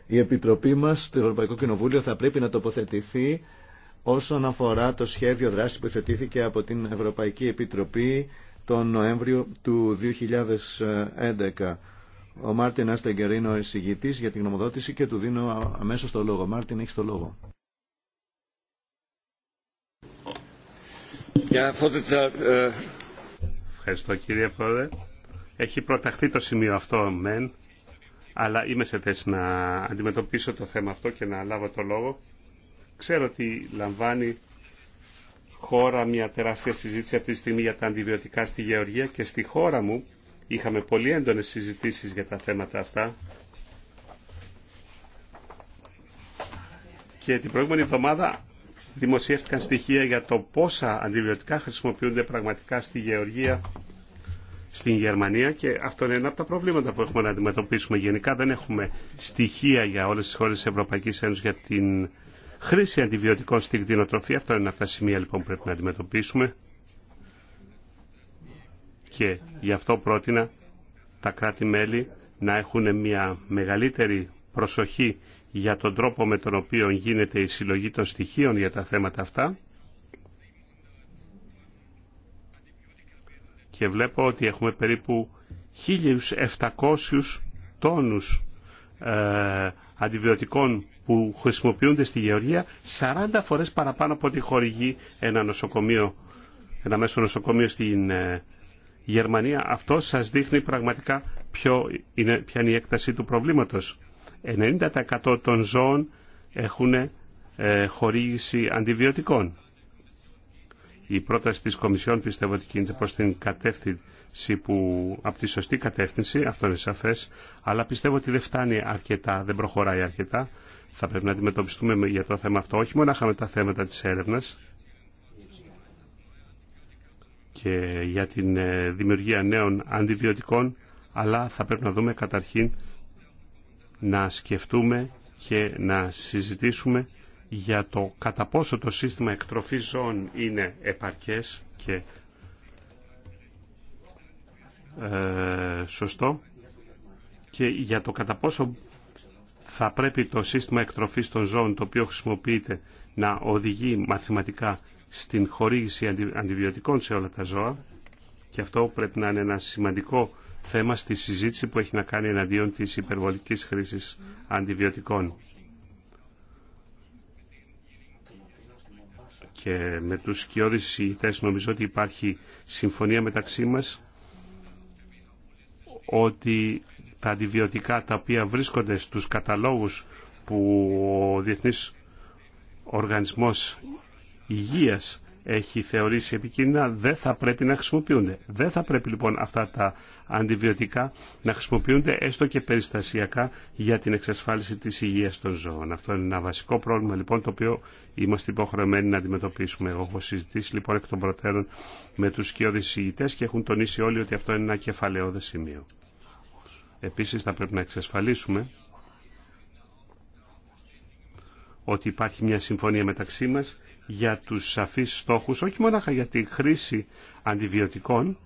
η Επιτροπή μα, το Ευρωπαϊκό Κοινοβούλιο, θα πρέπει να τοποθετηθεί όσον αφορά το σχέδιο δράσης που θετήθηκε από την Ευρωπαϊκή Επιτροπή τον Νοέμβριο του 2011. Ο Μάρτιν Άστεγκερ είναι για την γνωμοδότηση και του δίνω αμέσως το λόγο. Μάρτιν, έχει το λόγο. Äh, Ευχαριστώ κύριε Πρόεδρε. Έχει προταχθεί το σημείο αυτό μεν, αλλά είμαι σε θέση να αντιμετωπίσω το θέμα αυτό και να λάβω το λόγο. Ξέρω ότι λαμβάνει χώρα μια τεράστια συζήτηση αυτή τη στιγμή για τα αντιβιωτικά στη Γεωργία και στη χώρα μου είχαμε πολύ έντονες συζητήσεις για τα θέματα αυτά. Και την προηγούμενη εβδομάδα δημοσιεύτηκαν στοιχεία για το πόσα αντιβιωτικά χρησιμοποιούνται πραγματικά στη Γεωργία στην Γερμανία και αυτό είναι ένα από τα προβλήματα που έχουμε να αντιμετωπίσουμε. Γενικά δεν έχουμε στοιχεία για όλες τις χώρες της Ευρωπαϊκής Ένωσης για την χρήση αντιβιωτικών στην κτηνοτροφία. Αυτό είναι ένα από τα σημεία λοιπόν που πρέπει να αντιμετωπίσουμε. Και γι' αυτό πρότεινα τα κράτη-μέλη να έχουν μια μεγαλύτερη προσοχή για τον τρόπο με τον οποίο γίνεται η συλλογή των στοιχείων για τα θέματα αυτά. Και βλέπω ότι έχουμε περίπου 1.700 τόνους ε, αντιβιωτικών που χρησιμοποιούνται στη Γεωργία 40 φορές παραπάνω από ό,τι χορηγεί ένα νοσοκομείο, ένα μέσο νοσοκομείο στην ε, Γερμανία. Αυτό σας δείχνει πραγματικά ποιο είναι, ποια είναι η έκταση του προβλήματος. 90% των ζώων έχουν ε, χορήγηση αντιβιωτικών. Η πρόταση της Κομισιόν πιστεύω ότι κινείται προς την κατεύθυνση που από τη σωστή κατεύθυνση, αυτό είναι σαφές, αλλά πιστεύω ότι δεν φτάνει αρκετά, δεν προχωράει αρκετά. Θα πρέπει να αντιμετωπιστούμε για το θέμα αυτό, όχι μόνο με τα θέματα της έρευνας και για την ε, δημιουργία νέων αντιβιωτικών, αλλά θα πρέπει να δούμε καταρχήν να σκεφτούμε και να συζητήσουμε για το κατά πόσο το σύστημα εκτροφής ζώων είναι επαρκές και ε, σωστό και για το κατά πόσο θα πρέπει το σύστημα εκτροφής των ζώων το οποίο χρησιμοποιείται να οδηγεί μαθηματικά στην χορήγηση αντι, αντιβιωτικών σε όλα τα ζώα και αυτό πρέπει να είναι ένα σημαντικό θέμα στη συζήτηση που έχει να κάνει εναντίον της υπερβολικής χρήσης αντιβιωτικών. Και με τους σκιώδεις συζητητές νομίζω ότι υπάρχει συμφωνία μεταξύ μας ότι τα αντιβιωτικά τα οποία βρίσκονται στους καταλόγους που ο Διεθνής Οργανισμός Υγείας έχει θεωρήσει επικίνδυνα δεν θα πρέπει να χρησιμοποιούνται. Δεν θα πρέπει λοιπόν αυτά τα αντιβιωτικά να χρησιμοποιούνται έστω και περιστασιακά για την εξασφάλιση της υγείας των ζώων. Αυτό είναι ένα βασικό πρόβλημα λοιπόν το οποίο είμαστε υποχρεωμένοι να αντιμετωπίσουμε. Εγώ έχω συζητήσει λοιπόν εκ των προτέρων με τους σκιώδεις συγητές και έχουν τονίσει όλοι ότι αυτό είναι ένα κεφαλαιόδε σημείο. Επίσης θα πρέπει να εξασφαλίσουμε ότι υπάρχει μια συμφωνία μεταξύ μας για τους σαφείς στόχους, όχι μόνο για τη χρήση αντιβιωτικών,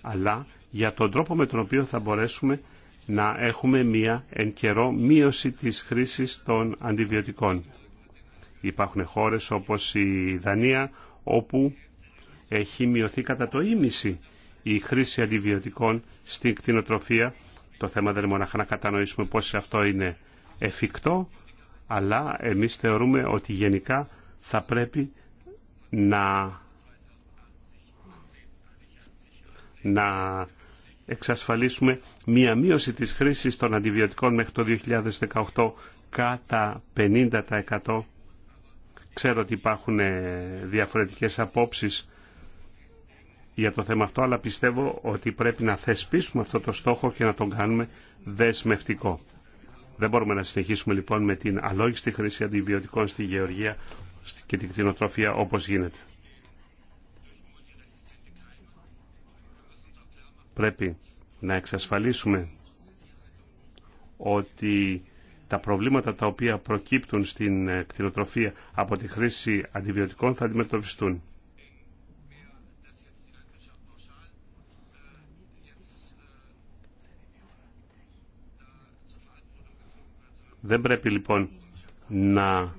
αλλά για τον τρόπο με τον οποίο θα μπορέσουμε να έχουμε μία εν καιρό μείωση της χρήσης των αντιβιωτικών. Υπάρχουν χώρες όπως η Δανία όπου έχει μειωθεί κατά το ίμιση η χρήση αντιβιωτικών στην κτηνοτροφία. Το θέμα δεν είναι μοναχά να κατανοήσουμε πώς αυτό είναι εφικτό, αλλά εμείς θεωρούμε ότι γενικά θα πρέπει να, να εξασφαλίσουμε μία μείωση της χρήσης των αντιβιωτικών μέχρι το 2018 κατά 50%. Ξέρω ότι υπάρχουν ε, διαφορετικές απόψεις για το θέμα αυτό, αλλά πιστεύω ότι πρέπει να θεσπίσουμε αυτό το στόχο και να τον κάνουμε δεσμευτικό. Δεν μπορούμε να συνεχίσουμε λοιπόν με την αλόγιστη χρήση αντιβιωτικών στη γεωργία και την κτηνοτροφία όπως γίνεται. Πρέπει να εξασφαλίσουμε ότι τα προβλήματα τα οποία προκύπτουν στην ε, κτηνοτροφία από τη χρήση αντιβιωτικών θα αντιμετωπιστούν. Δεν πρέπει λοιπόν να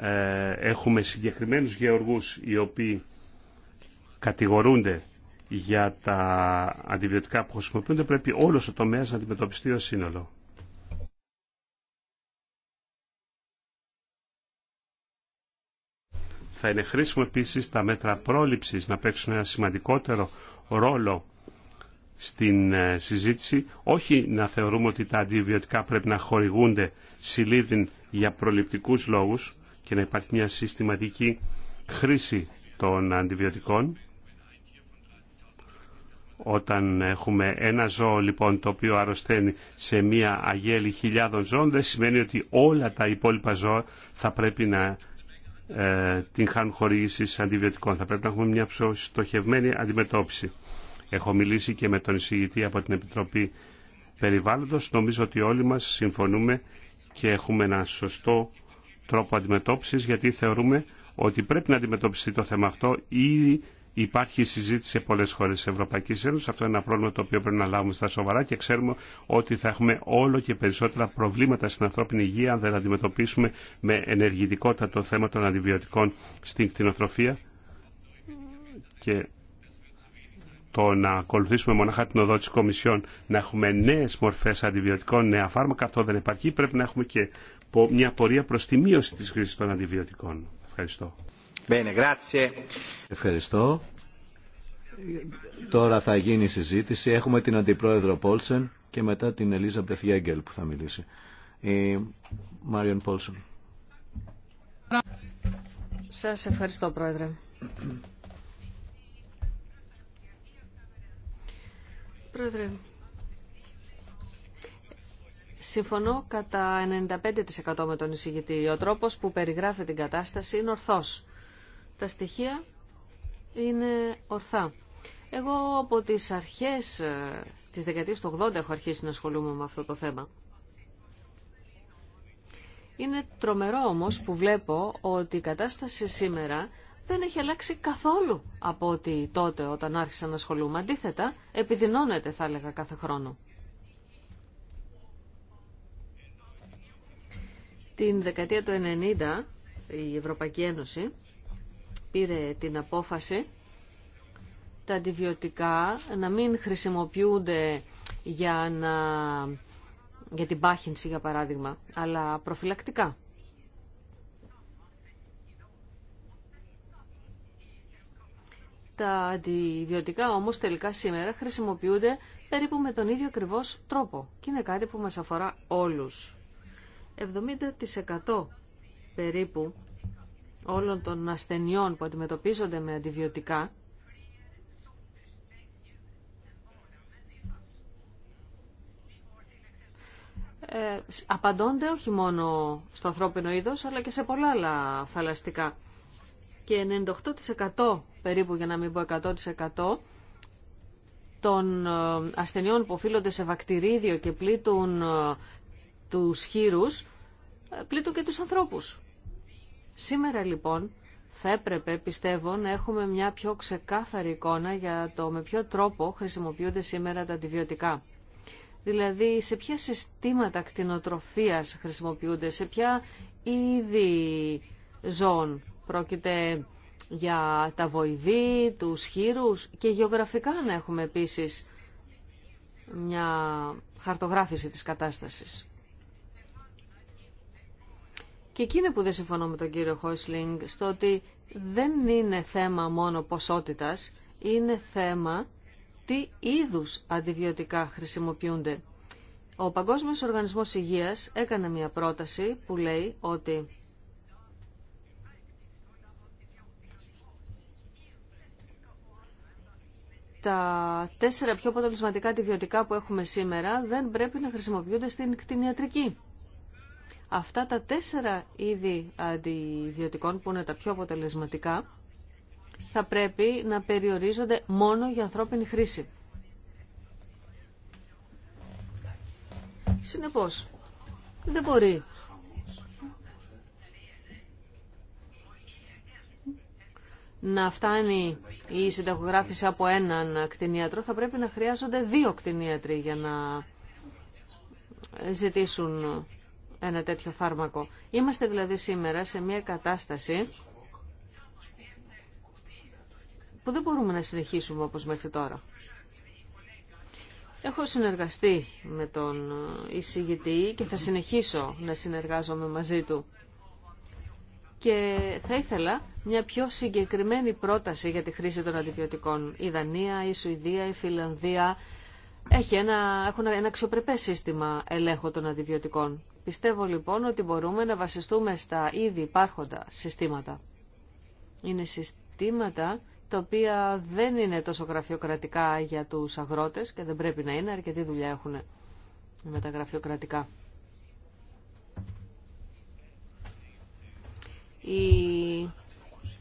ε, έχουμε συγκεκριμένους γεωργούς οι οποίοι κατηγορούνται για τα αντιβιωτικά που χρησιμοποιούνται, πρέπει όλος ο τομέας να αντιμετωπιστεί ως σύνολο. Θα είναι χρήσιμο επίσης τα μέτρα πρόληψης να παίξουν ένα σημαντικότερο ρόλο στην ε, συζήτηση. Όχι να θεωρούμε ότι τα αντιβιωτικά πρέπει να χορηγούνται συλλήδιν για προληπτικούς λόγους, και να υπάρχει μια συστηματική χρήση των αντιβιωτικών. Όταν έχουμε ένα ζώο λοιπόν το οποίο αρρωσταίνει σε μια αγέλη χιλιάδων ζώων δεν σημαίνει ότι όλα τα υπόλοιπα ζώα θα πρέπει να ε, την χάνουν χορήγηση αντιβιωτικών. Θα πρέπει να έχουμε μια πιο στοχευμένη αντιμετώπιση. Έχω μιλήσει και με τον εισηγητή από την Επιτροπή Περιβάλλοντος. Νομίζω ότι όλοι μας συμφωνούμε και έχουμε ένα σωστό τρόπο αντιμετώπιση γιατί θεωρούμε ότι πρέπει να αντιμετωπιστεί το θέμα αυτό ήδη υπάρχει συζήτηση σε πολλέ χώρε τη Ευρωπαϊκή Ένωση. Αυτό είναι ένα πρόβλημα το οποίο πρέπει να λάβουμε στα σοβαρά και ξέρουμε ότι θα έχουμε όλο και περισσότερα προβλήματα στην ανθρώπινη υγεία αν δεν αντιμετωπίσουμε με ενεργητικότητα το θέμα των αντιβιωτικών στην κτηνοτροφία και το να ακολουθήσουμε μονάχα την οδό τη Κομισιόν να έχουμε νέε μορφέ αντιβιωτικών, νέα φάρμακα, αυτό δεν υπάρχει. Πρέπει να έχουμε και μια πορεία προς τη μείωση τη χρήση των αντιβιωτικών. Ευχαριστώ. Ευχαριστώ. Τώρα θα γίνει η συζήτηση. Έχουμε την Αντιπρόεδρο Πόλσεν και μετά την Ελίζα Μπεθιέγγελ που θα μιλήσει. Η Μάριον Πόλσεν. Σας ευχαριστώ, Πρόεδρε. Πρόεδρε, Συμφωνώ κατά 95% με τον εισηγητή. Ο τρόπος που περιγράφει την κατάσταση είναι ορθός. Τα στοιχεία είναι ορθά. Εγώ από τις αρχές ε, της δεκαετίας του 80 έχω αρχίσει να ασχολούμαι με αυτό το θέμα. Είναι τρομερό όμως που βλέπω ότι η κατάσταση σήμερα δεν έχει αλλάξει καθόλου από ότι τότε όταν άρχισα να ασχολούμαι. Αντίθετα, επιδεινώνεται θα έλεγα κάθε χρόνο. Την δεκαετία του 90 η Ευρωπαϊκή Ένωση πήρε την απόφαση τα αντιβιωτικά να μην χρησιμοποιούνται για, να... για την πάχυνση, για παράδειγμα, αλλά προφυλακτικά. Τα αντιβιωτικά όμως τελικά σήμερα χρησιμοποιούνται περίπου με τον ίδιο ακριβώ τρόπο και είναι κάτι που μας αφορά όλους. 70% περίπου όλων των ασθενειών που αντιμετωπίζονται με αντιβιωτικά ε, απαντώνται όχι μόνο στο ανθρώπινο είδος αλλά και σε πολλά άλλα θαλαστικά. Και 98% περίπου για να μην πω 100% των ε, ασθενειών που οφείλονται σε βακτηρίδιο και πλήττουν ε, τους χείρους ε, πλήττουν και τους ανθρώπους. Σήμερα λοιπόν θα έπρεπε, πιστεύω, να έχουμε μια πιο ξεκάθαρη εικόνα για το με ποιο τρόπο χρησιμοποιούνται σήμερα τα αντιβιωτικά. Δηλαδή, σε ποια συστήματα κτηνοτροφίας χρησιμοποιούνται, σε ποια είδη ζώων πρόκειται για τα βοηδή, τους χείρους και γεωγραφικά να έχουμε επίσης μια χαρτογράφηση της κατάστασης. Και εκείνο που δεν συμφωνώ με τον κύριο Χόισλινγκ στο ότι δεν είναι θέμα μόνο ποσότητας, είναι θέμα τι είδους αντιβιωτικά χρησιμοποιούνται. Ο Παγκόσμιος Οργανισμός Υγείας έκανε μια πρόταση που λέει ότι τα τέσσερα πιο αποτελεσματικά αντιβιωτικά που έχουμε σήμερα δεν πρέπει να χρησιμοποιούνται στην κτηνιατρική. Αυτά τα τέσσερα είδη αντιβιωτικών που είναι τα πιο αποτελεσματικά θα πρέπει να περιορίζονται μόνο για ανθρώπινη χρήση. Συνεπώς, δεν μπορεί να φτάνει η συνταγογράφηση από έναν κτηνίατρο, θα πρέπει να χρειάζονται δύο κτηνίατροι για να ζητήσουν ένα τέτοιο φάρμακο. Είμαστε δηλαδή σήμερα σε μια κατάσταση που δεν μπορούμε να συνεχίσουμε όπως μέχρι τώρα. Έχω συνεργαστεί με τον εισηγητή και θα συνεχίσω να συνεργάζομαι μαζί του. Και θα ήθελα μια πιο συγκεκριμένη πρόταση για τη χρήση των αντιβιωτικών. Η Δανία, η Σουηδία, η Φιλανδία έχει έχουν ένα αξιοπρεπές σύστημα ελέγχου των αντιβιωτικών. Πιστεύω λοιπόν ότι μπορούμε να βασιστούμε στα ήδη υπάρχοντα συστήματα. Είναι συστήματα τα οποία δεν είναι τόσο γραφειοκρατικά για τους αγρότες και δεν πρέπει να είναι, αρκετή δουλειά έχουν με τα γραφειοκρατικά. Οι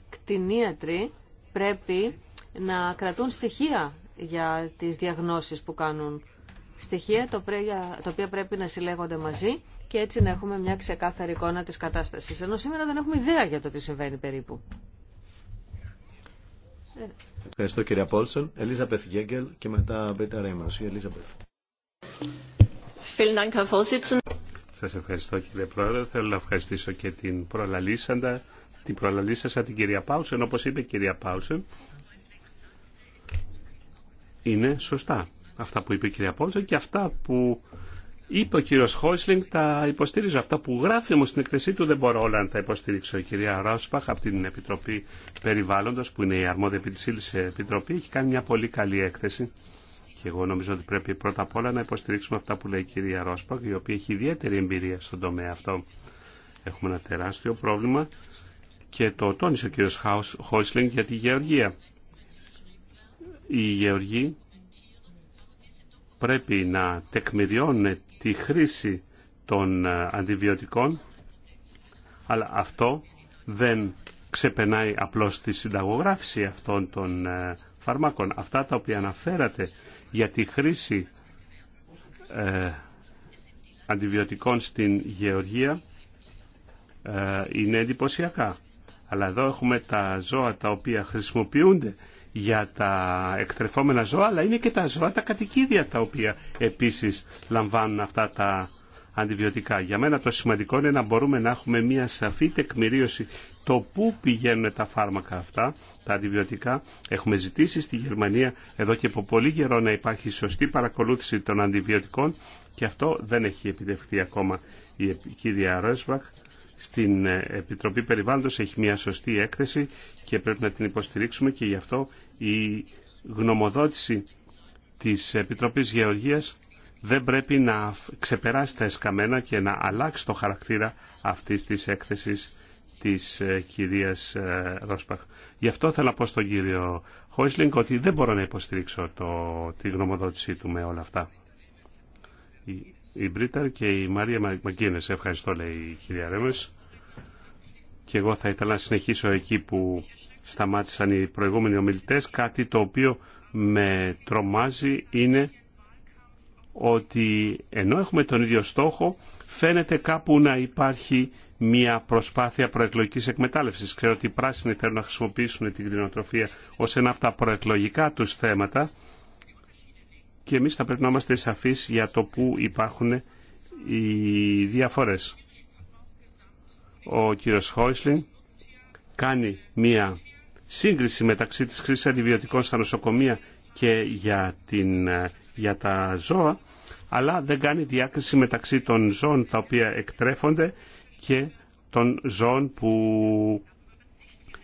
κτηνίατροι πρέπει να κρατούν στοιχεία για τις διαγνώσεις που κάνουν στοιχεία τα οποία πρέπει να συλλέγονται μαζί και έτσι να έχουμε μια ξεκάθαρη εικόνα της κατάστασης. Ενώ σήμερα δεν έχουμε ιδέα για το τι συμβαίνει περίπου. Ευχαριστώ κυρία Πόλσον. Ελίζα Πεθ Γέγκελ και μετά Μπρίτα Ρέιμας. Η Ελίζα Σας ευχαριστώ κύριε Πρόεδρε. Θέλω να ευχαριστήσω και την προλαλήσαντα, την προλαλήσασα την κυρία Πάουσεν. Όπως είπε η κυρία Πάουσεν, είναι σωστά αυτά που είπε η κυρία Πόλσεν και αυτά που Είπε ο κύριο Χόισλινγκ, τα υποστήριζω αυτά που γράφει όμω στην εκθεσή του, δεν μπορώ όλα να τα υποστηρίξω. Η κυρία Ρόσπαχ από την Επιτροπή Περιβάλλοντο, που είναι η αρμόδια επί τη Επιτροπή, έχει κάνει μια πολύ καλή έκθεση. Και εγώ νομίζω ότι πρέπει πρώτα απ' όλα να υποστηρίξουμε αυτά που λέει η κυρία Ρόσπαχ, η οποία έχει ιδιαίτερη εμπειρία στον τομέα αυτό. Έχουμε ένα τεράστιο πρόβλημα και το τόνισε ο κύριο Χόισλινγκ για τη γεωργία. Η γεωργοί πρέπει να τεκμηριώνουν τη χρήση των ε, αντιβιωτικών, αλλά αυτό δεν ξεπενάει απλώς τη συνταγογράφηση αυτών των ε, φαρμάκων. Αυτά τα οποία αναφέρατε για τη χρήση ε, αντιβιωτικών στην γεωργία ε, είναι εντυπωσιακά. Αλλά εδώ έχουμε τα ζώα τα οποία χρησιμοποιούνται για τα εκτρεφόμενα ζώα, αλλά είναι και τα ζώα τα κατοικίδια τα οποία επίσης λαμβάνουν αυτά τα αντιβιωτικά. Για μένα το σημαντικό είναι να μπορούμε να έχουμε μια σαφή τεκμηρίωση το πού πηγαίνουν τα φάρμακα αυτά, τα αντιβιωτικά. Έχουμε ζητήσει στη Γερμανία εδώ και από πολύ καιρό να υπάρχει σωστή παρακολούθηση των αντιβιωτικών και αυτό δεν έχει επιτευχθεί ακόμα η κυρία Ρέσβαχ. Στην Επιτροπή Περιβάλλοντος έχει μια σωστή έκθεση και πρέπει να την υποστηρίξουμε και γι' αυτό η γνωμοδότηση της Επιτροπής Γεωργίας δεν πρέπει να ξεπεράσει τα εσκαμένα και να αλλάξει το χαρακτήρα αυτής της έκθεσης της ε, κυρίας ε, Ρόσπαχ. Γι' αυτό θέλω να πω στον κύριο Χόισλινγκ ότι δεν μπορώ να υποστηρίξω το, τη γνωμοδότησή του με όλα αυτά. Η, η Μπρίταρ και η Μαρία Μαγκίνες. Ευχαριστώ λέει η κυρία Ρέμες. Και εγώ θα ήθελα να συνεχίσω εκεί που σταμάτησαν οι προηγούμενοι ομιλητές. Κάτι το οποίο με τρομάζει είναι ότι ενώ έχουμε τον ίδιο στόχο φαίνεται κάπου να υπάρχει μια προσπάθεια προεκλογικής εκμετάλλευσης. Ξέρω ότι οι πράσινοι θέλουν να χρησιμοποιήσουν την κτηνοτροφία ως ένα από τα προεκλογικά τους θέματα και εμείς θα πρέπει να είμαστε σαφείς για το που υπάρχουν οι διαφορές. Ο κύριος Χόισλιν κάνει μια σύγκριση μεταξύ της χρήσης αντιβιωτικών στα νοσοκομεία και για, την, ε, για τα ζώα, αλλά δεν κάνει διάκριση μεταξύ των ζώων τα οποία εκτρέφονται και των ζώων που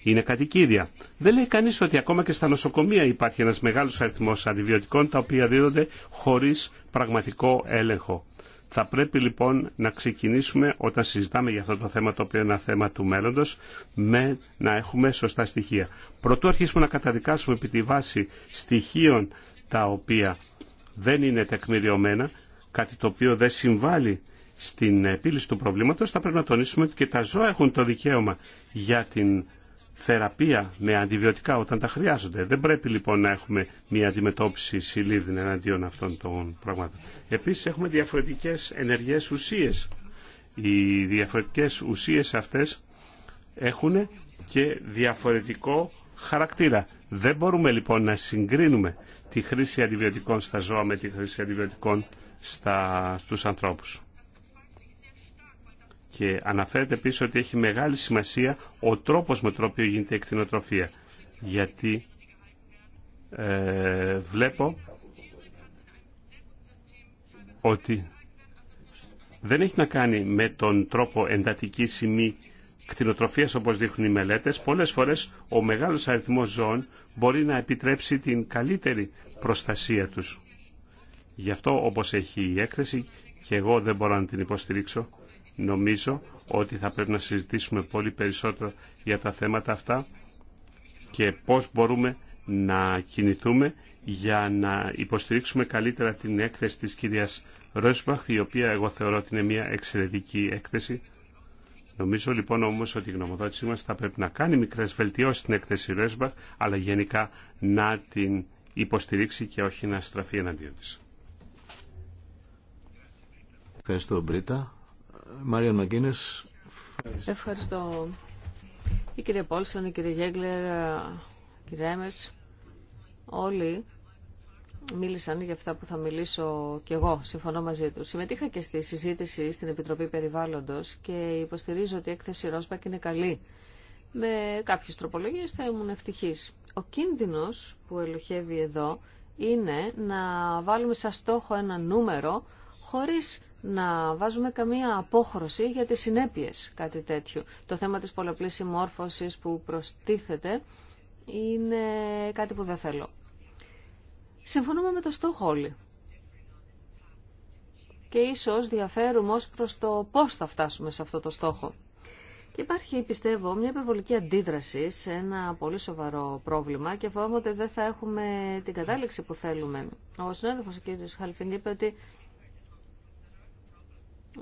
είναι κατοικίδια. Δεν λέει κανείς ότι ακόμα και στα νοσοκομεία υπάρχει ένας μεγάλος αριθμός αντιβιωτικών τα οποία δίδονται χωρίς πραγματικό έλεγχο. Θα πρέπει λοιπόν να ξεκινήσουμε όταν συζητάμε για αυτό το θέμα το οποίο είναι ένα θέμα του μέλλοντος με να έχουμε σωστά στοιχεία. Πρωτού αρχίσουμε να καταδικάσουμε επί τη βάση στοιχείων τα οποία δεν είναι τεκμηριωμένα, κάτι το οποίο δεν συμβάλλει στην επίλυση του προβλήματος, θα πρέπει να τονίσουμε ότι και τα ζώα έχουν το δικαίωμα για την θεραπεία με αντιβιωτικά όταν τα χρειάζονται. Δεν πρέπει λοιπόν να έχουμε μια αντιμετώπιση συλλήβδην εναντίον αυτών των πραγμάτων. Επίσης έχουμε διαφορετικές ενεργές ουσίες. Οι διαφορετικές ουσίες αυτές έχουν και διαφορετικό χαρακτήρα. Δεν μπορούμε λοιπόν να συγκρίνουμε τη χρήση αντιβιωτικών στα ζώα με τη χρήση αντιβιωτικών στα, στους ανθρώπους. Και αναφέρεται επίσης ότι έχει μεγάλη σημασία ο τρόπος με τον οποίο γίνεται η εκτινοτροφία. Γιατί ε, βλέπω ότι δεν έχει να κάνει με τον τρόπο εντατική ή κτηνοτροφίας όπως δείχνουν οι μελέτες. Πολλές φορές ο μεγάλος αριθμός ζώων μπορεί να επιτρέψει την καλύτερη προστασία τους. Γι' αυτό όπως έχει η έκθεση και εγώ δεν μπορώ να την υποστηρίξω Νομίζω ότι θα πρέπει να συζητήσουμε πολύ περισσότερο για τα θέματα αυτά και πώς μπορούμε να κινηθούμε για να υποστηρίξουμε καλύτερα την έκθεση της κυρίας Ρόσμπαχ, η οποία εγώ θεωρώ ότι είναι μια εξαιρετική έκθεση. Νομίζω λοιπόν όμως ότι η γνωμοδότησή μας θα πρέπει να κάνει μικρές βελτιώσεις στην έκθεση Ρόσμπαχ, αλλά γενικά να την υποστηρίξει και όχι να στραφεί εναντίον της. Ευχαριστώ Μπρίτα. Μαρία Μαγκίνες. Ευχαριστώ. Η κυρία Πόλσον, η κυρία Γέγκλερ, η κυρία Έμες, όλοι μίλησαν για αυτά που θα μιλήσω κι εγώ, συμφωνώ μαζί τους. Συμμετείχα και στη συζήτηση στην Επιτροπή Περιβάλλοντος και υποστηρίζω ότι η έκθεση Ρόσπακ είναι καλή. Με κάποιες τροπολογίες θα ήμουν ευτυχής. Ο κίνδυνος που ελοχεύει εδώ είναι να βάλουμε σαν στόχο ένα νούμερο χωρίς να βάζουμε καμία απόχρωση για τις συνέπειες κάτι τέτοιο. Το θέμα της πολλαπλής συμμόρφωσης που προστίθεται είναι κάτι που δεν θέλω. Συμφωνούμε με το στόχο όλοι. Και ίσως διαφέρουμε ως προς το πώς θα φτάσουμε σε αυτό το στόχο. Και υπάρχει, πιστεύω, μια υπερβολική αντίδραση σε ένα πολύ σοβαρό πρόβλημα και φοβάμαι ότι δεν θα έχουμε την κατάληξη που θέλουμε. Ο συνάδελφος κ. Χαλφίν είπε ότι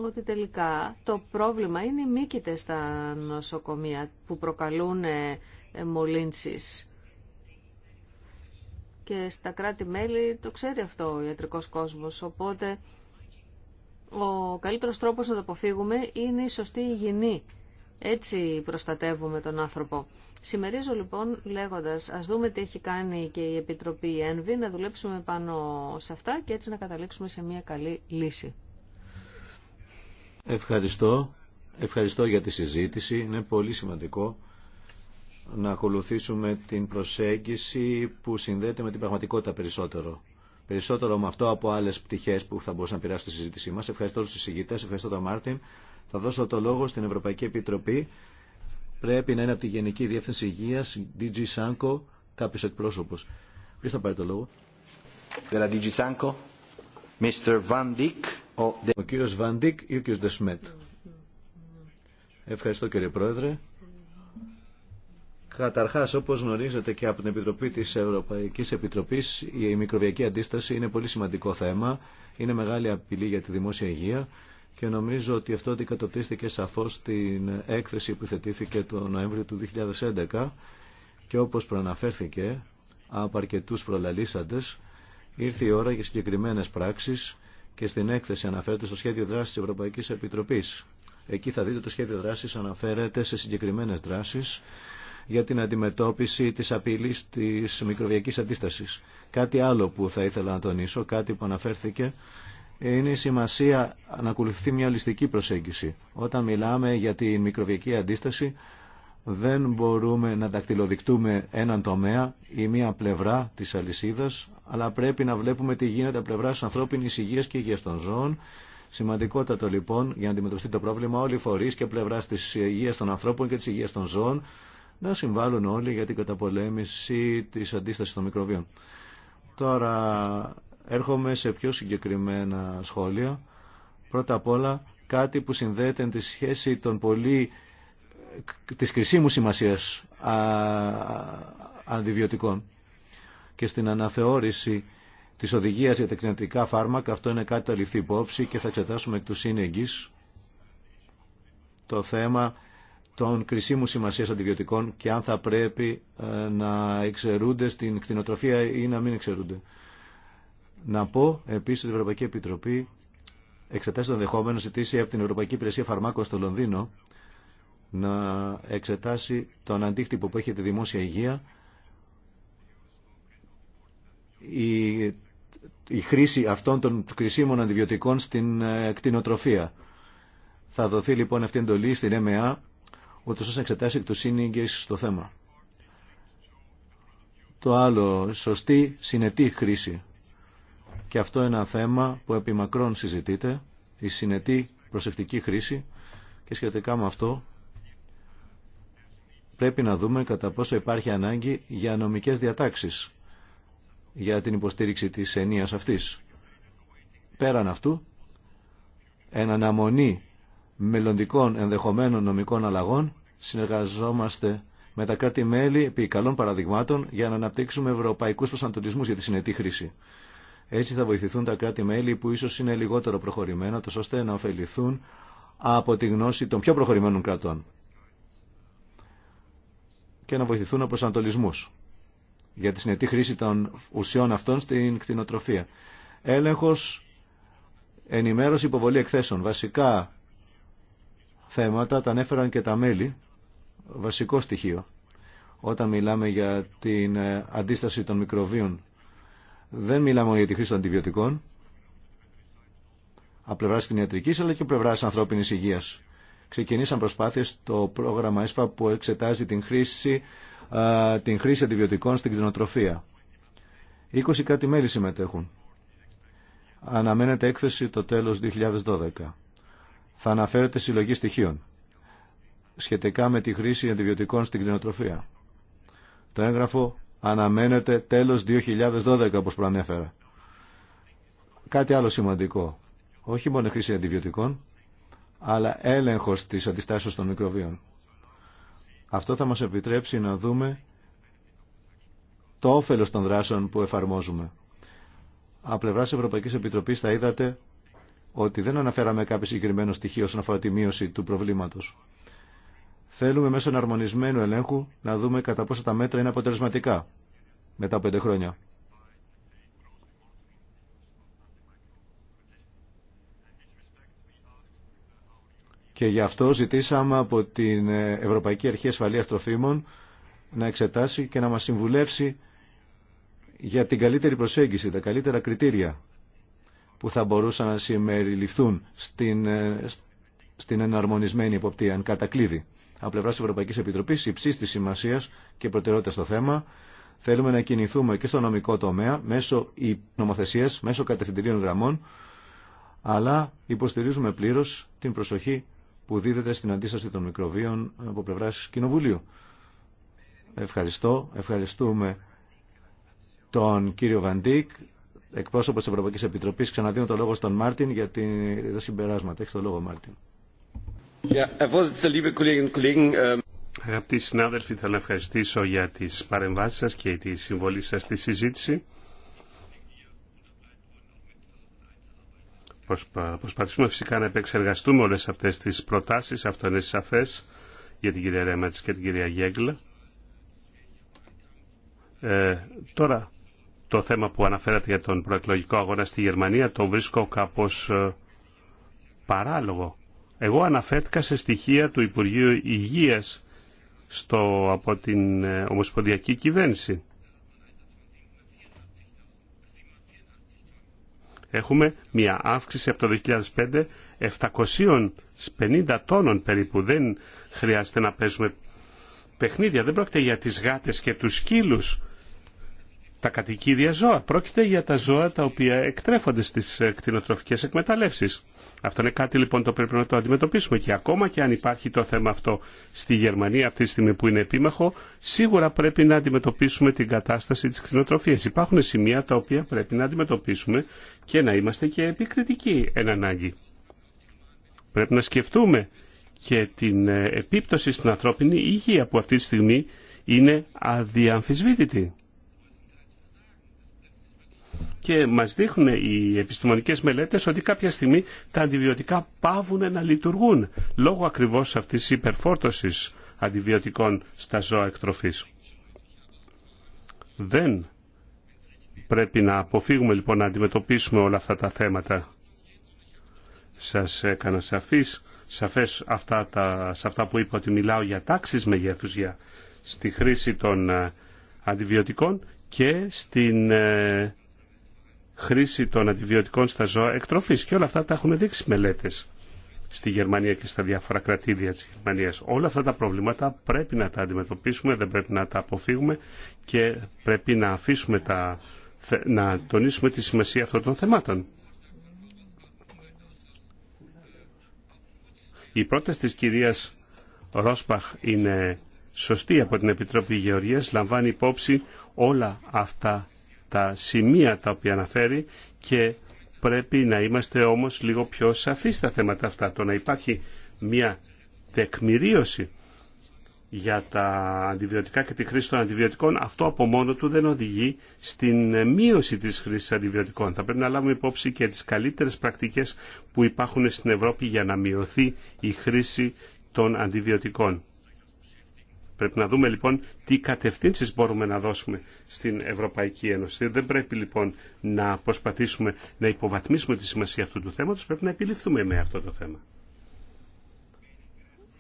ότι τελικά το πρόβλημα είναι οι μήκητες στα νοσοκομεία που προκαλούν ε, ε, μολύνσεις. Και στα κράτη-μέλη το ξέρει αυτό ο ιατρικός κόσμος, οπότε ο καλύτερος τρόπος να το αποφύγουμε είναι η σωστή υγιεινή. Έτσι προστατεύουμε τον άνθρωπο. Σημερίζω λοιπόν λέγοντας ας δούμε τι έχει κάνει και η Επιτροπή ΕΝΒΗ, να δουλέψουμε πάνω σε αυτά και έτσι να καταλήξουμε σε μια καλή λύση. Ευχαριστώ. Ευχαριστώ για τη συζήτηση. Είναι πολύ σημαντικό να ακολουθήσουμε την προσέγγιση που συνδέεται με την πραγματικότητα περισσότερο. Περισσότερο με αυτό από άλλε πτυχέ που θα μπορούσαν να πειράσουν τη συζήτησή μα. Ευχαριστώ του συζητητέ, ευχαριστώ τον Μάρτιν. Θα δώσω το λόγο στην Ευρωπαϊκή Επιτροπή. Πρέπει να είναι από τη Γενική Διεύθυνση Υγεία, DG Sanko, κάποιο εκπρόσωπο. Ποιο θα πάρει το λόγο. DG Mr. Van Dijk. Ο κύριος Βαντίκ ή ο κύριος Δεσμέτ. Ευχαριστώ κύριε Πρόεδρε. Καταρχάς, όπως γνωρίζετε και από την Επιτροπή της Ευρωπαϊκής Επιτροπής, η μικροβιακή αντίσταση είναι πολύ σημαντικό θέμα. Είναι μεγάλη απειλή για τη δημόσια υγεία και νομίζω ότι αυτό αντικατοπτρίστηκε σαφώς στην έκθεση που θετήθηκε το Νοέμβριο του 2011 και όπως προαναφέρθηκε από αρκετούς προλαλήσαντες, ήρθε η ώρα για συγκεκριμένες πράξεις και στην έκθεση αναφέρεται στο σχέδιο δράση τη Ευρωπαϊκή Επιτροπή. Εκεί θα δείτε το σχέδιο δράση αναφέρεται σε συγκεκριμένε δράσει για την αντιμετώπιση τη απειλή τη μικροβιακή αντίσταση. Κάτι άλλο που θα ήθελα να τονίσω, κάτι που αναφέρθηκε, είναι η σημασία να ακολουθεί μια ολιστική προσέγγιση. Όταν μιλάμε για τη μικροβιακή αντίσταση, δεν μπορούμε να δακτυλοδεικτούμε έναν τομέα ή μία πλευρά της αλυσίδας, αλλά πρέπει να βλέπουμε τι γίνεται από πλευρά ανθρώπινης υγείας και υγείας των ζώων. Σημαντικότατο λοιπόν για να αντιμετωπιστεί το πρόβλημα όλοι οι φορείς και πλευρά της υγείας των ανθρώπων και της υγείας των ζώων να συμβάλλουν όλοι για την καταπολέμηση της αντίστασης των μικροβίων. Τώρα έρχομαι σε πιο συγκεκριμένα σχόλια. Πρώτα απ' όλα κάτι που συνδέεται με τη σχέση των πολύ της κρισίμου σημασίας αντιβιωτικών και στην αναθεώρηση της οδηγίας για τα κτηνιατρικά φάρμακα αυτό είναι κάτι θα ληφθεί υπόψη και θα εξετάσουμε εκ του σύνεγγυς το θέμα των κρισίμου σημασίας αντιβιωτικών και αν θα πρέπει ε, να εξαιρούνται στην κτηνοτροφία ή να μην εξαιρούνται. Να πω επίσης ότι η Ευρωπαϊκή Επιτροπή εξετάζει το ενδεχόμενο ζητήσει από την Ευρωπαϊκή Υπηρεσία Φαρμάκων στο Λονδίνο να εξετάσει τον αντίκτυπο που έχει τη δημόσια υγεία η, η χρήση αυτών των κρισίμων αντιβιωτικών στην ε, κτηνοτροφία. Θα δοθεί λοιπόν αυτή η εντολή στην ΕΜΕΑ, ούτως ώστε να εξετάσει εκ του στο θέμα. Το άλλο, σωστή συνετή χρήση. Και αυτό είναι ένα θέμα που επί μακρόν συζητείται, η συνετή προσεκτική χρήση και σχετικά με αυτό πρέπει να δούμε κατά πόσο υπάρχει ανάγκη για νομικές διατάξεις για την υποστήριξη της ενίας αυτής. Πέραν αυτού, εν αναμονή μελλοντικών ενδεχομένων νομικών αλλαγών, συνεργαζόμαστε με τα κράτη-μέλη επί καλών παραδειγμάτων για να αναπτύξουμε ευρωπαϊκούς προσανατολισμούς για τη συνετή χρήση. Έτσι θα βοηθηθούν τα κράτη-μέλη που ίσως είναι λιγότερο προχωρημένα, τόσο ώστε να ωφεληθούν από τη γνώση των πιο προχωρημένων κρατών και να βοηθηθούν από προσανατολισμού για τη συνετή χρήση των ουσιών αυτών στην κτηνοτροφία. Έλεγχο, ενημέρωση, υποβολή εκθέσεων. Βασικά θέματα τα ανέφεραν και τα μέλη. Βασικό στοιχείο όταν μιλάμε για την ε, αντίσταση των μικροβίων. Δεν μιλάμε για τη χρήση των αντιβιωτικών, από πλευρά κτηνιατρική αλλά και πλευρά ανθρώπινη υγεία ξεκινήσαν προσπάθειες στο πρόγραμμα ΕΣΠΑ που εξετάζει την χρήση, την χρήση αντιβιωτικών στην κτηνοτροφία. 20 κάτι μέλη συμμετέχουν. Αναμένεται έκθεση το τέλος 2012. Θα αναφέρεται συλλογή στοιχείων σχετικά με τη χρήση αντιβιωτικών στην κτηνοτροφία. Το έγγραφο αναμένεται τέλος 2012 όπως προανέφερα. Κάτι άλλο σημαντικό. Όχι μόνο χρήση αντιβιωτικών, αλλά έλεγχος της αντιστάσεως των μικροβίων. Αυτό θα μας επιτρέψει να δούμε το όφελος των δράσεων που εφαρμόζουμε. Από πλευρά Ευρωπαϊκής Επιτροπής θα είδατε ότι δεν αναφέραμε κάποιο συγκεκριμένο στοιχείο όσον αφορά τη μείωση του προβλήματος. Θέλουμε μέσω εναρμονισμένου ελέγχου να δούμε κατά πόσο τα μέτρα είναι αποτελεσματικά μετά από πέντε χρόνια. Και γι' αυτό ζητήσαμε από την Ευρωπαϊκή Αρχή Ασφαλεία Τροφίμων να εξετάσει και να μας συμβουλεύσει για την καλύτερη προσέγγιση, τα καλύτερα κριτήρια που θα μπορούσαν να συμμεριληφθούν στην, στην εναρμονισμένη υποπτία, εν κατακλείδη. Από πλευρά τη Ευρωπαϊκή Επιτροπή, υψή τη σημασία και προτεραιότητα στο θέμα, θέλουμε να κινηθούμε και στο νομικό τομέα, μέσω νομοθεσία, μέσω κατευθυντηρίων γραμμών, αλλά υποστηρίζουμε πλήρω την προσοχή που δίδεται στην αντίσταση των μικροβίων από πλευρά Κοινοβουλίου. Ευχαριστώ. Ευχαριστούμε τον κύριο Βαντίκ, εκπρόσωπο τη Ευρωπαϊκή Επιτροπή, Ξαναδίνω το λόγο στον Μάρτιν για τα συμπεράσματα. Έχει το λόγο, Μάρτιν. Ähm, Αγαπητοί συνάδελφοι, θέλω να ευχαριστήσω για τι παρεμβάσει σα και τη συμβολή σα στη συζήτηση. Προσπαθήσουμε φυσικά να επεξεργαστούμε όλες αυτές τις προτάσεις, αυτό είναι σαφές για την κυρία Ρέματς και την κυρία Γέγκλα. Ε, τώρα, το θέμα που αναφέρατε για τον προεκλογικό αγώνα στη Γερμανία το βρίσκω κάπως ε, παράλογο. Εγώ αναφέρθηκα σε στοιχεία του Υπουργείου Υγείας στο, από την ε, Ομοσπονδιακή Κυβέρνηση. Έχουμε μια αύξηση από το 2005 750 τόνων περίπου. Δεν χρειάζεται να παίζουμε παιχνίδια. Δεν πρόκειται για τις γάτες και τους σκύλους τα κατοικίδια ζώα. Πρόκειται για τα ζώα τα οποία εκτρέφονται στι ε, κτηνοτροφικέ εκμεταλλεύσεις. Αυτό είναι κάτι λοιπόν το πρέπει να το αντιμετωπίσουμε και ακόμα και αν υπάρχει το θέμα αυτό στη Γερμανία αυτή τη στιγμή που είναι επίμαχο, σίγουρα πρέπει να αντιμετωπίσουμε την κατάσταση τη κτηνοτροφία. Υπάρχουν σημεία τα οποία πρέπει να αντιμετωπίσουμε και να είμαστε και επικριτικοί εν ανάγκη. Πρέπει να σκεφτούμε και την ε, επίπτωση στην ανθρώπινη υγεία που αυτή τη στιγμή είναι αδιαμφισβήτητη και μας δείχνουν οι επιστημονικές μελέτες ότι κάποια στιγμή τα αντιβιωτικά πάβουν να λειτουργούν λόγω ακριβώς αυτής της υπερφόρτωσης αντιβιωτικών στα ζώα εκτροφής. Δεν πρέπει να αποφύγουμε λοιπόν να αντιμετωπίσουμε όλα αυτά τα θέματα. Σας έκανα σαφής, σαφές αυτά τα, σε αυτά που είπα ότι μιλάω για τάξεις μεγέθους για, στη χρήση των ε, αντιβιωτικών και στην ε, χρήση των αντιβιωτικών στα ζώα εκτροφής και όλα αυτά τα έχουν δείξει μελέτες στη Γερμανία και στα διάφορα κρατήδια της Γερμανίας. Όλα αυτά τα προβλήματα πρέπει να τα αντιμετωπίσουμε, δεν πρέπει να τα αποφύγουμε και πρέπει να αφήσουμε τα, να τονίσουμε τη σημασία αυτών των θεμάτων. Η πρόταση της κυρίας Ρόσπαχ είναι σωστή από την Επιτροπή Γεωργίας, λαμβάνει υπόψη όλα αυτά τα σημεία τα οποία αναφέρει και πρέπει να είμαστε όμως λίγο πιο σαφείς στα θέματα αυτά. Το να υπάρχει μια τεκμηρίωση για τα αντιβιωτικά και τη χρήση των αντιβιωτικών, αυτό από μόνο του δεν οδηγεί στην μείωση της χρήσης αντιβιωτικών. Θα πρέπει να λάβουμε υπόψη και τις καλύτερες πρακτικές που υπάρχουν στην Ευρώπη για να μειωθεί η χρήση των αντιβιωτικών. Πρέπει να δούμε λοιπόν τι κατευθύνσεις μπορούμε να δώσουμε στην Ευρωπαϊκή Ένωση. Δεν πρέπει λοιπόν να προσπαθήσουμε να υποβαθμίσουμε τη σημασία αυτού του θέματος, πρέπει να επιληφθούμε με αυτό το θέμα.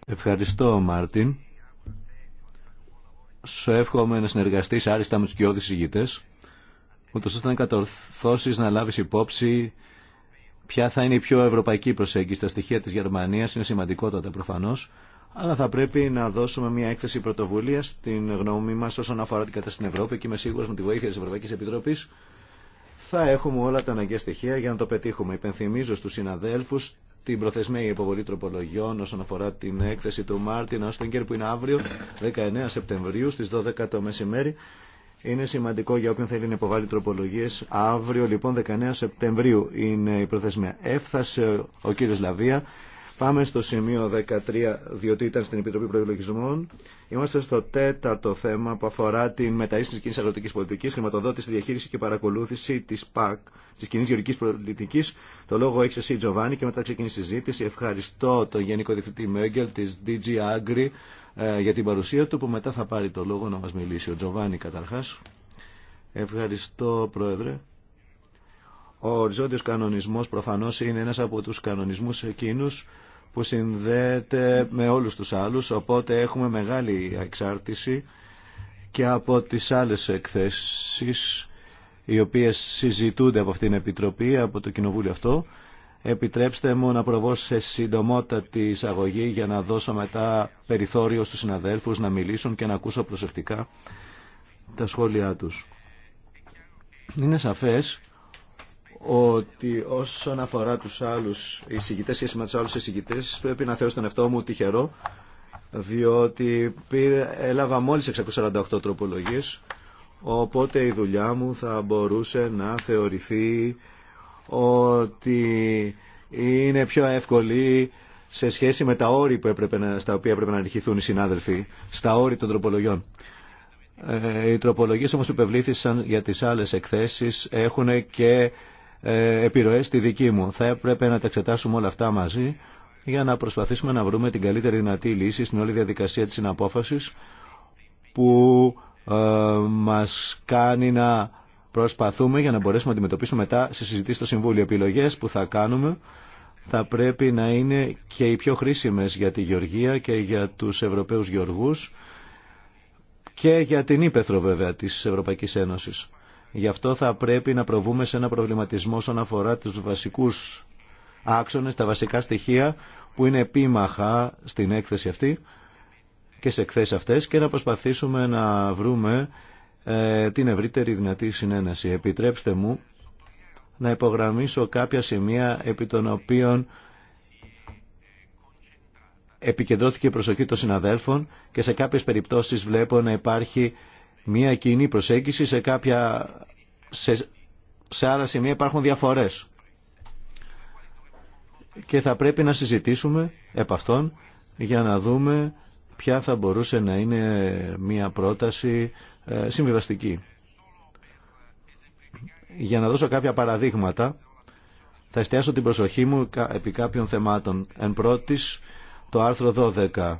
Ευχαριστώ Μάρτιν. Σου εύχομαι να συνεργαστείς άριστα με τους κοιόδης ηγητές, ούτως ώστε να κατορθώσεις να λάβεις υπόψη ποια θα είναι η πιο ευρωπαϊκή προσέγγιση. Τα στοιχεία της Γερμανίας είναι σημαντικότατα προφανώς αλλά θα πρέπει να δώσουμε μια έκθεση πρωτοβουλία στην γνώμη μα όσον αφορά την κατάσταση στην Ευρώπη και είμαι σίγουρο με τη βοήθεια τη Ευρωπαϊκή Επιτροπή θα έχουμε όλα τα αναγκαία στοιχεία για να το πετύχουμε. Υπενθυμίζω στου συναδέλφου την προθεσμένη υποβολή τροπολογιών όσον αφορά την έκθεση του Μάρτιν Άστεγκερ που είναι αύριο 19 Σεπτεμβρίου στι 12 το μεσημέρι. Είναι σημαντικό για όποιον θέλει να υποβάλει τροπολογίε. Αύριο λοιπόν 19 Σεπτεμβρίου είναι η προθεσμία. Έφτασε ο κύριο Λαβία Πάμε στο σημείο 13, διότι ήταν στην Επιτροπή Προπολογισμών. Είμαστε στο τέταρτο θέμα που αφορά την μεταρρύθμιση τη κοινή αγροτική πολιτική, χρηματοδότηση, διαχείριση και παρακολούθηση τη ΠΑΚ, τη κοινή γεωργική πολιτική. Το λόγο έχει εσύ, Τζοβάνι, και μετά ξεκινήσει η συζήτηση. Ευχαριστώ τον Γενικό Διευθυντή Μέγκελ τη DG Agri ε, για την παρουσία του, που μετά θα πάρει το λόγο να μα μιλήσει. Ο Τζοβάνι, καταρχά. Ευχαριστώ, Πρόεδρε. Ο οριζόντιος κανονισμός προφανώς είναι ένας από τους κανονισμούς εκείνους που συνδέεται με όλους τους άλλους, οπότε έχουμε μεγάλη εξάρτηση και από τις άλλες εκθέσεις οι οποίες συζητούνται από αυτήν την Επιτροπή, από το Κοινοβούλιο αυτό. Επιτρέψτε μου να προβώ σε συντομότατη εισαγωγή για να δώσω μετά περιθώριο στους συναδέλφους να μιλήσουν και να ακούσω προσεκτικά τα σχόλιά τους. Είναι σαφές ότι όσον αφορά τους άλλους εισηγητές σχέση με τους άλλους πρέπει να θεωρώ στον εαυτό μου τυχερό διότι πήρε, έλαβα μόλις 648 τροπολογίες οπότε η δουλειά μου θα μπορούσε να θεωρηθεί ότι είναι πιο εύκολη σε σχέση με τα όρια που έπρεπε να, στα οποία έπρεπε να ρηχηθούν οι συνάδελφοι, στα όρια των τροπολογιών. Ε, οι τροπολογίες όμως που για τις άλλες εκθέσεις έχουν και ε, επιρροές στη δική μου. Θα έπρεπε να τα εξετάσουμε όλα αυτά μαζί για να προσπαθήσουμε να βρούμε την καλύτερη δυνατή λύση στην όλη διαδικασία της συναπόφασης που ε, μας κάνει να προσπαθούμε για να μπορέσουμε να αντιμετωπίσουμε μετά σε συζητήσεις στο Συμβούλιο επιλογές που θα κάνουμε θα πρέπει να είναι και οι πιο χρήσιμες για τη Γεωργία και για τους Ευρωπαίους Γεωργούς και για την Ήπεθρο βέβαια της Ευρωπαϊκής Ένωσης. Γι' αυτό θα πρέπει να προβούμε σε ένα προβληματισμό όσον αφορά τους βασικούς άξονες, τα βασικά στοιχεία που είναι επίμαχα στην έκθεση αυτή και σε εκθέσεις αυτές και να προσπαθήσουμε να βρούμε ε, την ευρύτερη δυνατή συνένεση. Επιτρέψτε μου να υπογραμμίσω κάποια σημεία επί των οποίων επικεντρώθηκε η προσοχή των συναδέλφων και σε κάποιες περιπτώσεις βλέπω να υπάρχει μια κοινή προσέγγιση σε κάποια σε, άλλα σημεία υπάρχουν διαφορές. Και θα πρέπει να συζητήσουμε επ' αυτών για να δούμε ποια θα μπορούσε να είναι μια πρόταση ε, συμβιβαστική. Για να δώσω κάποια παραδείγματα, θα εστιάσω την προσοχή μου επί κάποιων θεμάτων. Εν πρώτης, το άρθρο 12,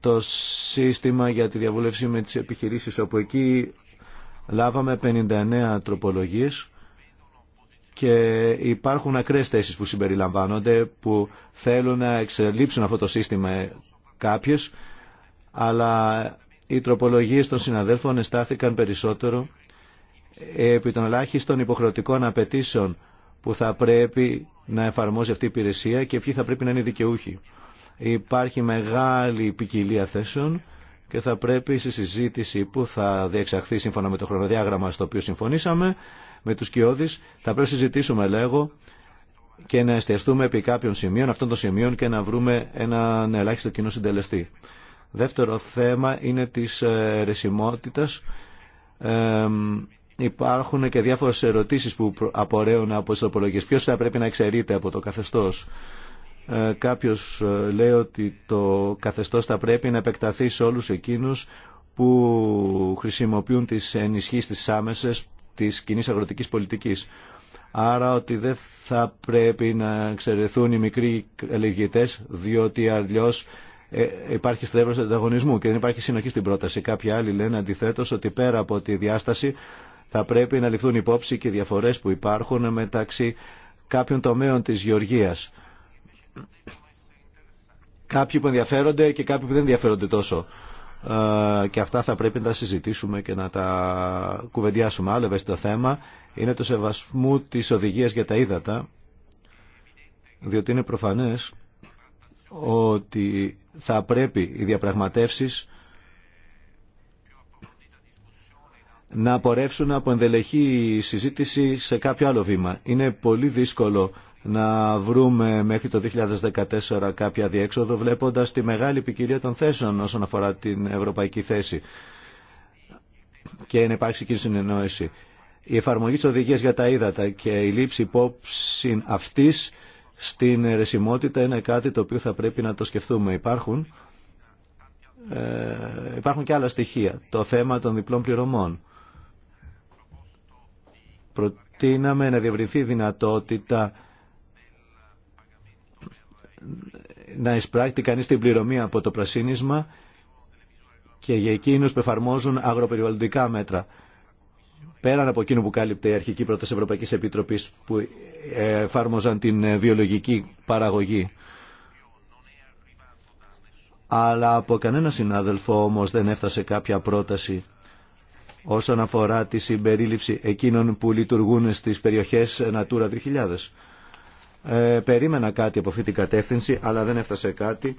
το σύστημα για τη διαβούλευση με τις επιχειρήσεις, όπου εκεί Λάβαμε 59 τροπολογίες και υπάρχουν ακραίες θέσει που συμπεριλαμβάνονται που θέλουν να εξελίψουν αυτό το σύστημα κάποιες αλλά οι τροπολογίες των συναδέλφων εστάθηκαν περισσότερο επί των ελάχιστων υποχρεωτικών απαιτήσεων που θα πρέπει να εφαρμόζει αυτή η υπηρεσία και ποιοι θα πρέπει να είναι δικαιούχοι. Υπάρχει μεγάλη ποικιλία θέσεων και θα πρέπει στη συζήτηση που θα διεξαχθεί σύμφωνα με το χρονοδιάγραμμα στο οποίο συμφωνήσαμε με τους κοιόδης, θα πρέπει να συζητήσουμε λέγω και να εστιαστούμε επί κάποιων σημείων αυτών των σημείων και να βρούμε έναν ελάχιστο κοινό συντελεστή. Δεύτερο θέμα είναι της ε, ρεσιμότητας. υπάρχουν και διάφορες ερωτήσεις που απορρέουν από τις τροπολογίες. Ποιος θα πρέπει να εξαιρείται από το καθεστώς. Ε, κάποιος ε, λέει ότι το καθεστώς θα πρέπει να επεκταθεί σε όλους εκείνους που χρησιμοποιούν τις ενισχύσεις τις άμεσες της κοινή αγροτικής πολιτικής. Άρα ότι δεν θα πρέπει να εξαιρεθούν οι μικροί καλλιεργητές διότι αλλιώς ε, υπάρχει στρέβλος ανταγωνισμού και δεν υπάρχει συνοχή στην πρόταση. Κάποιοι άλλοι λένε αντιθέτως ότι πέρα από τη διάσταση θα πρέπει να ληφθούν υπόψη και οι διαφορές που υπάρχουν μεταξύ κάποιων τομέων της γεωργίας κάποιοι που ενδιαφέρονται και κάποιοι που δεν ενδιαφέρονται τόσο. Ε, και αυτά θα πρέπει να τα συζητήσουμε και να τα κουβεντιάσουμε. Άλλο ευαίσθητο θέμα είναι το σεβασμού της οδηγίας για τα ύδατα, διότι είναι προφανές ότι θα πρέπει οι διαπραγματεύσεις να απορρεύσουν από ενδελεχή συζήτηση σε κάποιο άλλο βήμα. Είναι πολύ δύσκολο να βρούμε μέχρι το 2014 κάποια διέξοδο βλέποντας τη μεγάλη ποικιλία των θέσεων όσον αφορά την ευρωπαϊκή θέση και να υπάρξει και συνεννόηση. Η εφαρμογή της οδηγίας για τα ύδατα και η λήψη υπόψη αυτής στην ερεσιμότητα είναι κάτι το οποίο θα πρέπει να το σκεφτούμε. Υπάρχουν, ε, υπάρχουν και άλλα στοιχεία. Το θέμα των διπλών πληρωμών. Προτείναμε να διευρυνθεί δυνατότητα να εισπράκτει κανείς την πληρωμή από το πρασίνισμα και για εκείνους που εφαρμόζουν αγροπεριβαλλοντικά μέτρα. Πέραν από εκείνο που κάλυπτε η αρχική πρόταση Ευρωπαϊκής Επιτροπής που εφάρμοζαν την ε, βιολογική παραγωγή. Αλλά από κανένα συνάδελφο όμως δεν έφτασε κάποια πρόταση όσον αφορά τη συμπερίληψη εκείνων που λειτουργούν στις περιοχές Natura 2000. Ε, περίμενα κάτι από αυτή την κατεύθυνση, αλλά δεν έφτασε κάτι.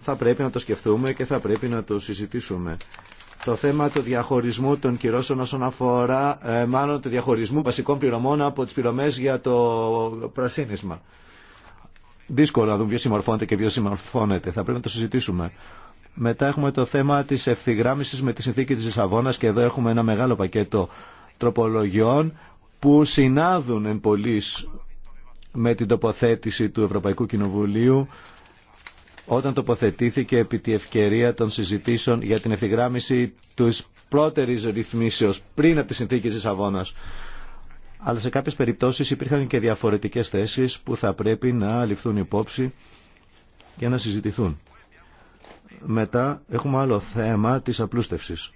Θα πρέπει να το σκεφτούμε και θα πρέπει να το συζητήσουμε. Το θέμα του διαχωρισμού των κυρώσεων όσον αφορά, ε, μάλλον του διαχωρισμού βασικών πληρωμών από τι πληρωμέ για το πρασίνισμα. Δύσκολο να δούμε ποιο συμμορφώνεται και ποιο συμμορφώνεται. Θα πρέπει να το συζητήσουμε. Μετά έχουμε το θέμα τη ευθυγράμμιση με τη συνθήκη τη Λισαβόνα και εδώ έχουμε ένα μεγάλο πακέτο τροπολογιών που συνάδουν εν με την τοποθέτηση του Ευρωπαϊκού Κοινοβουλίου όταν τοποθετήθηκε επί τη ευκαιρία των συζητήσεων για την ευθυγράμμιση του πρώτερης ρυθμίσεως πριν από τη συνθήκη της Αβώνας. Αλλά σε κάποιες περιπτώσεις υπήρχαν και διαφορετικές θέσεις που θα πρέπει να ληφθούν υπόψη και να συζητηθούν. Μετά έχουμε άλλο θέμα της απλούστευσης.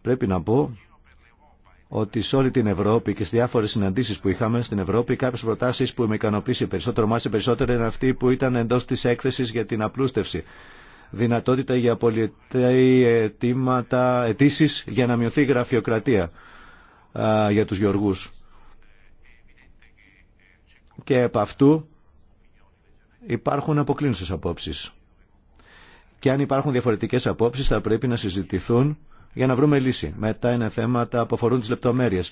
Πρέπει να πω ότι σε όλη την Ευρώπη και στι διάφορε συναντήσει που είχαμε στην Ευρώπη, κάποιε προτάσει που με ικανοποίησε περισσότερο, μάσε περισσότερο, είναι αυτή που ήταν εντό τη έκθεση για την απλούστευση. Δυνατότητα για πολιτεί αιτήματα, αιτήσει για να μειωθεί η γραφειοκρατία για του γεωργού. Και επ' αυτού υπάρχουν αποκλίνουσε απόψει. Και αν υπάρχουν διαφορετικέ απόψει, θα πρέπει να συζητηθούν για να βρούμε λύση. Μετά είναι θέματα που αφορούν τι λεπτομέρειε.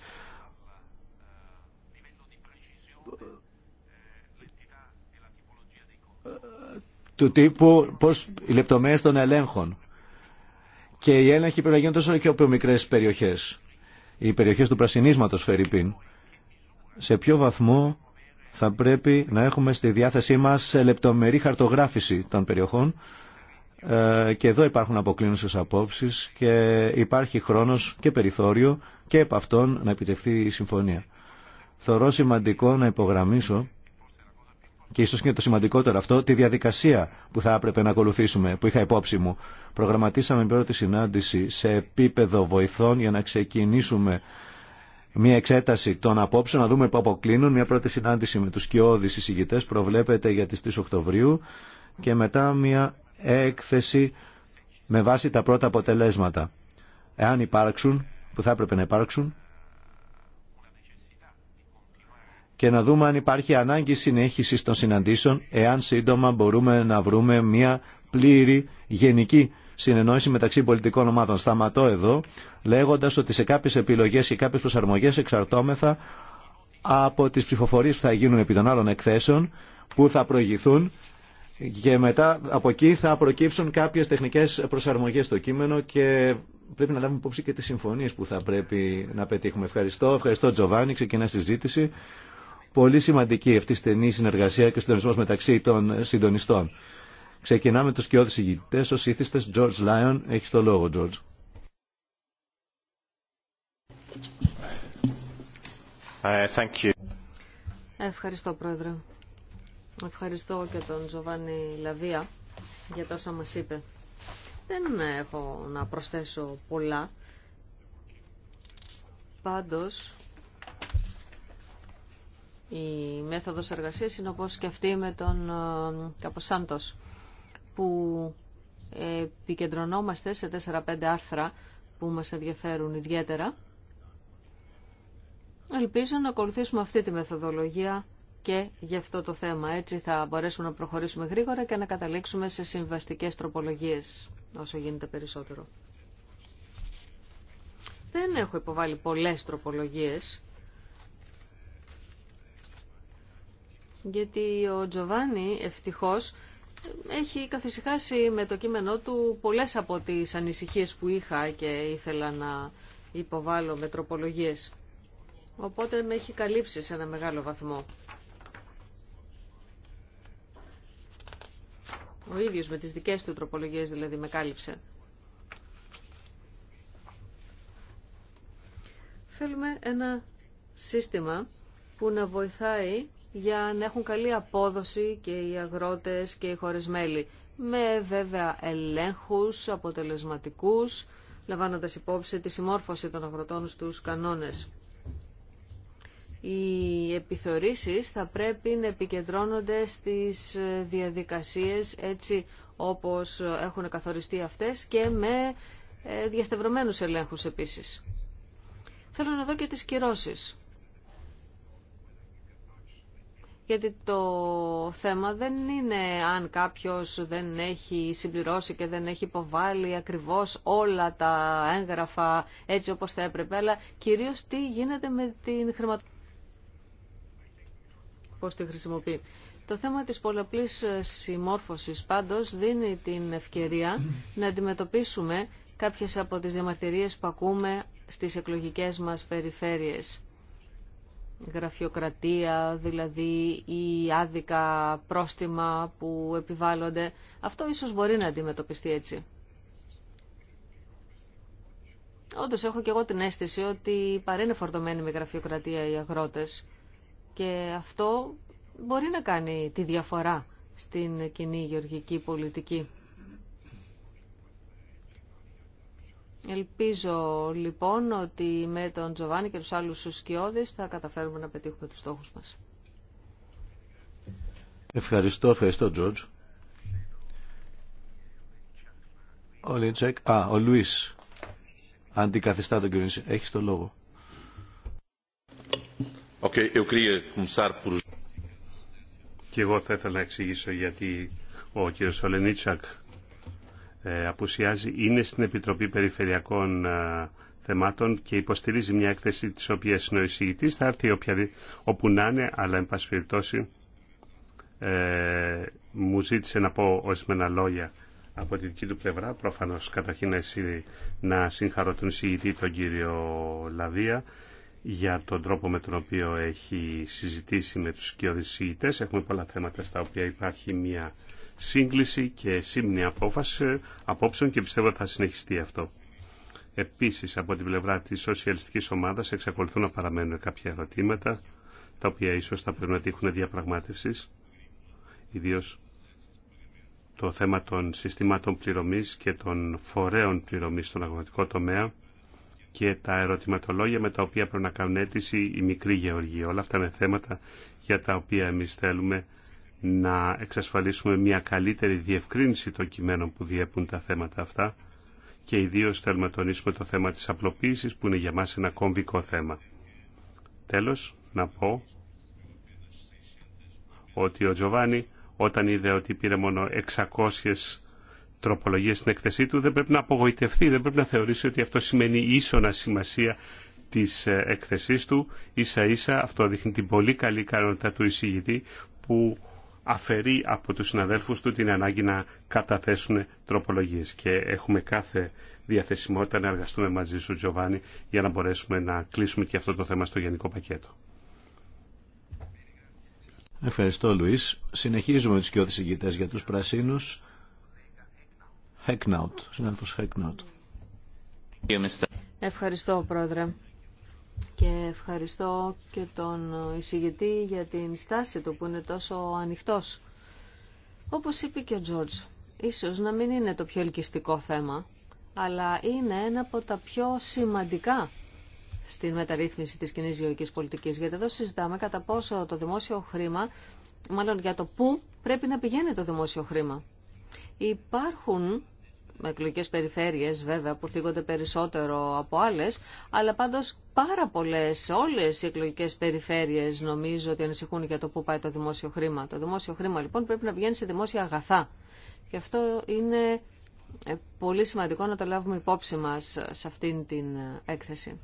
του τύπου πώς οι λεπτομέρειες των ελέγχων. Και οι έλεγχοι πρέπει να γίνουν τόσο και από μικρές περιοχές. Οι περιοχές του πρασινίσματος Φερρυπίν. Σε ποιο βαθμό θα πρέπει να έχουμε στη διάθεσή μας λεπτομερή χαρτογράφηση των περιοχών ε, και εδώ υπάρχουν αποκλίνουσες απόψεις και υπάρχει χρόνος και περιθώριο και επ' αυτών να επιτευχθεί η συμφωνία. Θεωρώ σημαντικό να υπογραμμίσω και ίσως είναι το σημαντικότερο αυτό, τη διαδικασία που θα έπρεπε να ακολουθήσουμε, που είχα υπόψη μου. Προγραμματίσαμε την πρώτη συνάντηση σε επίπεδο βοηθών για να ξεκινήσουμε μια εξέταση των απόψεων, να δούμε που αποκλίνουν. Μια πρώτη συνάντηση με τους κοιόδης εισηγητές προβλέπεται για τις 3 Οκτωβρίου και μετά μια έκθεση με βάση τα πρώτα αποτελέσματα. Εάν υπάρξουν, που θα έπρεπε να υπάρξουν, και να δούμε αν υπάρχει ανάγκη συνέχισης των συναντήσεων, εάν σύντομα μπορούμε να βρούμε μια πλήρη γενική συνεννόηση μεταξύ πολιτικών ομάδων. Σταματώ εδώ, λέγοντας ότι σε κάποιες επιλογές και κάποιες προσαρμογές εξαρτώμεθα από τις ψηφοφορίες που θα γίνουν επί των άλλων εκθέσεων, που θα προηγηθούν και μετά από εκεί θα προκύψουν κάποιε τεχνικέ προσαρμογέ στο κείμενο και πρέπει να λάβουμε υπόψη και τι συμφωνίε που θα πρέπει να πετύχουμε. Ευχαριστώ. Ευχαριστώ Τζοβάνι. Ξεκινά συζήτηση. Πολύ σημαντική αυτή η στενή συνεργασία και συντονισμό μεταξύ των συντονιστών. Ξεκινάμε του κοιόδης ηγητέ, ο σύθιστε George Lyon. έχει το λόγο, George. Ε, Ευχαριστώ, Πρόεδρε. Ευχαριστώ και τον Ζωβάνη Λαβία για τόσα μας είπε. Δεν έχω να προσθέσω πολλά. Πάντως, η μέθοδος εργασίας είναι όπως και αυτή με τον ε, Καποσάντος που επικεντρωνόμαστε σε 4-5 άρθρα που μας ενδιαφέρουν ιδιαίτερα. Ελπίζω να ακολουθήσουμε αυτή τη μεθοδολογία και για αυτό το θέμα. Έτσι θα μπορέσουμε να προχωρήσουμε γρήγορα και να καταλήξουμε σε συμβαστικές τροπολογίες όσο γίνεται περισσότερο. Δεν έχω υποβάλει πολλές τροπολογίες γιατί ο Τζοβάνι ευτυχώς έχει καθησυχάσει με το κείμενό του πολλές από τις ανησυχίες που είχα και ήθελα να υποβάλω με τροπολογίες. Οπότε με έχει καλύψει σε ένα μεγάλο βαθμό. Ο ίδιος με τις δικές του τροπολογίες δηλαδή με κάλυψε. Θέλουμε ένα σύστημα που να βοηθάει για να έχουν καλή απόδοση και οι αγρότες και οι χώρες Με βέβαια ελέγχους, αποτελεσματικούς, λαμβάνοντας υπόψη τη συμμόρφωση των αγροτών στους κανόνες οι επιθεωρήσεις θα πρέπει να επικεντρώνονται στις διαδικασίες έτσι όπως έχουν καθοριστεί αυτές και με ε, διαστευρωμένους ελέγχους επίσης. Θέλω να δω και τις κυρώσεις. Γιατί το θέμα δεν είναι αν κάποιος δεν έχει συμπληρώσει και δεν έχει υποβάλει ακριβώς όλα τα έγγραφα έτσι όπως θα έπρεπε, αλλά κυρίως τι γίνεται με την χρηματοδότηση πώς τη Το θέμα της πολλαπλής ε, συμμόρφωσης πάντως δίνει την ευκαιρία να αντιμετωπίσουμε κάποιες από τις διαμαρτυρίες που ακούμε στις εκλογικές μας περιφέρειες. Γραφειοκρατία, δηλαδή ή άδικα πρόστιμα που επιβάλλονται. Αυτό ίσως μπορεί να αντιμετωπιστεί έτσι. Όντως, έχω και εγώ την αίσθηση ότι παρένε φορτωμένοι με γραφειοκρατία οι αγρότες και αυτό μπορεί να κάνει τη διαφορά στην κοινή γεωργική πολιτική. Ελπίζω λοιπόν ότι με τον Τζοβάνι και τους άλλους σκιώδες θα καταφέρουμε να πετύχουμε τους στόχους μας. Ευχαριστώ, ευχαριστώ Τζορτζ. Ο Λιντσέκ. Λουίς αντικαθιστά τον κύριο Έχεις το λόγο. Και εγώ θα ήθελα να εξηγήσω γιατί ο κ. Σολενίτσακ ε, απουσιάζει. Είναι στην Επιτροπή Περιφερειακών ε, Θεμάτων και υποστηρίζει μια έκθεση της οποίας είναι ο εισηγητής. Θα έρθει οποια, όπου να είναι, αλλά εν πάση περιπτώσει ε, μου ζήτησε να πω ορισμένα λόγια από τη δική του πλευρά. Προφανώς καταρχήν να συγχαρώ τον εισηγητή τον κύριο Λαδία για τον τρόπο με τον οποίο έχει συζητήσει με τους κοιοδησιητές. Έχουμε πολλά θέματα στα οποία υπάρχει μια σύγκληση και σύμνη απόφαση ε, απόψεων και πιστεύω θα συνεχιστεί αυτό. Επίσης, από την πλευρά της σοσιαλιστικής ομάδας εξακολουθούν να παραμένουν κάποια ερωτήματα, τα οποία ίσως θα πρέπει να τύχουν διαπραγμάτευσης, ιδίως το θέμα των συστημάτων πληρωμής και των φορέων πληρωμής στον αγροτικό τομέα, και τα ερωτηματολόγια με τα οποία πρέπει να κάνουν αίτηση οι μικροί γεωργοί. Όλα αυτά είναι θέματα για τα οποία εμείς θέλουμε να εξασφαλίσουμε μια καλύτερη διευκρίνηση των κειμένων που διέπουν τα θέματα αυτά και ιδίως θέλουμε να τονίσουμε το θέμα της απλοποίησης που είναι για μας ένα κομβικό θέμα. Τέλος, να πω ότι ο Τζοβάνι όταν είδε ότι πήρε μόνο 600 τροπολογία στην εκθεσή του δεν πρέπει να απογοητευτεί, δεν πρέπει να θεωρήσει ότι αυτό σημαίνει ίσονα σημασία της ε, εκθεσής του. Ίσα ίσα αυτό δείχνει την πολύ καλή ικανότητα του εισηγητή που αφαιρεί από τους συναδέλφους του την ανάγκη να καταθέσουν τροπολογίες και έχουμε κάθε διαθεσιμότητα να εργαστούμε μαζί σου Τζοβάνι για να μπορέσουμε να κλείσουμε και αυτό το θέμα στο γενικό πακέτο. Ευχαριστώ Λουίς. Συνεχίζουμε τους κοιόδης για τους πρασίνους. Ευχαριστώ, Πρόεδρε. Και ευχαριστώ και τον εισηγητή για την στάση του που είναι τόσο ανοιχτός. Όπως είπε και ο Τζόρτζ, ίσως να μην είναι το πιο ελκυστικό θέμα, αλλά είναι ένα από τα πιο σημαντικά στην μεταρρύθμιση της κοινή γεωργικής πολιτικής. Γιατί εδώ συζητάμε κατά πόσο το δημόσιο χρήμα, μάλλον για το πού πρέπει να πηγαίνει το δημόσιο χρήμα. Υπάρχουν με εκλογικέ περιφέρειες βέβαια που θίγονται περισσότερο από άλλε, αλλά πάντως πάρα πολλέ όλε οι εκλογικέ περιφέρειες νομίζω ότι ανησυχούν για το πού πάει το δημόσιο χρήμα. Το δημόσιο χρήμα λοιπόν πρέπει να βγαίνει σε δημόσια αγαθά. Και αυτό είναι ε, πολύ σημαντικό να το λάβουμε υπόψη μα ε, σε αυτήν την ε, έκθεση.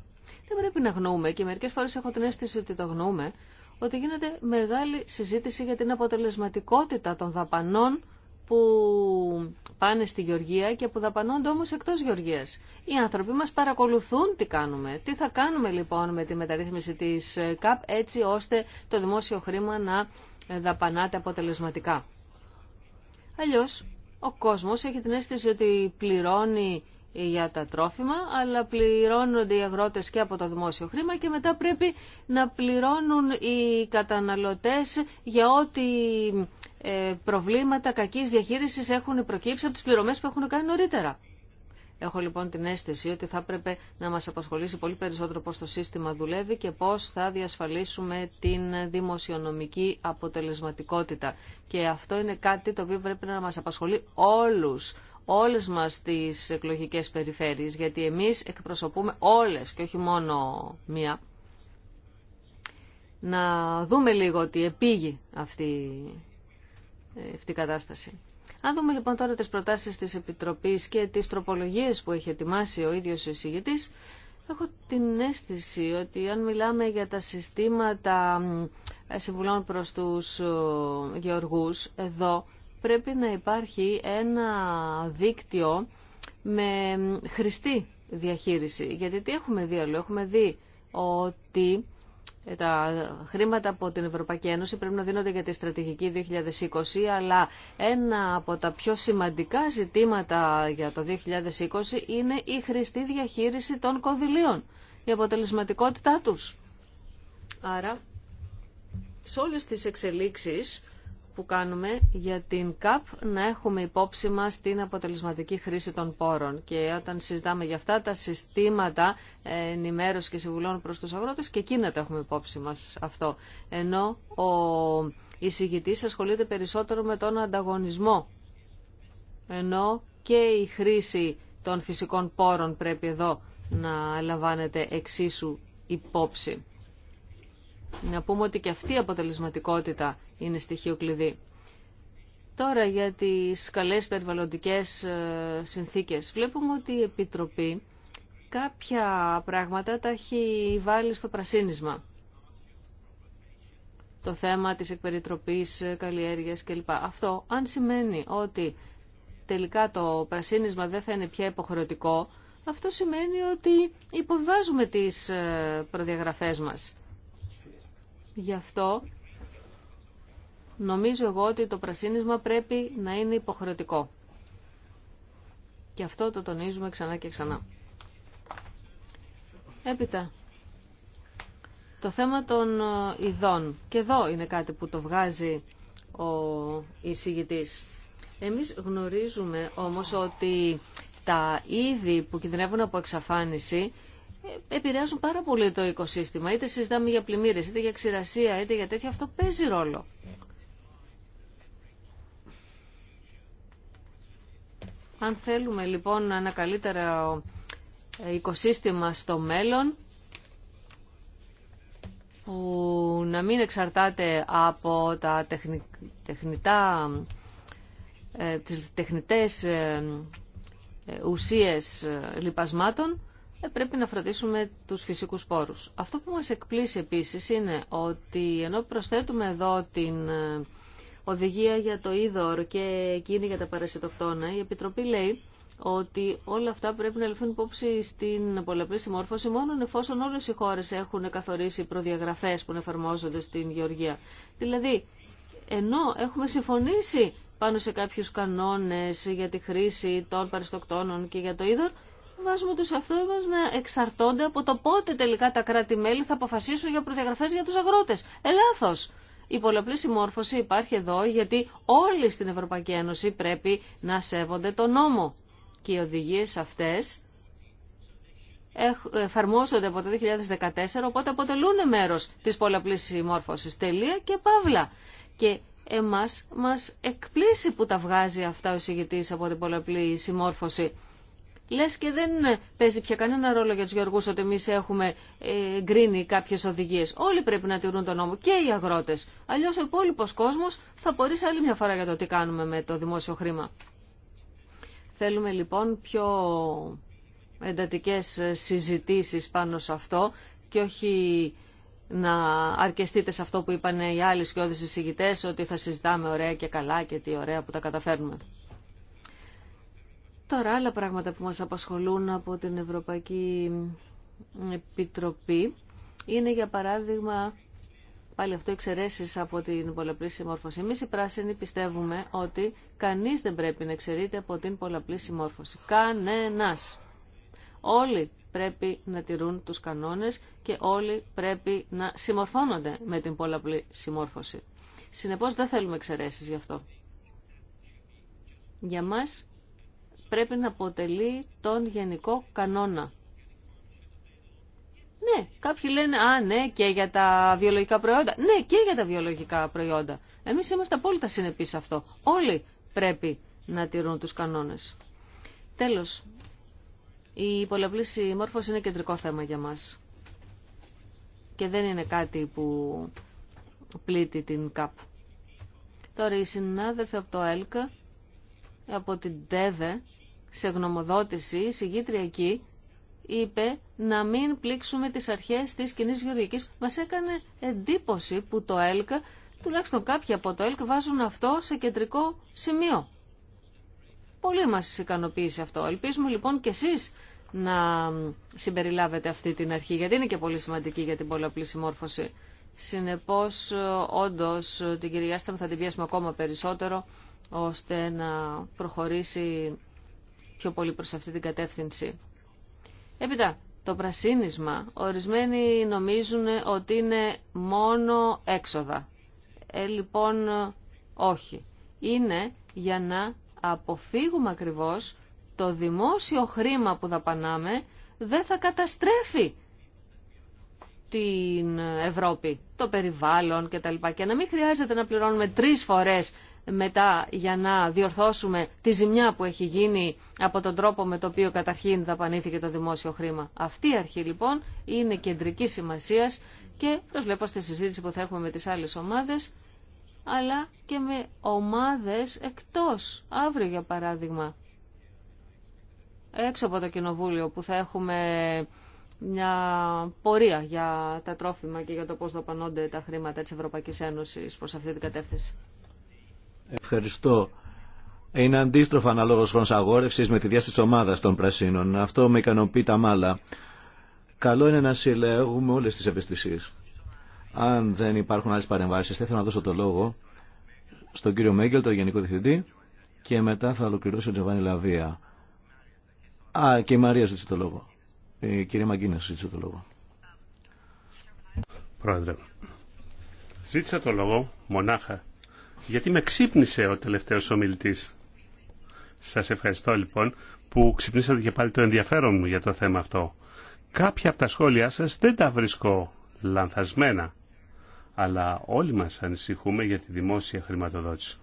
Δεν πρέπει να γνωρούμε και μερικέ φορέ έχω την αίσθηση ότι το γνωρούμε ότι γίνεται μεγάλη συζήτηση για την αποτελεσματικότητα των δαπανών που πάνε στη Γεωργία και που δαπανώνται όμως εκτός Γεωργίας. Οι άνθρωποι μας παρακολουθούν τι κάνουμε. Τι θα κάνουμε λοιπόν με τη μεταρρύθμιση της ε, ΚΑΠ έτσι ώστε το δημόσιο χρήμα να ε, δαπανάται αποτελεσματικά. Αλλιώς ο κόσμος έχει την αίσθηση ότι πληρώνει για τα τρόφιμα, αλλά πληρώνονται οι αγρότες και από το δημόσιο χρήμα και μετά πρέπει να πληρώνουν οι καταναλωτές για ό,τι ε, προβλήματα κακής διαχείρισης έχουν προκύψει από τις πληρωμές που έχουν κάνει νωρίτερα. Έχω λοιπόν την αίσθηση ότι θα έπρεπε να μας απασχολήσει πολύ περισσότερο πώς το σύστημα δουλεύει και πώς θα διασφαλίσουμε την δημοσιονομική αποτελεσματικότητα. Και αυτό είναι κάτι το οποίο πρέπει να μας απασχολεί όλους, όλες μας τις εκλογικές περιφέρειες, γιατί εμείς εκπροσωπούμε όλες και όχι μόνο μία. Να δούμε λίγο ότι επήγει αυτή, αυτή η κατάσταση. Αν δούμε λοιπόν τώρα τις προτάσεις της Επιτροπής και τις τροπολογίες που έχει ετοιμάσει ο ίδιος ο εισηγητής, έχω την αίσθηση ότι αν μιλάμε για τα συστήματα συμβουλών προς τους ε, γεωργούς, εδώ πρέπει να υπάρχει ένα δίκτυο με χρηστή διαχείριση. Γιατί τι έχουμε δει άλλο. Έχουμε δει ότι τα χρήματα από την Ευρωπαϊκή Ένωση πρέπει να δίνονται για τη στρατηγική 2020, αλλά ένα από τα πιο σημαντικά ζητήματα για το 2020 είναι η χρηστή διαχείριση των κονδυλίων, η αποτελεσματικότητά τους. Άρα, σε όλες τις εξελίξεις που κάνουμε για την ΚΑΠ να έχουμε υπόψη μας την αποτελεσματική χρήση των πόρων. Και όταν συζητάμε για αυτά τα συστήματα ενημέρωση και συμβουλών προς τους αγρότες και εκείνα τα έχουμε υπόψη μας αυτό. Ενώ ο εισηγητής ασχολείται περισσότερο με τον ανταγωνισμό. Ενώ και η χρήση των φυσικών πόρων πρέπει εδώ να λαμβάνεται εξίσου υπόψη. Να πούμε ότι και αυτή η αποτελεσματικότητα είναι στοιχείο κλειδί. Τώρα για τις καλές περιβαλλοντικές ε, συνθήκες. Βλέπουμε ότι η Επιτροπή κάποια πράγματα τα έχει βάλει στο πρασίνισμα. Το θέμα της εκπεριτροπής ε, καλλιέργειας κλπ. Αυτό αν σημαίνει ότι τελικά το πρασίνισμα δεν θα είναι πια υποχρεωτικό, αυτό σημαίνει ότι υποβάζουμε τις ε, προδιαγραφές μας. Γι' αυτό νομίζω εγώ ότι το πρασίνισμα πρέπει να είναι υποχρεωτικό. Και αυτό το τονίζουμε ξανά και ξανά. Έπειτα, το θέμα των ε, ειδών. Και εδώ είναι κάτι που το βγάζει ο εισηγητής. Εμείς γνωρίζουμε όμως ότι τα είδη που κινδυνεύουν από εξαφάνιση επηρεάζουν πάρα πολύ το οικοσύστημα. Είτε συζητάμε για πλημμύρε, είτε για ξηρασία, είτε για τέτοια. Αυτό παίζει ρόλο. Αν θέλουμε λοιπόν ένα καλύτερο ε, οικοσύστημα στο μέλλον, που να μην εξαρτάται από τα τεχνη, τεχνητά, ε, τις τεχνητές ε, ε, ουσίες λιπασμάτων, ε, πρέπει να φροντίσουμε τους φυσικούς πόρους. Αυτό που μας εκπλήσει επίσης είναι ότι ενώ προσθέτουμε εδώ την ε, οδηγία για το είδωρ και εκείνη για τα παρασιτοκτόνα, η Επιτροπή λέει ότι όλα αυτά πρέπει να λεφθούν υπόψη στην πολλαπλή συμμόρφωση μόνο εφόσον όλες οι χώρες έχουν καθορίσει προδιαγραφές που εφαρμόζονται στην Γεωργία. Δηλαδή, ενώ έχουμε συμφωνήσει πάνω σε κάποιους κανόνες για τη χρήση των παριστοκτώνων και για το είδωρ, βάζουμε τους αυτούς μας να εξαρτώνται από το πότε τελικά τα κράτη-μέλη θα αποφασίσουν για προδιαγραφές για τους αγρότες. Ελάθος! Η πολλαπλή συμμόρφωση υπάρχει εδώ γιατί όλοι στην Ευρωπαϊκή Ένωση πρέπει να σέβονται τον νόμο. Και οι οδηγίες αυτές εφαρμόζονται από το 2014, οπότε αποτελούν μέρος της πολλαπλής συμμόρφωσης. Τελεία και παύλα. Και εμάς μας εκπλήσει που τα βγάζει αυτά ο συγητή από την πολλαπλή συμμόρφωση λες και δεν παίζει πια κανένα ρόλο για τους γεωργούς ότι εμεί έχουμε ε, γκρίνει κάποιες οδηγίες. Όλοι πρέπει να τηρούν τον νόμο και οι αγρότες. Αλλιώς ο υπόλοιπο κόσμος θα μπορεί άλλη μια φορά για το τι κάνουμε με το δημόσιο χρήμα. Θέλουμε λοιπόν πιο εντατικές συζητήσεις πάνω σε αυτό και όχι να αρκεστείτε σε αυτό που είπαν οι άλλοι σκιώδεις εισηγητές ότι θα συζητάμε ωραία και καλά και τι ωραία που τα καταφέρνουμε. Τώρα άλλα πράγματα που μας απασχολούν από την Ευρωπαϊκή Επιτροπή είναι για παράδειγμα πάλι αυτό εξαιρέσει από την πολλαπλή συμμόρφωση. Εμεί οι πράσινοι πιστεύουμε ότι κανείς δεν πρέπει να εξαιρείται από την πολλαπλή συμμόρφωση. Κανένας. Όλοι πρέπει να τηρούν τους κανόνες και όλοι πρέπει να συμμορφώνονται με την πολλαπλή συμμόρφωση. Συνεπώς δεν θέλουμε εξαιρέσει γι' αυτό. Για μας πρέπει να αποτελεί τον γενικό κανόνα. Ναι, κάποιοι λένε, α, ναι, και για τα βιολογικά προϊόντα. Ναι, και για τα βιολογικά προϊόντα. Εμείς είμαστε απόλυτα συνεπείς σε αυτό. Όλοι πρέπει να τηρούν τους κανόνες. Τέλος, η πολλαπλή συμμόρφωση είναι κεντρικό θέμα για μας. Και δεν είναι κάτι που πλήττει την ΚΑΠ. Τώρα, οι συνάδελφοι από το ΕΛΚΑ, από την ΤΕΒΕ, σε γνωμοδότηση, η συγγήτρια εκεί είπε να μην πλήξουμε τις αρχές της κοινή γεωργικής. Μας έκανε εντύπωση που το ΕΛΚ, τουλάχιστον κάποιοι από το ΕΛΚ, βάζουν αυτό σε κεντρικό σημείο. Πολύ μας ικανοποίησε αυτό. Ελπίζουμε λοιπόν και εσείς να συμπεριλάβετε αυτή την αρχή, γιατί είναι και πολύ σημαντική για την πολλαπλή συμμόρφωση. Συνεπώς, όντως, την κυρία θα την πιέσουμε ακόμα περισσότερο, ώστε να προχωρήσει πιο πολύ προς αυτή την κατεύθυνση. Έπειτα, το πρασίνισμα ορισμένοι νομίζουν ότι είναι μόνο έξοδα. Ε, λοιπόν, όχι. Είναι για να αποφύγουμε ακριβώς το δημόσιο χρήμα που δαπανάμε δεν θα καταστρέφει την Ευρώπη, το περιβάλλον κτλ. Και να μην χρειάζεται να πληρώνουμε τρεις φορές μετά για να διορθώσουμε τη ζημιά που έχει γίνει από τον τρόπο με το οποίο καταρχήν δαπανήθηκε το δημόσιο χρήμα. Αυτή η αρχή λοιπόν είναι κεντρική σημασία και προσβλέπω στη συζήτηση που θα έχουμε με τις άλλες ομάδες αλλά και με ομάδες εκτός, αύριο για παράδειγμα, έξω από το Κοινοβούλιο που θα έχουμε μια πορεία για τα τρόφιμα και για το πώς δαπανώνται τα χρήματα της Ευρωπαϊκής Ένωσης προς αυτή την κατεύθυνση. Ευχαριστώ. Είναι αντίστροφα αναλόγω χρόνο αγόρευση με τη διάστηση της ομάδας των πρασίνων. Αυτό με ικανοποιεί τα μάλα. Καλό είναι να συλλέγουμε όλε τις ευαισθησίε. Αν δεν υπάρχουν άλλες παρεμβάσεις, θα ήθελα να δώσω το λόγο στον κύριο Μέγκελ, τον Γενικό Διευθυντή, και μετά θα ολοκληρώσει ο Τζοβάνι Λαβία. Α, και η Μαρία ζήτησε το λόγο. Η κυρία Μαγκίνα ζήτησε το λόγο. Πρόεδρε, ζήτησα το λόγο μονάχα γιατί με ξύπνησε ο τελευταίος ομιλητής. Σας ευχαριστώ λοιπόν που ξυπνήσατε και πάλι το ενδιαφέρον μου για το θέμα αυτό. Κάποια από τα σχόλιά σας δεν τα βρίσκω λανθασμένα, αλλά όλοι μας ανησυχούμε για τη δημόσια χρηματοδότηση.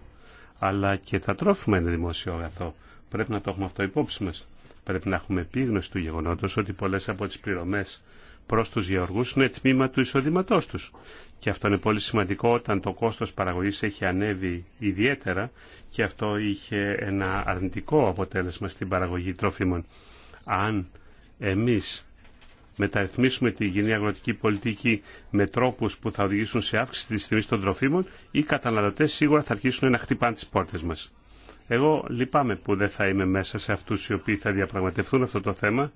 Αλλά και τα τρόφιμα είναι δημόσιο αγαθό. Πρέπει να το έχουμε αυτό υπόψη μας. Πρέπει να έχουμε επίγνωση του γεγονότος ότι πολλές από τις πληρωμές προς τους γεωργούς είναι τμήμα του εισοδήματός τους. Και αυτό είναι πολύ σημαντικό όταν το κόστος παραγωγής έχει ανέβει ιδιαίτερα και αυτό είχε ένα αρνητικό αποτέλεσμα στην παραγωγή τρόφιμων. Αν εμείς μεταρρυθμίσουμε τη γενική αγροτική πολιτική με τρόπους που θα οδηγήσουν σε αύξηση της τιμή των τροφίμων, οι καταναλωτές σίγουρα θα αρχίσουν να χτυπάνε τις πόρτες μας. Εγώ λυπάμαι που δεν θα είμαι μέσα σε αυτούς οι οποίοι θα διαπραγματευτούν αυτό το θέμα,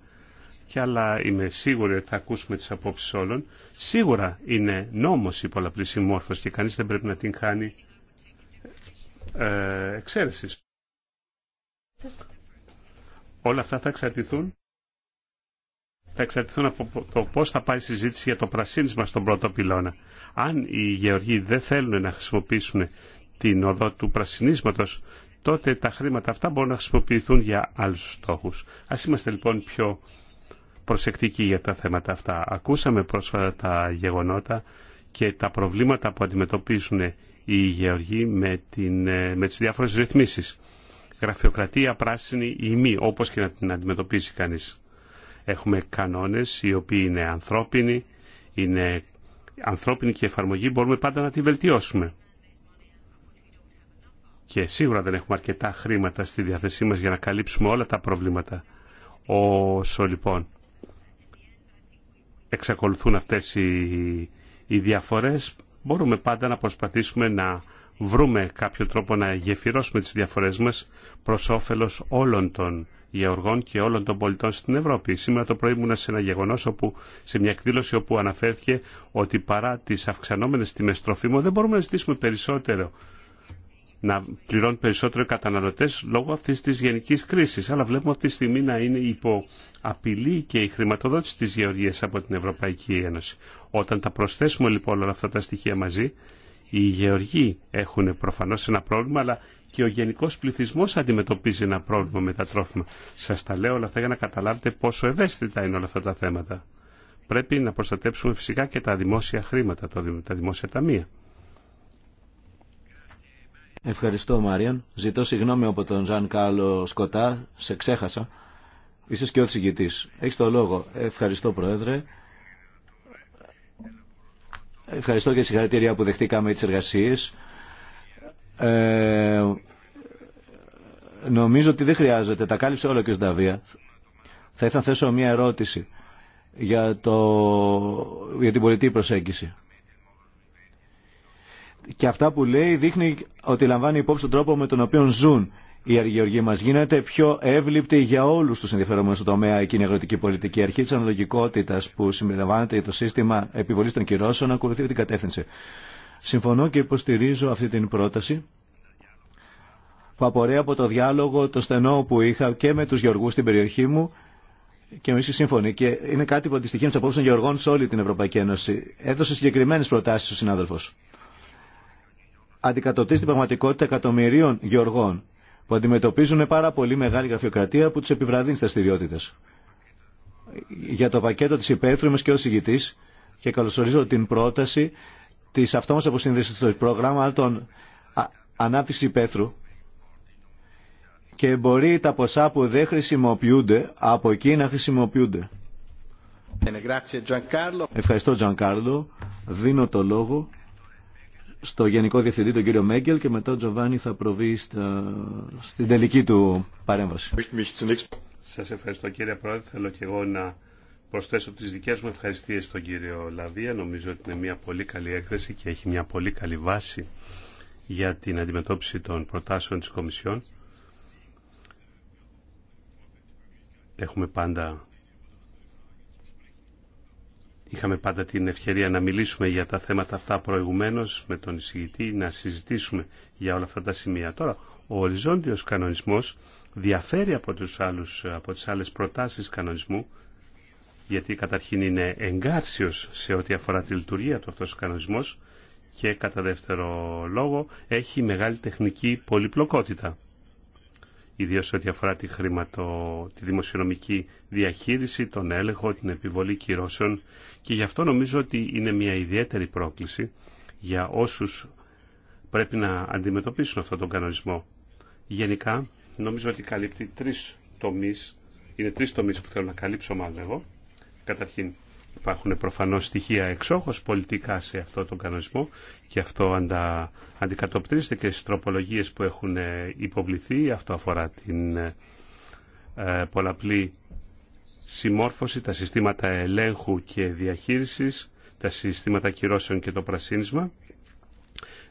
και αλλά είμαι σίγουρη ότι θα ακούσουμε τις απόψεις όλων. Σίγουρα είναι νόμος η πολλαπλή συμμόρφωση και κανείς δεν πρέπει να την χάνει ε, εξαίρεσης. Όλα αυτά θα εξαρτηθούν θα εξαρτηθούν από το πώ θα πάει η συζήτηση για το πρασίνισμα στον πρώτο πυλώνα. Αν οι γεωργοί δεν θέλουν να χρησιμοποιήσουν την οδό του πρασινίσματο, τότε τα χρήματα αυτά μπορούν να χρησιμοποιηθούν για άλλου στόχου. Α είμαστε λοιπόν πιο Προσεκτική για τα θέματα αυτά. Ακούσαμε πρόσφατα τα γεγονότα και τα προβλήματα που αντιμετωπίζουν οι γεωργοί με, την, ε, με τις διάφορες ρυθμίσεις. Γραφειοκρατία πράσινη ή μη, όπως και να την αντιμετωπίσει κανείς. Έχουμε κανόνες οι οποίοι είναι ανθρώπινοι, είναι ανθρώπινη και εφαρμογή μπορούμε πάντα να τη βελτιώσουμε. Και σίγουρα δεν έχουμε αρκετά χρήματα στη διάθεσή μας για να καλύψουμε όλα τα προβλήματα. Όσο λοιπόν εξακολουθούν αυτές οι, οι διαφορές, μπορούμε πάντα να προσπαθήσουμε να βρούμε κάποιο τρόπο να γεφυρώσουμε τις διαφορές μας προς όφελος όλων των γεωργών και όλων των πολιτών στην Ευρώπη. Σήμερα το πρωί ήμουν σε ένα γεγονός όπου, σε μια εκδήλωση όπου αναφέρθηκε ότι παρά τις αυξανόμενες τιμές τροφίμων δεν μπορούμε να ζητήσουμε περισσότερο να πληρώνουν περισσότερο οι καταναλωτές λόγω αυτής της γενικής κρίσης. Αλλά βλέπουμε αυτή τη στιγμή να είναι υπό απειλή και η χρηματοδότηση της γεωργίας από την Ευρωπαϊκή Ένωση. Όταν τα προσθέσουμε λοιπόν όλα αυτά τα στοιχεία μαζί, οι γεωργοί έχουν προφανώς ένα πρόβλημα, αλλά και ο γενικός πληθυσμός αντιμετωπίζει ένα πρόβλημα με τα τρόφιμα. Σας τα λέω όλα αυτά για να καταλάβετε πόσο ευαίσθητα είναι όλα αυτά τα θέματα. Πρέπει να προστατέψουμε φυσικά και τα δημόσια χρήματα, τα δημόσια ταμεία. Ευχαριστώ Μάριαν. Ζητώ συγγνώμη από τον Ζαν Κάλο Σκοτά. Σε ξέχασα. Είσαι και ο Έχεις Έχει το λόγο. Ευχαριστώ Πρόεδρε. Ευχαριστώ και συγχαρητήρια που δεχτήκαμε τι εργασίε. Ε, νομίζω ότι δεν χρειάζεται. Τα κάλυψε όλο και ο Σνταβία. Θα ήθελα να θέσω μια ερώτηση για, το, για την πολιτική προσέγγιση και αυτά που λέει δείχνει ότι λαμβάνει υπόψη τον τρόπο με τον οποίο ζουν η αργιοργή μα. Γίνεται πιο εύληπτη για όλου του ενδιαφερόμενου στο τομέα εκείνη η αγροτική πολιτική. αρχή τη αναλογικότητα που συμπεριλαμβάνεται για το σύστημα επιβολή των κυρώσεων ακολουθεί την κατεύθυνση. Συμφωνώ και υποστηρίζω αυτή την πρόταση που απορρέει από το διάλογο το στενό που είχα και με τους γεωργούς στην περιοχή μου και εμεί σύμφωνοι. Και είναι κάτι που αντιστοιχεί με τι απόψει των γεωργών σε όλη την Ευρωπαϊκή Ένωση. Έδωσε συγκεκριμένε προτάσει ο συνάδελφο αντικατοπτεί στην πραγματικότητα εκατομμυρίων γεωργών που αντιμετωπίζουν πάρα πολύ μεγάλη γραφειοκρατία που του επιβραδύνει στι δραστηριότητε. Για το πακέτο τη υπαίθρου είμαι και ω ηγητή και καλωσορίζω την πρόταση τη αυτόμα αποσύνδεση των ανάπτυξη υπαίθρου και μπορεί τα ποσά που δεν χρησιμοποιούνται από εκεί να χρησιμοποιούνται. Ευχαριστώ Κάρλο. Δίνω το λόγο στο Γενικό Διευθυντή τον κύριο Μέγκελ και μετά ο Τζοβάνι θα προβεί στην τελική του παρέμβαση. Σας ευχαριστώ κύριε Πρόεδρε. Θέλω και εγώ να προσθέσω τις δικές μου ευχαριστίες στον κύριο Λαβία. Νομίζω ότι είναι μια πολύ καλή έκθεση και έχει μια πολύ καλή βάση για την αντιμετώπιση των προτάσεων της Κομισιόν. Έχουμε πάντα Είχαμε πάντα την ευκαιρία να μιλήσουμε για τα θέματα αυτά προηγουμένως με τον εισηγητή, να συζητήσουμε για όλα αυτά τα σημεία. Τώρα, ο οριζόντιος κανονισμός διαφέρει από, τους άλλους, από τις άλλες προτάσεις κανονισμού, γιατί καταρχήν είναι εγκάρσιος σε ό,τι αφορά τη λειτουργία του αυτός ο κανονισμός και κατά δεύτερο λόγο έχει μεγάλη τεχνική πολυπλοκότητα. Ιδίω ό,τι αφορά τη, χρηματο, τη δημοσιονομική διαχείριση, τον έλεγχο, την επιβολή κυρώσεων και γι' αυτό νομίζω ότι είναι μια ιδιαίτερη πρόκληση για όσους πρέπει να αντιμετωπίσουν αυτόν τον κανονισμό. Γενικά, νομίζω ότι καλύπτει τρεις τομεί, είναι τρεις τομεί που θέλω να καλύψω μάλλον εγώ. Καταρχήν, Υπάρχουν προφανώς στοιχεία εξόχως πολιτικά σε αυτό τον κανονισμό και αυτό αντα... αντικατοπτρίζεται και στις τροπολογίες που έχουν ε, υποβληθεί. Αυτό αφορά την ε, ε, πολλαπλή συμμόρφωση, τα συστήματα ελέγχου και διαχείρισης, τα συστήματα κυρώσεων και το πρασίνισμα.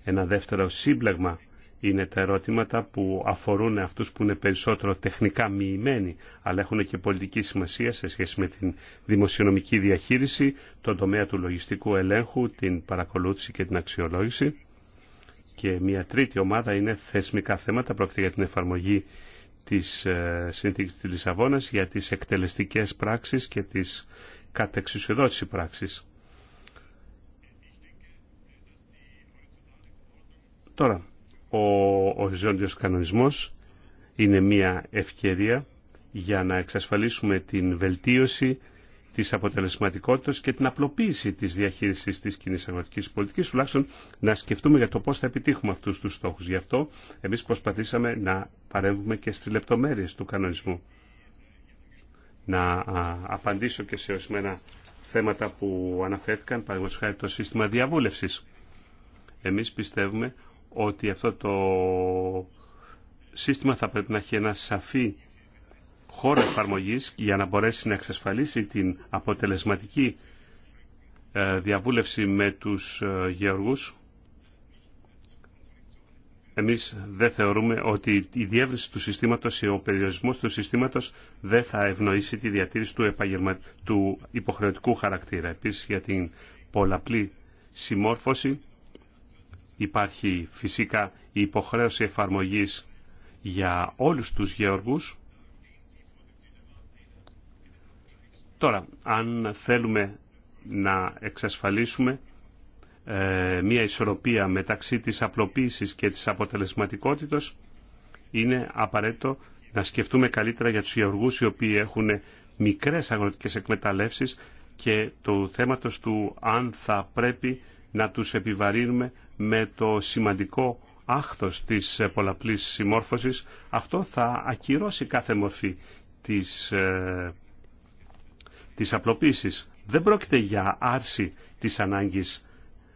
Ένα δεύτερο σύμπλεγμα είναι τα ερώτηματα που αφορούν αυτούς που είναι περισσότερο τεχνικά μοιημένοι, αλλά έχουν και πολιτική σημασία σε σχέση με την δημοσιονομική διαχείριση, τον τομέα του λογιστικού ελέγχου, την παρακολούθηση και την αξιολόγηση. Και μια τρίτη ομάδα είναι θεσμικά θέματα, πρόκειται για την εφαρμογή της ε, Συνθήκης της Λισαβόνας, για τις εκτελεστικές πράξεις και τις κατεξουσιοδότηση πράξεις. Τώρα, ο οριζόντιος κανονισμός είναι μια ευκαιρία για να εξασφαλίσουμε την βελτίωση της αποτελεσματικότητας και την απλοποίηση της διαχείρισης της κοινή αγροτικής πολιτικής, τουλάχιστον να σκεφτούμε για το πώς θα επιτύχουμε αυτούς τους στόχους. Γι' αυτό εμείς προσπαθήσαμε να παρέμβουμε και στις λεπτομέρειες του κανονισμού. Να απαντήσω και σε ορισμένα θέματα που αναφέρθηκαν, παραδείγματος χάρη το σύστημα διαβούλευσης. Εμείς πιστεύουμε ότι αυτό το σύστημα θα πρέπει να έχει ένα σαφή χώρο εφαρμογή για να μπορέσει να εξασφαλίσει την αποτελεσματική ε, διαβούλευση με τους ε, γεωργούς. Εμείς δεν θεωρούμε ότι η διεύρυνση του συστήματος ή ο περιορισμός του συστήματος δεν θα ευνοήσει τη διατήρηση του, του υποχρεωτικού χαρακτήρα. Επίσης για την πολλαπλή συμμόρφωση Υπάρχει φυσικά η υποχρέωση εφαρμογής για όλους τους γεωργούς. Τώρα, αν θέλουμε να εξασφαλίσουμε ε, μια ισορροπία μεταξύ της απλοποίησης και της αποτελεσματικότητας, είναι απαραίτητο να σκεφτούμε καλύτερα για τους γεωργούς οι οποίοι έχουν μικρές αγροτικές εκμεταλλεύσεις και το θέμα του αν θα πρέπει να τους επιβαρύνουμε με το σημαντικό άχθος της ε, πολλαπλής συμμόρφωσης, αυτό θα ακυρώσει κάθε μορφή της, ε, της απλοποίησης. Δεν πρόκειται για άρση της ανάγκης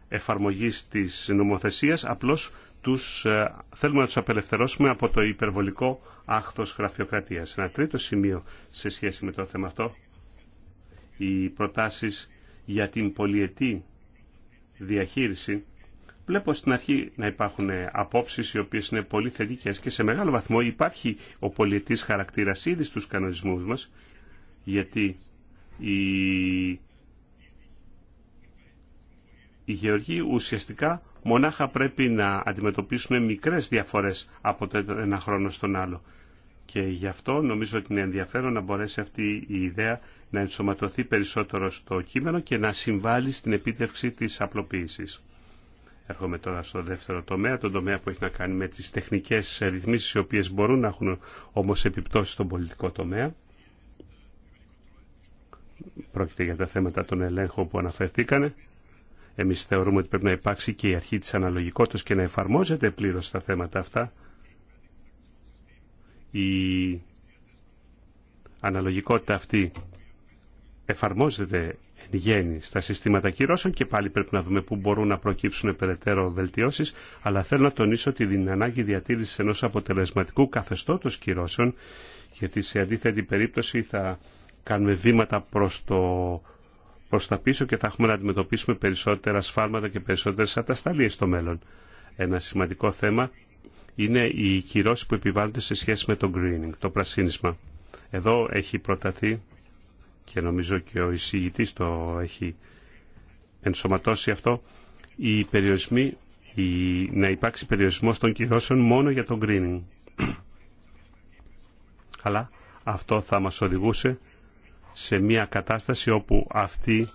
εφαρμογής της νομοθεσίας, απλώς τους, ε, θέλουμε να τους απελευθερώσουμε από το υπερβολικό άχθος γραφειοκρατίας. Ένα τρίτο σημείο σε σχέση με το θέμα αυτό, οι προτάσεις για την πολυετή διαχείριση Βλέπω στην αρχή να υπάρχουν απόψει οι οποίες είναι πολύ θετικές και σε μεγάλο βαθμό υπάρχει ο πολιτή χαρακτήρα ήδη στους κανονισμούς μας γιατί η, οι γεωργοί ουσιαστικά μονάχα πρέπει να αντιμετωπίσουν μικρές διαφορές από το ένα χρόνο στον άλλο. Και γι' αυτό νομίζω ότι είναι ενδιαφέρον να μπορέσει αυτή η ιδέα να ενσωματωθεί περισσότερο στο κείμενο και να συμβάλλει στην επίτευξη της απλοποίησης. Έρχομαι τώρα στο δεύτερο τομέα, τον τομέα που έχει να κάνει με τις τεχνικές ρυθμίσεις οι οποίες μπορούν να έχουν όμως επιπτώσεις στον πολιτικό τομέα. Πρόκειται για τα θέματα των ελέγχων που αναφερθήκανε. Εμείς θεωρούμε ότι πρέπει να υπάρξει και η αρχή της αναλογικότητας και να εφαρμόζεται πλήρως τα θέματα αυτά. Η αναλογικότητα αυτή εφαρμόζεται γέννη στα συστήματα κυρώσεων και πάλι πρέπει να δούμε πού μπορούν να προκύψουν περαιτέρω βελτιώσει. Αλλά θέλω να τονίσω ότι την ανάγκη διατήρηση ενό αποτελεσματικού καθεστώτο κυρώσεων, γιατί σε αντίθετη περίπτωση θα κάνουμε βήματα προ το προς τα πίσω και θα έχουμε να αντιμετωπίσουμε περισσότερα σφάλματα και περισσότερες ατασταλίες στο μέλλον. Ένα σημαντικό θέμα είναι οι κυρώσει που επιβάλλονται σε σχέση με το greening, το πρασίνισμα. Εδώ έχει προταθεί και νομίζω και ο εισηγητής το έχει ενσωματώσει αυτό, οι περιορισμοί, η, να υπάρξει περιορισμός των κυρώσεων μόνο για τον greening. Αλλά αυτό θα μας οδηγούσε σε μια κατάσταση όπου αυτή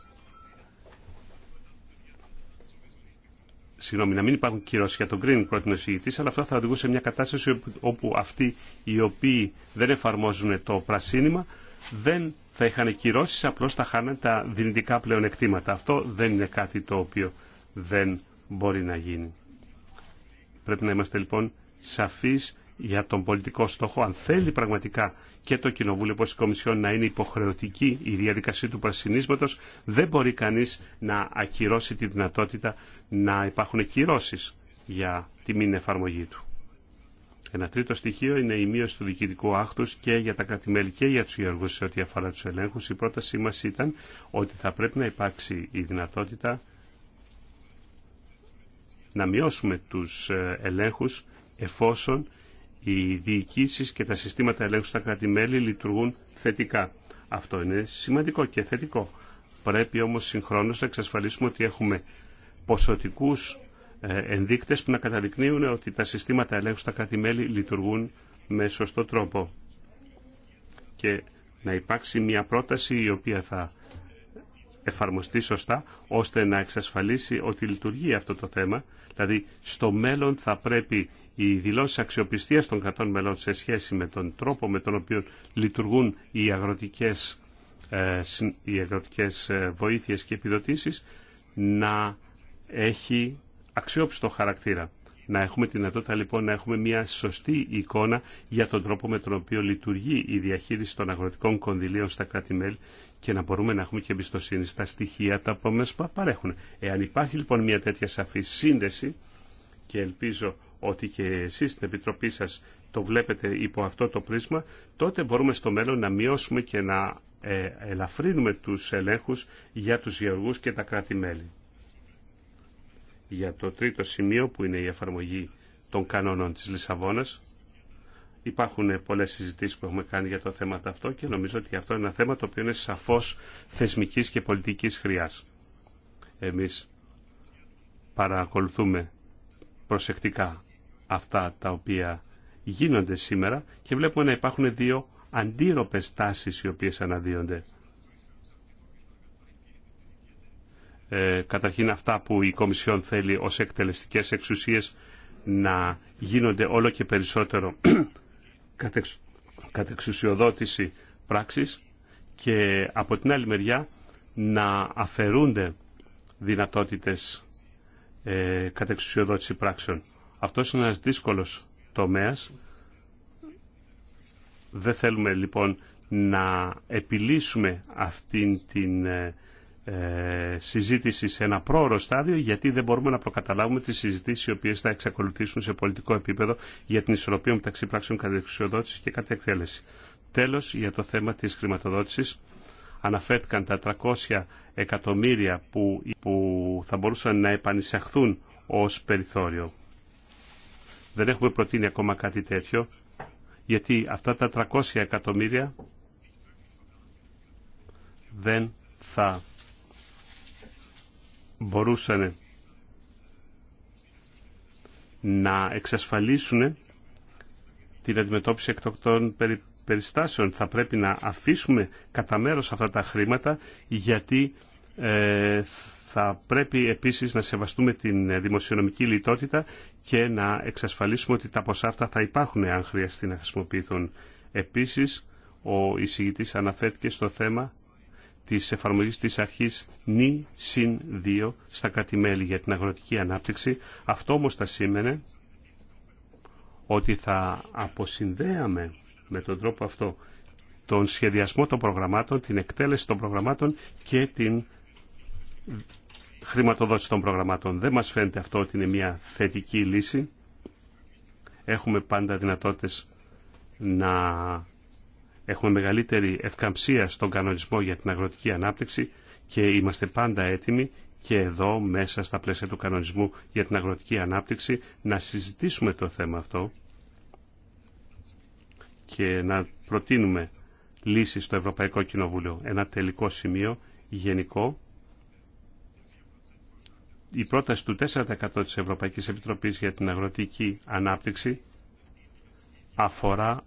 Συγγνώμη, να μην υπάρχουν κυρώσει για τον Green, πρότεινε ο εισηγητή, αλλά αυτό θα οδηγούσε σε μια κατάσταση όπου αυτοί οι οποίοι δεν εφαρμόζουν το πρασίνημα δεν θα είχαν κυρώσει απλώς θα χάναν τα δυνητικά πλεονεκτήματα. Αυτό δεν είναι κάτι το οποίο δεν μπορεί να γίνει. Πρέπει να είμαστε λοιπόν σαφείς για τον πολιτικό στόχο. Αν θέλει πραγματικά και το Κοινοβούλιο όπως η Κομισιόν να είναι υποχρεωτική η διαδικασία του πρασινίσματος, δεν μπορεί κανείς να ακυρώσει τη δυνατότητα να υπάρχουν κυρώσεις για τη μη εφαρμογή του. Ένα τρίτο στοιχείο είναι η μείωση του διοικητικού άκτου και για τα κρατημέλη και για του γεωργού σε ό,τι αφορά του ελέγχους. Η πρότασή μα ήταν ότι θα πρέπει να υπάρξει η δυνατότητα να μειώσουμε τους ε, ελέγχους εφόσον οι διοικήσει και τα συστήματα ελέγχου στα κρατημέλη λειτουργούν θετικά. Αυτό είναι σημαντικό και θετικό. Πρέπει όμω συγχρόνω να εξασφαλίσουμε ότι έχουμε ποσοτικούς ε, ενδείκτες που να καταδεικνύουν ότι τα συστήματα ελέγχου στα κράτη-μέλη λειτουργούν με σωστό τρόπο. Και να υπάρξει μια πρόταση η οποία θα εφαρμοστεί σωστά, ώστε να εξασφαλίσει ότι λειτουργεί αυτό το θέμα. Δηλαδή, στο μέλλον θα πρέπει οι δηλώσει αξιοπιστία των κρατών μελών σε σχέση με τον τρόπο με τον οποίο λειτουργούν οι αγροτικές, ε, οι αγροτικές ε, βοήθειες και επιδοτήσεις να έχει αξιόπιστο χαρακτήρα. Να έχουμε τη δυνατότητα λοιπόν να έχουμε μια σωστή εικόνα για τον τρόπο με τον οποίο λειτουργεί η διαχείριση των αγροτικών κονδυλίων στα κράτη-μέλη και να μπορούμε να έχουμε και εμπιστοσύνη στα στοιχεία τα οποία παρέχουν. Εάν υπάρχει λοιπόν μια τέτοια σαφή σύνδεση και ελπίζω ότι και εσείς στην Επιτροπή σας το βλέπετε υπό αυτό το πρίσμα, τότε μπορούμε στο μέλλον να μειώσουμε και να ε, ελαφρύνουμε τους ελέγχους για τους γεωργούς και τα κράτη-μέλη για το τρίτο σημείο που είναι η εφαρμογή των κανόνων της Λισαβόνας. Υπάρχουν πολλές συζητήσεις που έχουμε κάνει για το θέμα αυτό και νομίζω ότι αυτό είναι ένα θέμα το οποίο είναι σαφώς θεσμικής και πολιτικής χρειάς. Εμείς παρακολουθούμε προσεκτικά αυτά τα οποία γίνονται σήμερα και βλέπουμε να υπάρχουν δύο αντίρροπες τάσεις οι οποίες αναδύονται. Ε, καταρχήν αυτά που η Κομισιόν θέλει ως εκτελεστικές εξουσίες να γίνονται όλο και περισσότερο κατεξουσιοδότηση πράξης και από την άλλη μεριά να αφαιρούνται δυνατότητες ε, κατεξουσιοδότηση πράξεων. Αυτό είναι ένας δύσκολος τομέας. Δεν θέλουμε λοιπόν να επιλύσουμε αυτήν την ε, ε, συζήτηση σε ένα πρόωρο στάδιο γιατί δεν μπορούμε να προκαταλάβουμε τι συζητήσει οι οποίε θα εξακολουθήσουν σε πολιτικό επίπεδο για την ισορροπία μεταξύ πράξεων κατά και κατεκτέλεση. εκτέλεση. Τέλος, για το θέμα τη χρηματοδότηση αναφέρθηκαν τα 300 εκατομμύρια που, που θα μπορούσαν να επανεισαχθούν ω περιθώριο. Δεν έχουμε προτείνει ακόμα κάτι τέτοιο, γιατί αυτά τα 300 εκατομμύρια δεν θα μπορούσαν να εξασφαλίσουν την αντιμετώπιση εκ των περιστάσεων. Θα πρέπει να αφήσουμε κατά μέρο αυτά τα χρήματα γιατί ε, θα πρέπει επίσης να σεβαστούμε την δημοσιονομική λιτότητα και να εξασφαλίσουμε ότι τα ποσά αυτά θα υπάρχουν αν χρειαστεί να χρησιμοποιηθούν. Επίσης, ο εισηγητής αναφέρθηκε στο θέμα της εφαρμογής της αρχής νη συν 2 στα κατημέλη για την αγροτική ανάπτυξη. Αυτό όμως θα σήμαινε ότι θα αποσυνδέαμε με τον τρόπο αυτό τον σχεδιασμό των προγραμμάτων, την εκτέλεση των προγραμμάτων και την χρηματοδότηση των προγραμμάτων. Δεν μας φαίνεται αυτό ότι είναι μια θετική λύση. Έχουμε πάντα δυνατότητες να Έχουμε μεγαλύτερη ευκαμψία στον κανονισμό για την αγροτική ανάπτυξη και είμαστε πάντα έτοιμοι και εδώ μέσα στα πλαίσια του κανονισμού για την αγροτική ανάπτυξη να συζητήσουμε το θέμα αυτό και να προτείνουμε λύσεις στο Ευρωπαϊκό Κοινοβούλιο. Ένα τελικό σημείο γενικό. Η πρόταση του 4% της Ευρωπαϊκής Επιτροπής για την αγροτική ανάπτυξη αφορά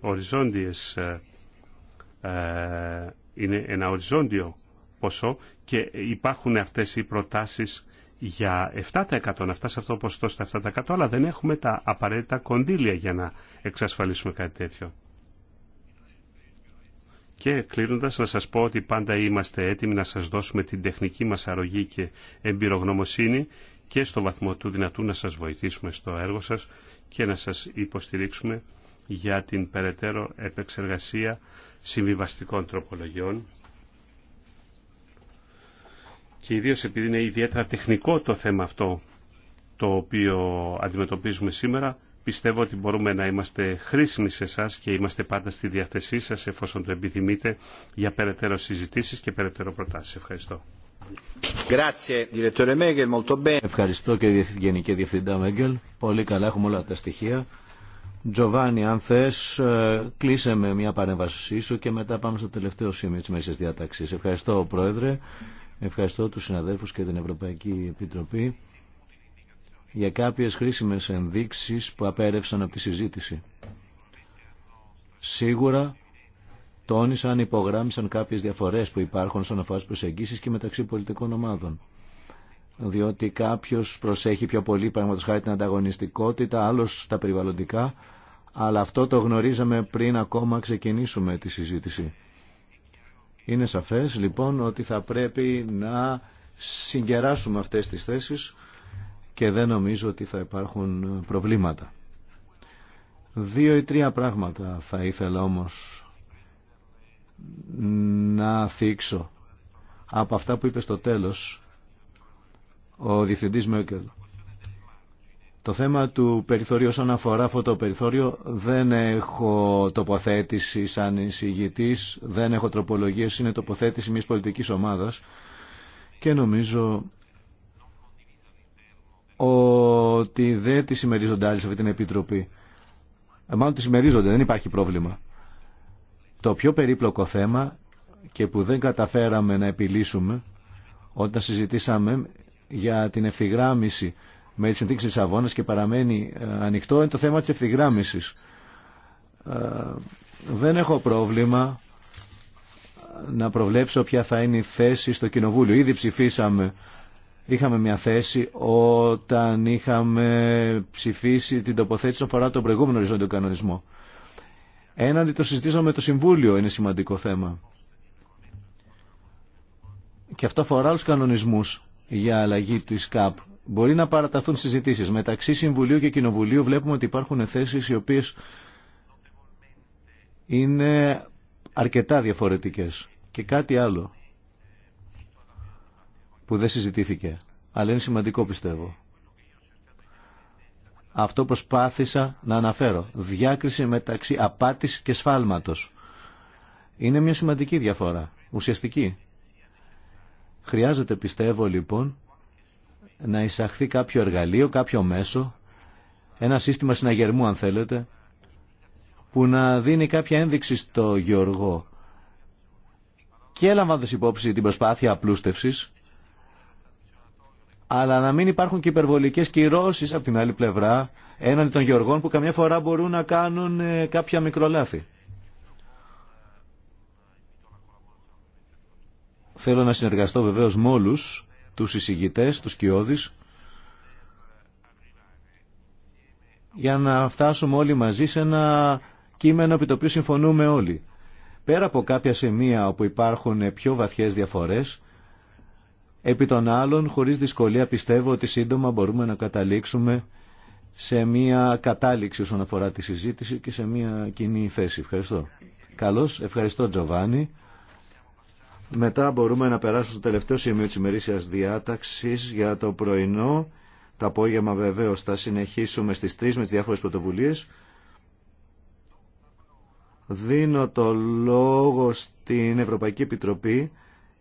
οριζόντιες, ε, ε, είναι ένα οριζόντιο ποσό και υπάρχουν αυτές οι προτάσεις για 7% να φτάσει αυτό το ποσοστό στα 7% αλλά δεν έχουμε τα απαραίτητα κονδύλια για να εξασφαλίσουμε κάτι τέτοιο. Και κλείνοντας να σας πω ότι πάντα είμαστε έτοιμοι να σας δώσουμε την τεχνική μας αρρωγή και εμπειρογνωμοσύνη και στο βαθμό του δυνατού να σας βοηθήσουμε στο έργο σας και να σας υποστηρίξουμε για την περαιτέρω επεξεργασία συμβιβαστικών τροπολογιών και ιδίως επειδή είναι ιδιαίτερα τεχνικό το θέμα αυτό το οποίο αντιμετωπίζουμε σήμερα, πιστεύω ότι μπορούμε να είμαστε χρήσιμοι σε εσά και είμαστε πάντα στη διάθεσή σας εφόσον το επιθυμείτε για περαιτέρω συζητήσεις και περαιτέρω προτάσεις. Ευχαριστώ. Ευχαριστώ και Γενική Διευθυντά Μέγκελ. Πολύ καλά έχουμε όλα τα στοιχεία. Τζοβάνι, αν θε ε, κλείσε με μια παρέμβαση σου και μετά πάμε στο τελευταίο σημείο τη μέση διάταξη. Ευχαριστώ, Πρόεδρε. Ευχαριστώ του συναδέλφου και την Ευρωπαϊκή Επιτροπή για κάποιε χρήσιμε ενδείξει που απέρευσαν από τη συζήτηση. Σίγουρα τόνισαν, υπογράμμισαν κάποιε διαφορέ που υπάρχουν σαν αφορά προσεγγίσεις και μεταξύ πολιτικών ομάδων διότι κάποιος προσέχει πιο πολύ πραγματος χάρη την ανταγωνιστικότητα, άλλος τα περιβαλλοντικά, αλλά αυτό το γνωρίζαμε πριν ακόμα ξεκινήσουμε τη συζήτηση. Είναι σαφές λοιπόν ότι θα πρέπει να συγκεράσουμε αυτές τις θέσεις και δεν νομίζω ότι θα υπάρχουν προβλήματα. Δύο ή τρία πράγματα θα ήθελα όμως να θίξω από αυτά που είπε στο τέλος ο Διευθυντής Μέκελ. Το θέμα του περιθωρίου όσον αφορά αυτό το περιθώριο δεν έχω τοποθέτηση σαν εισηγητής, δεν έχω τροπολογίες, είναι τοποθέτηση μιας πολιτικής ομάδας και νομίζω ότι δεν τη συμμερίζονται άλλοι σε αυτή την Επιτροπή. Ε, μάλλον τη συμμερίζονται, δεν υπάρχει πρόβλημα. Το πιο περίπλοκο θέμα και που δεν καταφέραμε να επιλύσουμε όταν συζητήσαμε για την ευθυγράμμιση με τις συνθήκες της Αβώνας και παραμένει ε, ανοιχτό είναι το θέμα της ευθυγράμμισης. Ε, δεν έχω πρόβλημα να προβλέψω ποια θα είναι η θέση στο Κοινοβούλιο. Ήδη ψηφίσαμε, είχαμε μια θέση όταν είχαμε ψηφίσει την τοποθέτηση αφορά τον προηγούμενο οριζόντιο κανονισμό. Έναντι το συζητήσαμε με το Συμβούλιο είναι σημαντικό θέμα. Και αυτό αφορά τους κανονισμούς για αλλαγή της ΚΑΠ. Μπορεί να παραταθούν συζητήσει. Μεταξύ Συμβουλίου και Κοινοβουλίου βλέπουμε ότι υπάρχουν θέσεις οι οποίες είναι αρκετά διαφορετικές. Και κάτι άλλο που δεν συζητήθηκε, αλλά είναι σημαντικό πιστεύω. Αυτό προσπάθησα να αναφέρω. Διάκριση μεταξύ απάτης και σφάλματος. Είναι μια σημαντική διαφορά, ουσιαστική. Χρειάζεται πιστεύω λοιπόν να εισαχθεί κάποιο εργαλείο, κάποιο μέσο, ένα σύστημα συναγερμού αν θέλετε, που να δίνει κάποια ένδειξη στο Γεωργό και λαμβάνοντα υπόψη την προσπάθεια απλούστευσης, αλλά να μην υπάρχουν και υπερβολικές κυρώσεις από την άλλη πλευρά έναντι των γεωργών που καμιά φορά μπορούν να κάνουν ε, κάποια μικρολάθη. Θέλω να συνεργαστώ βεβαίως με όλους τους εισηγητές, τους κοιόδης, για να φτάσουμε όλοι μαζί σε ένα κείμενο επί το οποίο συμφωνούμε όλοι. Πέρα από κάποια σημεία όπου υπάρχουν πιο βαθιές διαφορές, επί των άλλων, χωρίς δυσκολία πιστεύω ότι σύντομα μπορούμε να καταλήξουμε σε μια κατάληξη όσον αφορά τη συζήτηση και σε μια κοινή θέση. Ευχαριστώ. Καλώς, ευχαριστώ Τζοβάνι. Μετά μπορούμε να περάσουμε στο τελευταίο σημείο της ημερήσιας διάταξης για το πρωινό. Τα απόγευμα βεβαίως θα συνεχίσουμε στις 3 με τις διάφορες πρωτοβουλίες. Δίνω το λόγο στην Ευρωπαϊκή Επιτροπή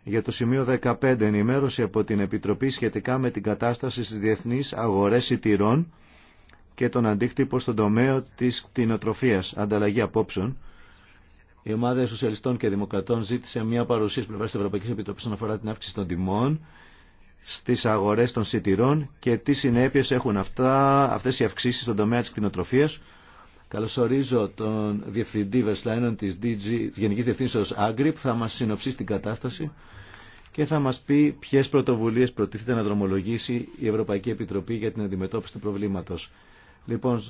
για το σημείο 15 ενημέρωση από την Επιτροπή σχετικά με την κατάσταση στις διεθνείς αγορές σιτηρών και τον αντίκτυπο στον τομέα της κτηνοτροφίας, ανταλλαγή απόψεων. Η ομάδα Σοσιαλιστών και Δημοκρατών ζήτησε μια παρουσία πλευρά τη Ευρωπαϊκή Επιτροπή όσον αφορά την αύξηση των τιμών στι αγορέ των σιτηρών και τι συνέπειε έχουν αυτέ οι αυξήσει στον τομέα τη κτηνοτροφία. Καλωσορίζω τον Διευθυντή Βεσλάινων τη Γενική Διευθύνσεω Άγκρι που θα μα συνοψίσει την κατάσταση και θα μα πει ποιε πρωτοβουλίε προτίθεται να δρομολογήσει η Ευρωπαϊκή Επιτροπή για την αντιμετώπιση του προβλήματο. Λοιπόν,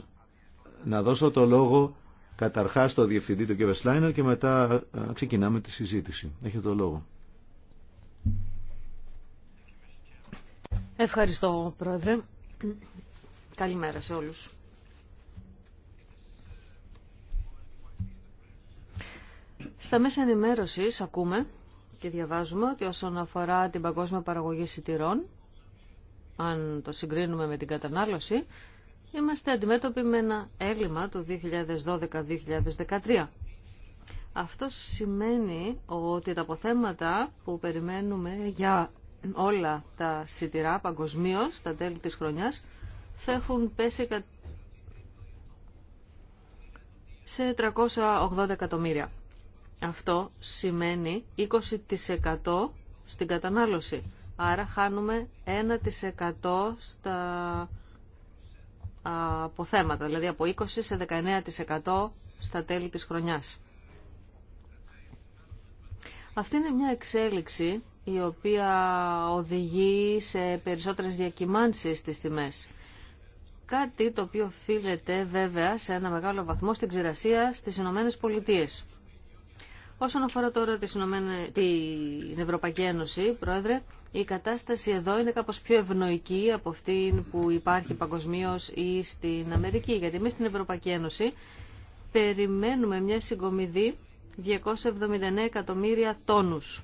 να δώσω το λόγο καταρχάς το διευθυντή του κ. Σλάινερ και μετά ξεκινάμε τη συζήτηση. Έχετε το λόγο. Ευχαριστώ, Πρόεδρε. Καλημέρα σε όλους. Στα μέσα ενημέρωσης ακούμε και διαβάζουμε ότι όσον αφορά την παγκόσμια παραγωγή σιτηρών, αν το συγκρίνουμε με την κατανάλωση, είμαστε αντιμέτωποι με ένα έλλειμμα το 2012-2013. Αυτό σημαίνει ότι τα αποθέματα που περιμένουμε για όλα τα σιτηρά παγκοσμίω στα τέλη της χρονιάς θα έχουν πέσει σε 380 εκατομμύρια. Αυτό σημαίνει 20% στην κατανάλωση. Άρα χάνουμε 1% στα από θέματα, δηλαδή από 20% σε 19% στα τέλη της χρονιάς. Αυτή είναι μια εξέλιξη η οποία οδηγεί σε περισσότερες διακυμάνσεις στις τιμές. Κάτι το οποίο οφείλεται βέβαια σε ένα μεγάλο βαθμό στην ξηρασία στις Ηνωμένες Πολιτείες. Όσον αφορά τώρα την Ευρωπαϊκή Ένωση, Πρόεδρε, η κατάσταση εδώ είναι κάπως πιο ευνοϊκή από αυτή που υπάρχει παγκοσμίω ή στην Αμερική. Γιατί εμείς στην Ευρωπαϊκή Ένωση περιμένουμε μια συγκομιδή 279 εκατομμύρια τόνους.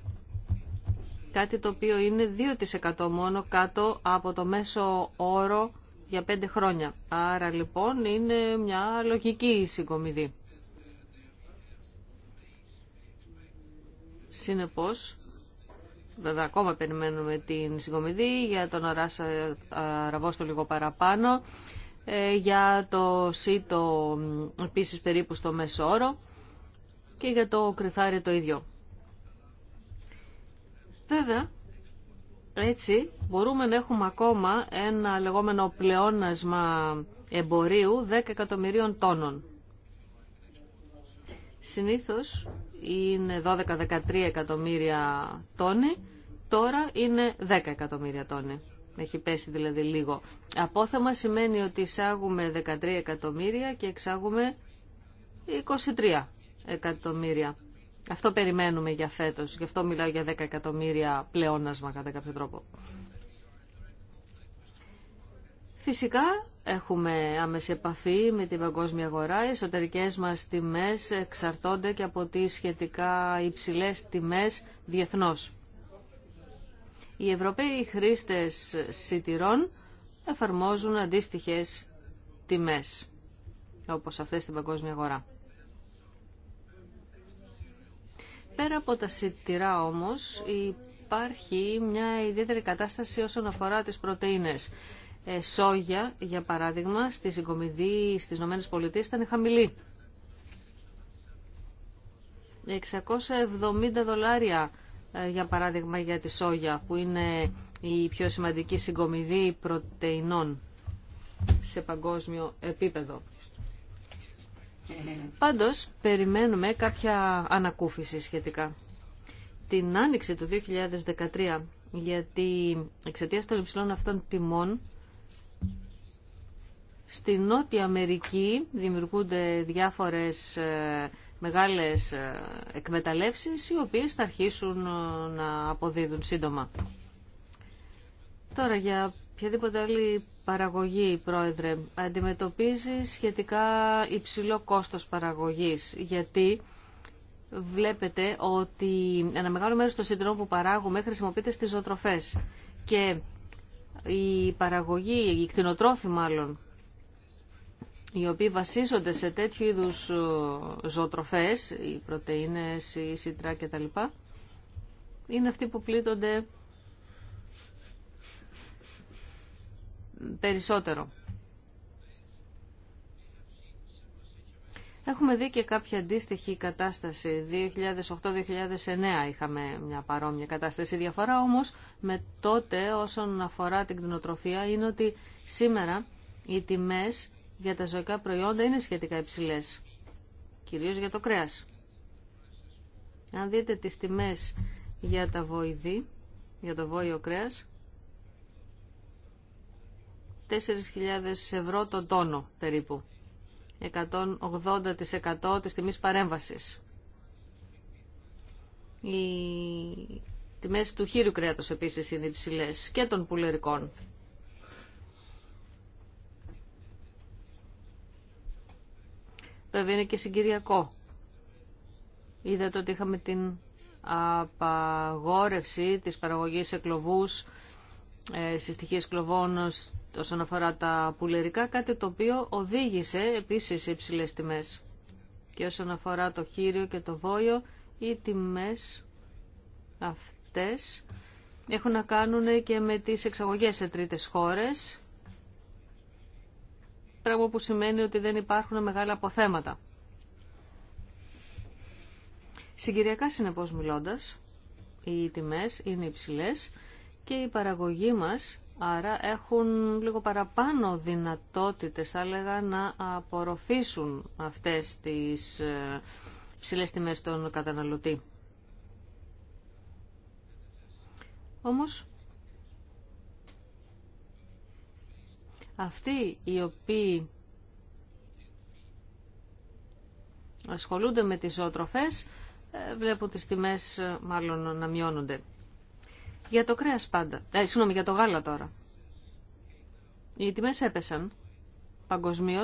Κάτι το οποίο είναι 2% μόνο κάτω από το μέσο όρο για 5 χρόνια. Άρα λοιπόν είναι μια λογική συγκομιδή. Συνεπώς, βέβαια ακόμα περιμένουμε την συγκομιδή για τον Αράσα ε, Αραβόστο λίγο παραπάνω, ε, για το ΣΥΤΟ επίσης περίπου στο μέσο όρο και για το κρυθάρι το ίδιο. Βέβαια, έτσι μπορούμε να έχουμε ακόμα ένα λεγόμενο πλεόνασμα εμπορίου 10 εκατομμυρίων τόνων. Συνήθως είναι 12-13 εκατομμύρια τόνοι, τώρα είναι 10 εκατομμύρια τόνοι. Έχει πέσει δηλαδή λίγο. Απόθεμα σημαίνει ότι εισάγουμε 13 εκατομμύρια και εξάγουμε 23 εκατομμύρια. Αυτό περιμένουμε για φέτος, γι' αυτό μιλάω για 10 εκατομμύρια πλεόνασμα κατά κάποιο τρόπο. Φυσικά έχουμε άμεση επαφή με την παγκόσμια αγορά. Οι εσωτερικές μας τιμές εξαρτώνται και από τις σχετικά υψηλές τιμές διεθνώς. Οι Ευρωπαίοι χρήστες σιτηρών εφαρμόζουν αντίστοιχες τιμές, όπως αυτές στην παγκόσμια αγορά. Πέρα από τα σιτηρά όμως υπάρχει μια ιδιαίτερη κατάσταση όσον αφορά τις πρωτεΐνες. Ε, σόγια, για παράδειγμα, στη συγκομιδή στις Ηνωμένες Πολιτείες ήταν χαμηλή. 670 δολάρια, ε, για παράδειγμα, για τη σόγια, που είναι η πιο σημαντική συγκομιδή πρωτεϊνών σε παγκόσμιο επίπεδο. Πάντως, περιμένουμε κάποια ανακούφιση σχετικά. Την άνοιξη του 2013, γιατί εξαιτία των υψηλών αυτών τιμών, Στη Νότια Αμερική δημιουργούνται διάφορες ε, μεγάλες ε, εκμεταλλεύσεις οι οποίες θα αρχίσουν ε, να αποδίδουν σύντομα. Τώρα για οποιαδήποτε άλλη παραγωγή, Πρόεδρε, αντιμετωπίζει σχετικά υψηλό κόστος παραγωγής, γιατί βλέπετε ότι ένα μεγάλο μέρος των σύντρων που παράγουμε χρησιμοποιείται στις ζωοτροφές και η παραγωγή, η κτηνοτρόφη μάλλον, οι οποίοι βασίζονται σε τέτοιου είδους ε, ζωοτροφές, οι πρωτεΐνες, οι σιτρά κτλ, είναι αυτοί που πλήττονται περισσότερο. Έχουμε δει και κάποια αντίστοιχη κατάσταση. 2008-2009 είχαμε μια παρόμοια κατάσταση. Η διαφορά όμως με τότε όσον αφορά την κτηνοτροφία είναι ότι σήμερα οι τιμές για τα ζωικά προϊόντα είναι σχετικά υψηλές, κυρίως για το κρέας. Αν δείτε τις τιμές για τα βοηδή, για το βόηο κρέας, 4.000 ευρώ το τόνο περίπου. 180% της τιμής παρέμβασης. Οι τιμές του χείρου κρέατος επίσης είναι υψηλές και των πουλερικών. Βέβαια είναι και συγκυριακό. Είδατε ότι είχαμε την απαγόρευση της παραγωγής εκλοβούς ε, στοιχείες κλοβών όσον αφορά τα πουλερικά, κάτι το οποίο οδήγησε επίσης σε υψηλές τιμές. Και όσον αφορά το χείριο και το βόλιο, οι τιμές αυτές έχουν να κάνουν και με τις εξαγωγές σε τρίτες χώρες πράγμα που σημαίνει ότι δεν υπάρχουν μεγάλα αποθέματα. Συγκυριακά συνεπώς μιλώντας, οι τιμές είναι υψηλές και η παραγωγή μας άρα έχουν λίγο παραπάνω δυνατότητες θα έλεγα να απορροφήσουν αυτές τις ε, ψηλές τιμές των καταναλωτή. Όμως Αυτοί οι οποίοι ασχολούνται με τις ζωοτροφές ε, βλέπουν τις τιμές ε, μάλλον να μειώνονται. Για το κρέας πάντα, ε, για το γάλα τώρα. Οι τιμές έπεσαν παγκοσμίω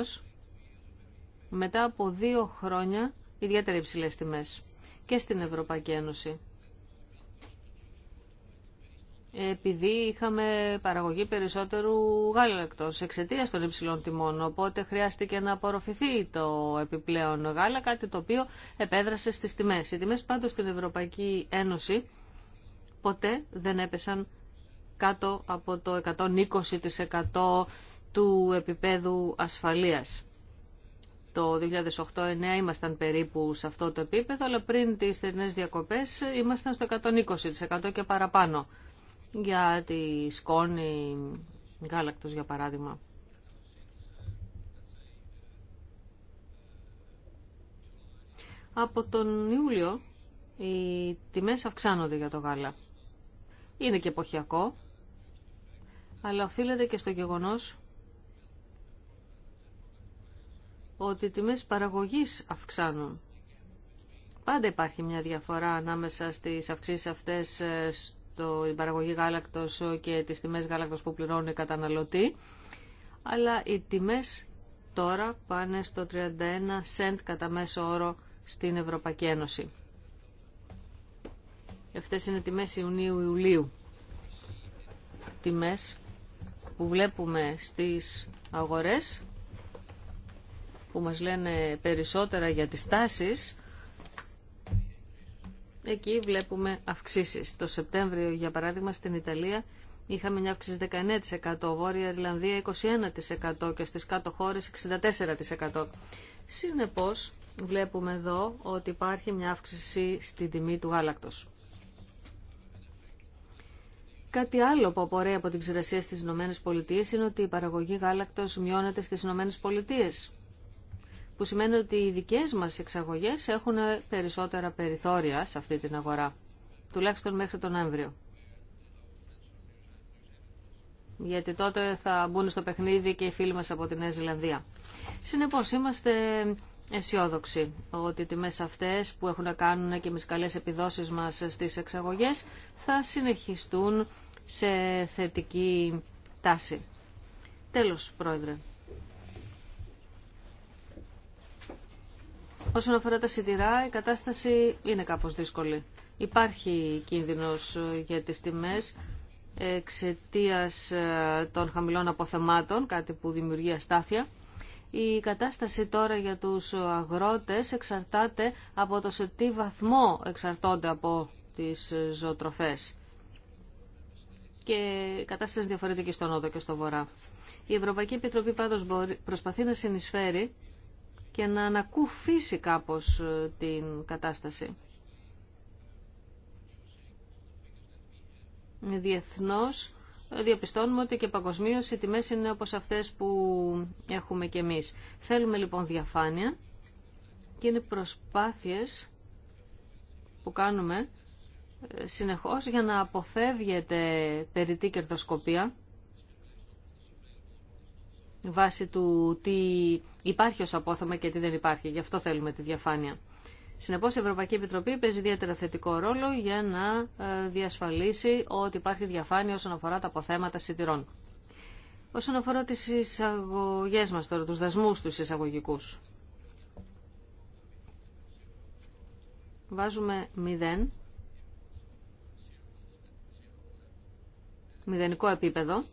μετά από δύο χρόνια ιδιαίτερα υψηλές τιμές και στην Ευρωπαϊκή Ένωση επειδή είχαμε παραγωγή περισσότερου γάλακτος εξαιτίας των υψηλών τιμών, οπότε χρειάστηκε να απορροφηθεί το επιπλέον γάλα, κάτι το οποίο επέδρασε στις τιμές. Οι τιμές πάντως στην Ευρωπαϊκή Ένωση ποτέ δεν έπεσαν κάτω από το 120% του επίπεδου ασφαλείας. Το 2008-2009 ήμασταν περίπου σε αυτό το επίπεδο, αλλά πριν τις θερινές διακοπές ήμασταν στο 120% και παραπάνω για τη σκόνη γάλακτος για παράδειγμα. Από τον Ιούλιο οι τιμές αυξάνονται για το γάλα. Είναι και εποχιακό, αλλά οφείλεται και στο γεγονός ότι οι τιμές παραγωγής αυξάνουν. Πάντα υπάρχει μια διαφορά ανάμεσα στις αυξήσεις αυτές ε, το, η παραγωγή γάλακτος και τις τιμές γάλακτος που πληρώνουν οι καταναλωτοί, αλλά οι τιμές τώρα πάνε στο 31 σεντ κατά μέσο όρο στην Ευρωπαϊκή Ένωση. Αυτές είναι τιμές Ιουνίου-Ιουλίου. Τιμές που βλέπουμε στις αγορές που μας λένε περισσότερα για τις τάσεις εκεί βλέπουμε αυξήσεις. Το Σεπτέμβριο, για παράδειγμα, στην Ιταλία είχαμε μια αύξηση 19%, Βόρεια Ιρλανδία 21% και στις κάτω χώρες 64%. Συνεπώς, βλέπουμε εδώ ότι υπάρχει μια αύξηση στην τιμή του γάλακτος. Κάτι άλλο που απορρέει από την ξηρασία στις ΗΠΑ είναι ότι η παραγωγή γάλακτος μειώνεται στις ΗΠΑ που σημαίνει ότι οι δικές μας εξαγωγές έχουν περισσότερα περιθώρια σε αυτή την αγορά, τουλάχιστον μέχρι τον Νοέμβριο. Γιατί τότε θα μπουν στο παιχνίδι και οι φίλοι μας από τη Νέα Ζηλανδία. Συνεπώς είμαστε αισιόδοξοι ότι οι τιμές αυτές που έχουν να κάνουν και με τις καλές επιδόσεις μας στις εξαγωγές θα συνεχιστούν σε θετική τάση. Τέλος, Πρόεδρε. Όσον αφορά τα σιτηρά, η κατάσταση είναι κάπως δύσκολη. Υπάρχει κίνδυνος ε, για τις τιμές εξαιτία ε, των χαμηλών αποθεμάτων, κάτι που δημιουργεί αστάθεια. Η κατάσταση τώρα για τους αγρότες εξαρτάται από το σε τι βαθμό εξαρτώνται από τις ε, ζωοτροφές. Και η κατάσταση διαφορετική στον Νότο και στο Βορρά. Η Ευρωπαϊκή Επιτροπή πάντως προσπαθεί να συνεισφέρει και να ανακουφίσει κάπως ε, την κατάσταση. Διεθνώς ε, διαπιστώνουμε ότι και παγκοσμίω οι τιμές είναι όπως αυτές που έχουμε και εμείς. Θέλουμε λοιπόν διαφάνεια και είναι προσπάθειες που κάνουμε ε, συνεχώς για να αποφεύγεται περιττή κερδοσκοπία βάσει του τι υπάρχει ως απόθεμα και τι δεν υπάρχει. Γι' αυτό θέλουμε τη διαφάνεια. Συνεπώς η Ευρωπαϊκή Επιτροπή παίζει ιδιαίτερα θετικό ρόλο για να ε, διασφαλίσει ότι υπάρχει διαφάνεια όσον αφορά τα αποθέματα σιτηρών. Όσον αφορά τις εισαγωγές μας τώρα, τους δασμούς τους εισαγωγικούς. Βάζουμε 0, μηδενικό επίπεδο,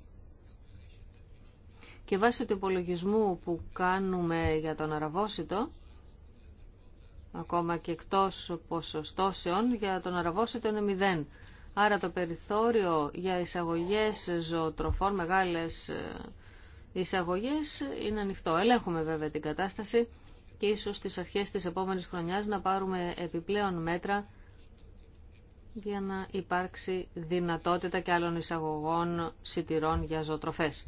και βάσει του υπολογισμού που κάνουμε για τον αραβόσιτο, ακόμα και εκτός ποσοστώσεων, για τον αραβόσιτο είναι μηδέν. Άρα το περιθώριο για εισαγωγές ζωοτροφών, μεγάλες ε, εισαγωγές είναι ανοιχτό. Ελέγχουμε βέβαια την κατάσταση και ίσως στις αρχές της επόμενης χρονιάς να πάρουμε επιπλέον μέτρα για να υπάρξει δυνατότητα και άλλων εισαγωγών σιτηρών για ζωοτροφές.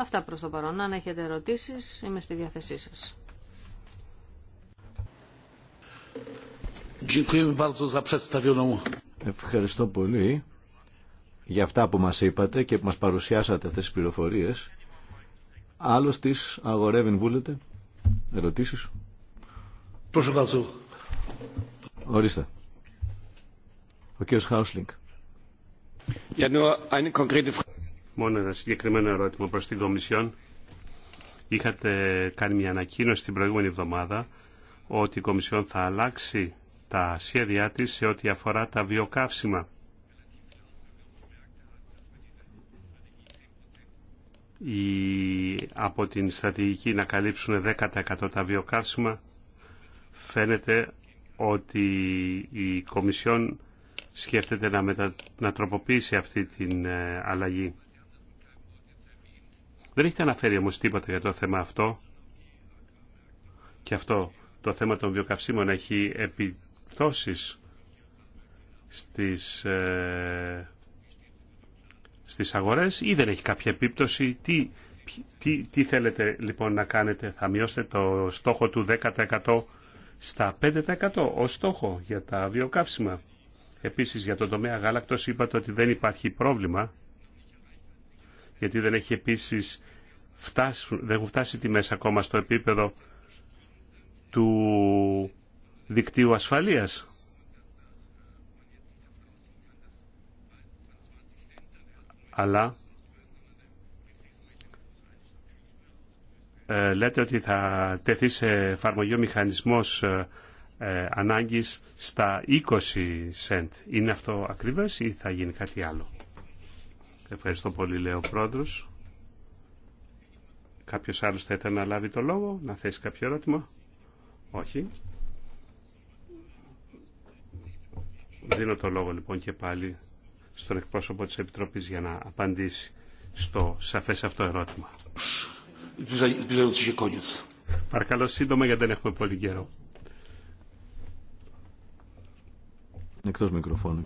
Αυτά προς το παρόν. Αν έχετε ερωτήσεις, είμαι στη διάθεσή σας. Ευχαριστώ πολύ για αυτά που μας είπατε και που μας παρουσιάσατε αυτές τις πληροφορίες. Άλλος της αγορεύει βούλετε. Ερωτήσεις. Ορίστε. Ο κύριος Χάουσλινγκ. Μόνο ένα συγκεκριμένο ερώτημα προς την Κομισιόν. Είχατε κάνει μια ανακοίνωση την προηγούμενη εβδομάδα ότι η Κομισιόν θα αλλάξει τα σχέδιά της σε ό,τι αφορά τα βιοκαύσιμα. Η, από την στρατηγική να καλύψουν 10% τα βιοκαύσιμα φαίνεται ότι η Κομισιόν σκέφτεται να, μετα... να τροποποιήσει αυτή την ε, αλλαγή. Δεν έχετε αναφέρει όμως τίποτα για το θέμα αυτό. Και αυτό το θέμα των βιοκαυσίμων έχει επιπτώσεις στις, ε, στις αγορές ή δεν έχει κάποια επίπτωση. Τι, τι, θέλετε λοιπόν να κάνετε. Θα μειώσετε το στόχο του 10% στα 5% ως στόχο για τα βιοκαύσιμα. Επίσης για τον τομέα γάλακτος είπατε ότι δεν υπάρχει πρόβλημα γιατί δεν, έχει επίσης φτάσει, δεν έχουν φτάσει ακόμα στο επίπεδο του δικτύου ασφαλείας. Αλλά ε, λέτε ότι θα τεθεί σε εφαρμογή ο μηχανισμός ε, ε, ανάγκης στα 20 cent. Είναι αυτό ακριβές ή θα γίνει κάτι άλλο. Ευχαριστώ πολύ, λέει ο πρόεδρο. Κάποιο άλλο θα ήθελε να λάβει το λόγο, να θέσει κάποιο ερώτημα. Όχι. Δίνω το λόγο λοιπόν και πάλι στον εκπρόσωπο της Επιτροπής για να απαντήσει στο σαφές αυτό ερώτημα. Παρακαλώ σύντομα γιατί δεν έχουμε πολύ καιρό. μικροφώνου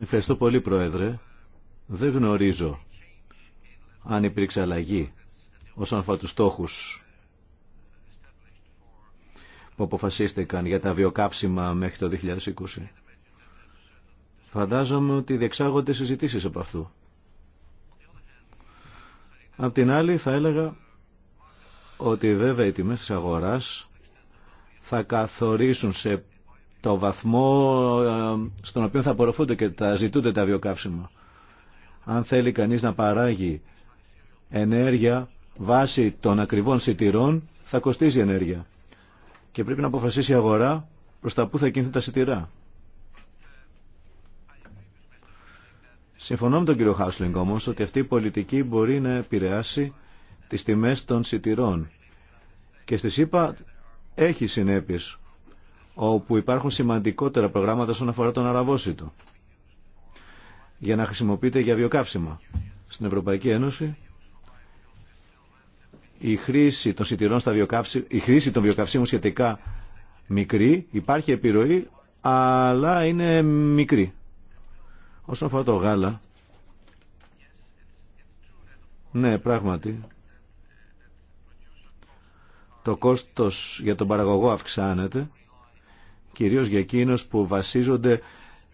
Ευχαριστώ πολύ, Πρόεδρε. Δεν γνωρίζω αν υπήρξε αλλαγή όσον αφορά τους στόχους που αποφασίστηκαν για τα βιοκάψιμα μέχρι το 2020. Φαντάζομαι ότι διεξάγονται συζητήσεις από αυτού. Απ' την άλλη θα έλεγα ότι βέβαια οι τιμές της αγοράς θα καθορίσουν σε το βαθμό ε, στον οποίο θα απορροφούνται και τα ζητούνται τα βιοκαύσιμα. Αν θέλει κανείς να παράγει ενέργεια βάσει των ακριβών σιτηρών, θα κοστίζει ενέργεια. Και πρέπει να αποφασίσει η αγορά προς τα που θα κινηθούν τα σιτηρά. Συμφωνώ με τον κύριο Χάουσλινγκ όμως ότι αυτή η πολιτική μπορεί να επηρεάσει τις τιμές των σιτηρών. Και στη ΣΥΠΑ έχει συνέπειες όπου υπάρχουν σημαντικότερα προγράμματα όσον αφορά τον αραβόσιτο για να χρησιμοποιείται για βιοκαύσιμα. Στην Ευρωπαϊκή Ένωση η χρήση των σιτηρών στα βιοκαύσι... η χρήση των βιοκαυσίμων σχετικά μικρή, υπάρχει επιρροή, αλλά είναι μικρή. Όσον αφορά το γάλα, ναι, πράγματι, το κόστος για τον παραγωγό αυξάνεται κυρίως για εκείνους που βασίζονται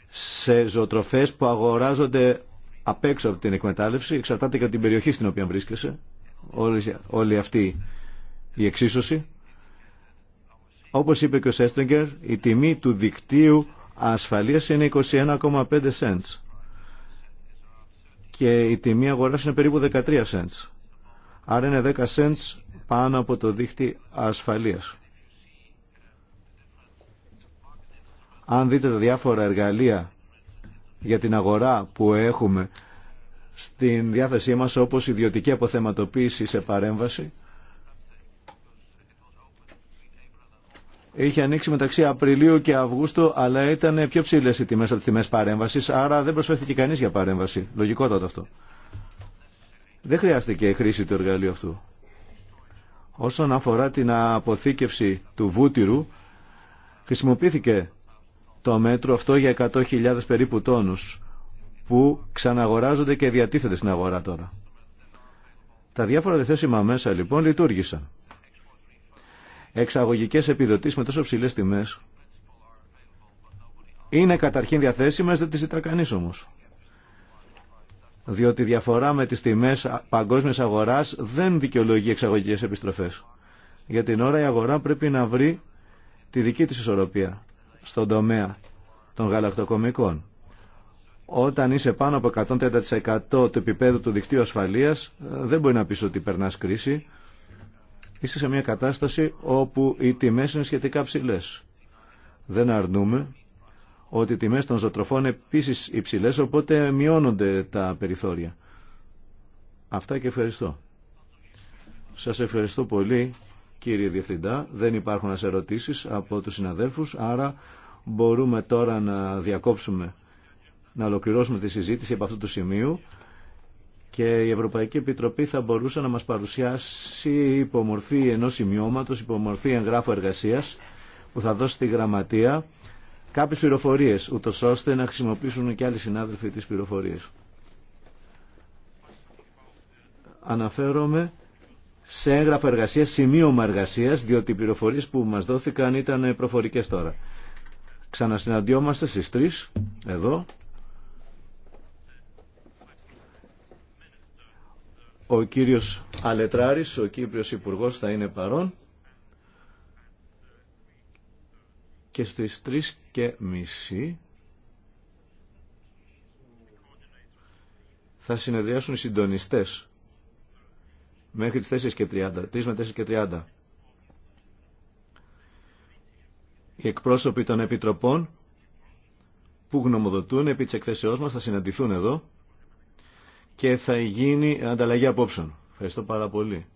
σε ζωοτροφές που αγοράζονται απ' έξω από την εκμετάλλευση, εξαρτάται και από την περιοχή στην οποία βρίσκεσαι, όλη, αυτή η εξίσωση. Όπως είπε και ο Σέστριγκερ, η τιμή του δικτύου ασφαλείας είναι 21,5 cents και η τιμή αγοράς είναι περίπου 13 cents. Άρα είναι 10 cents πάνω από το δίχτυ ασφαλείας. Αν δείτε τα διάφορα εργαλεία για την αγορά που έχουμε στην διάθεσή μας όπως ιδιωτική αποθεματοποίηση σε παρέμβαση Είχε ανοίξει μεταξύ Απριλίου και Αυγούστου, αλλά ήταν πιο ψηλέ οι τιμές από τις τιμέ παρέμβαση, άρα δεν προσφέρθηκε κανείς για παρέμβαση. Λογικότατο αυτό. Δεν χρειάστηκε η χρήση του εργαλείου αυτού. Όσον αφορά την αποθήκευση του βούτυρου, χρησιμοποιήθηκε το μέτρο αυτό για 100.000 περίπου τόνους που ξαναγοράζονται και διατίθεται στην αγορά τώρα. Τα διάφορα διθέσιμα μέσα λοιπόν λειτουργήσαν. Εξαγωγικές επιδοτήσεις με τόσο ψηλές τιμές είναι καταρχήν διαθέσιμες, δεν τις ζητά κανείς όμως. Διότι η διαφορά με τις τιμές παγκόσμιας αγοράς δεν δικαιολογεί εξαγωγικές επιστροφές. Για την ώρα η αγορά πρέπει να βρει τη δική της ισορροπία στον τομέα των γαλακτοκομικών. Όταν είσαι πάνω από 130% του επίπεδου του δικτύου ασφαλείας, ε, δεν μπορεί να πεις ότι περνάς κρίση. Είσαι σε μια κατάσταση όπου οι τιμές είναι σχετικά ψηλές. Δεν αρνούμε ότι οι τιμές των ζωοτροφών είναι επίσης υψηλές, οπότε μειώνονται τα περιθώρια. Αυτά και ευχαριστώ. Σας ευχαριστώ πολύ κύριε Διευθυντά. Δεν υπάρχουν ας ερωτήσεις από τους συναδέλφους, άρα μπορούμε τώρα να διακόψουμε, να ολοκληρώσουμε τη συζήτηση από αυτού του σημείου και η Ευρωπαϊκή Επιτροπή θα μπορούσε να μας παρουσιάσει υπομορφή ενός σημειώματος, υπομορφή εγγράφου εργασίας που θα δώσει στη γραμματεία κάποιες πληροφορίες, ούτω ώστε να χρησιμοποιήσουν και άλλοι συνάδελφοι τις πληροφορίες. Αναφέρομαι σε έγγραφα εργασία, σημείωμα εργασία, διότι οι πληροφορίε που μας δόθηκαν ήταν προφορικέ τώρα. Ξανασυναντιόμαστε στις 3, εδώ. Ο κύριος Αλετράρης, ο Κύπριος Υπουργός, θα είναι παρόν. Και στις τρεις και μισή θα συνεδριάσουν οι συντονιστές μέχρι τις 4 και 30, 3 με 4 και 30. Οι εκπρόσωποι των επιτροπών που γνωμοδοτούν επί της εκθέσεώς μας θα συναντηθούν εδώ και θα γίνει ανταλλαγή απόψεων. Ευχαριστώ πάρα πολύ.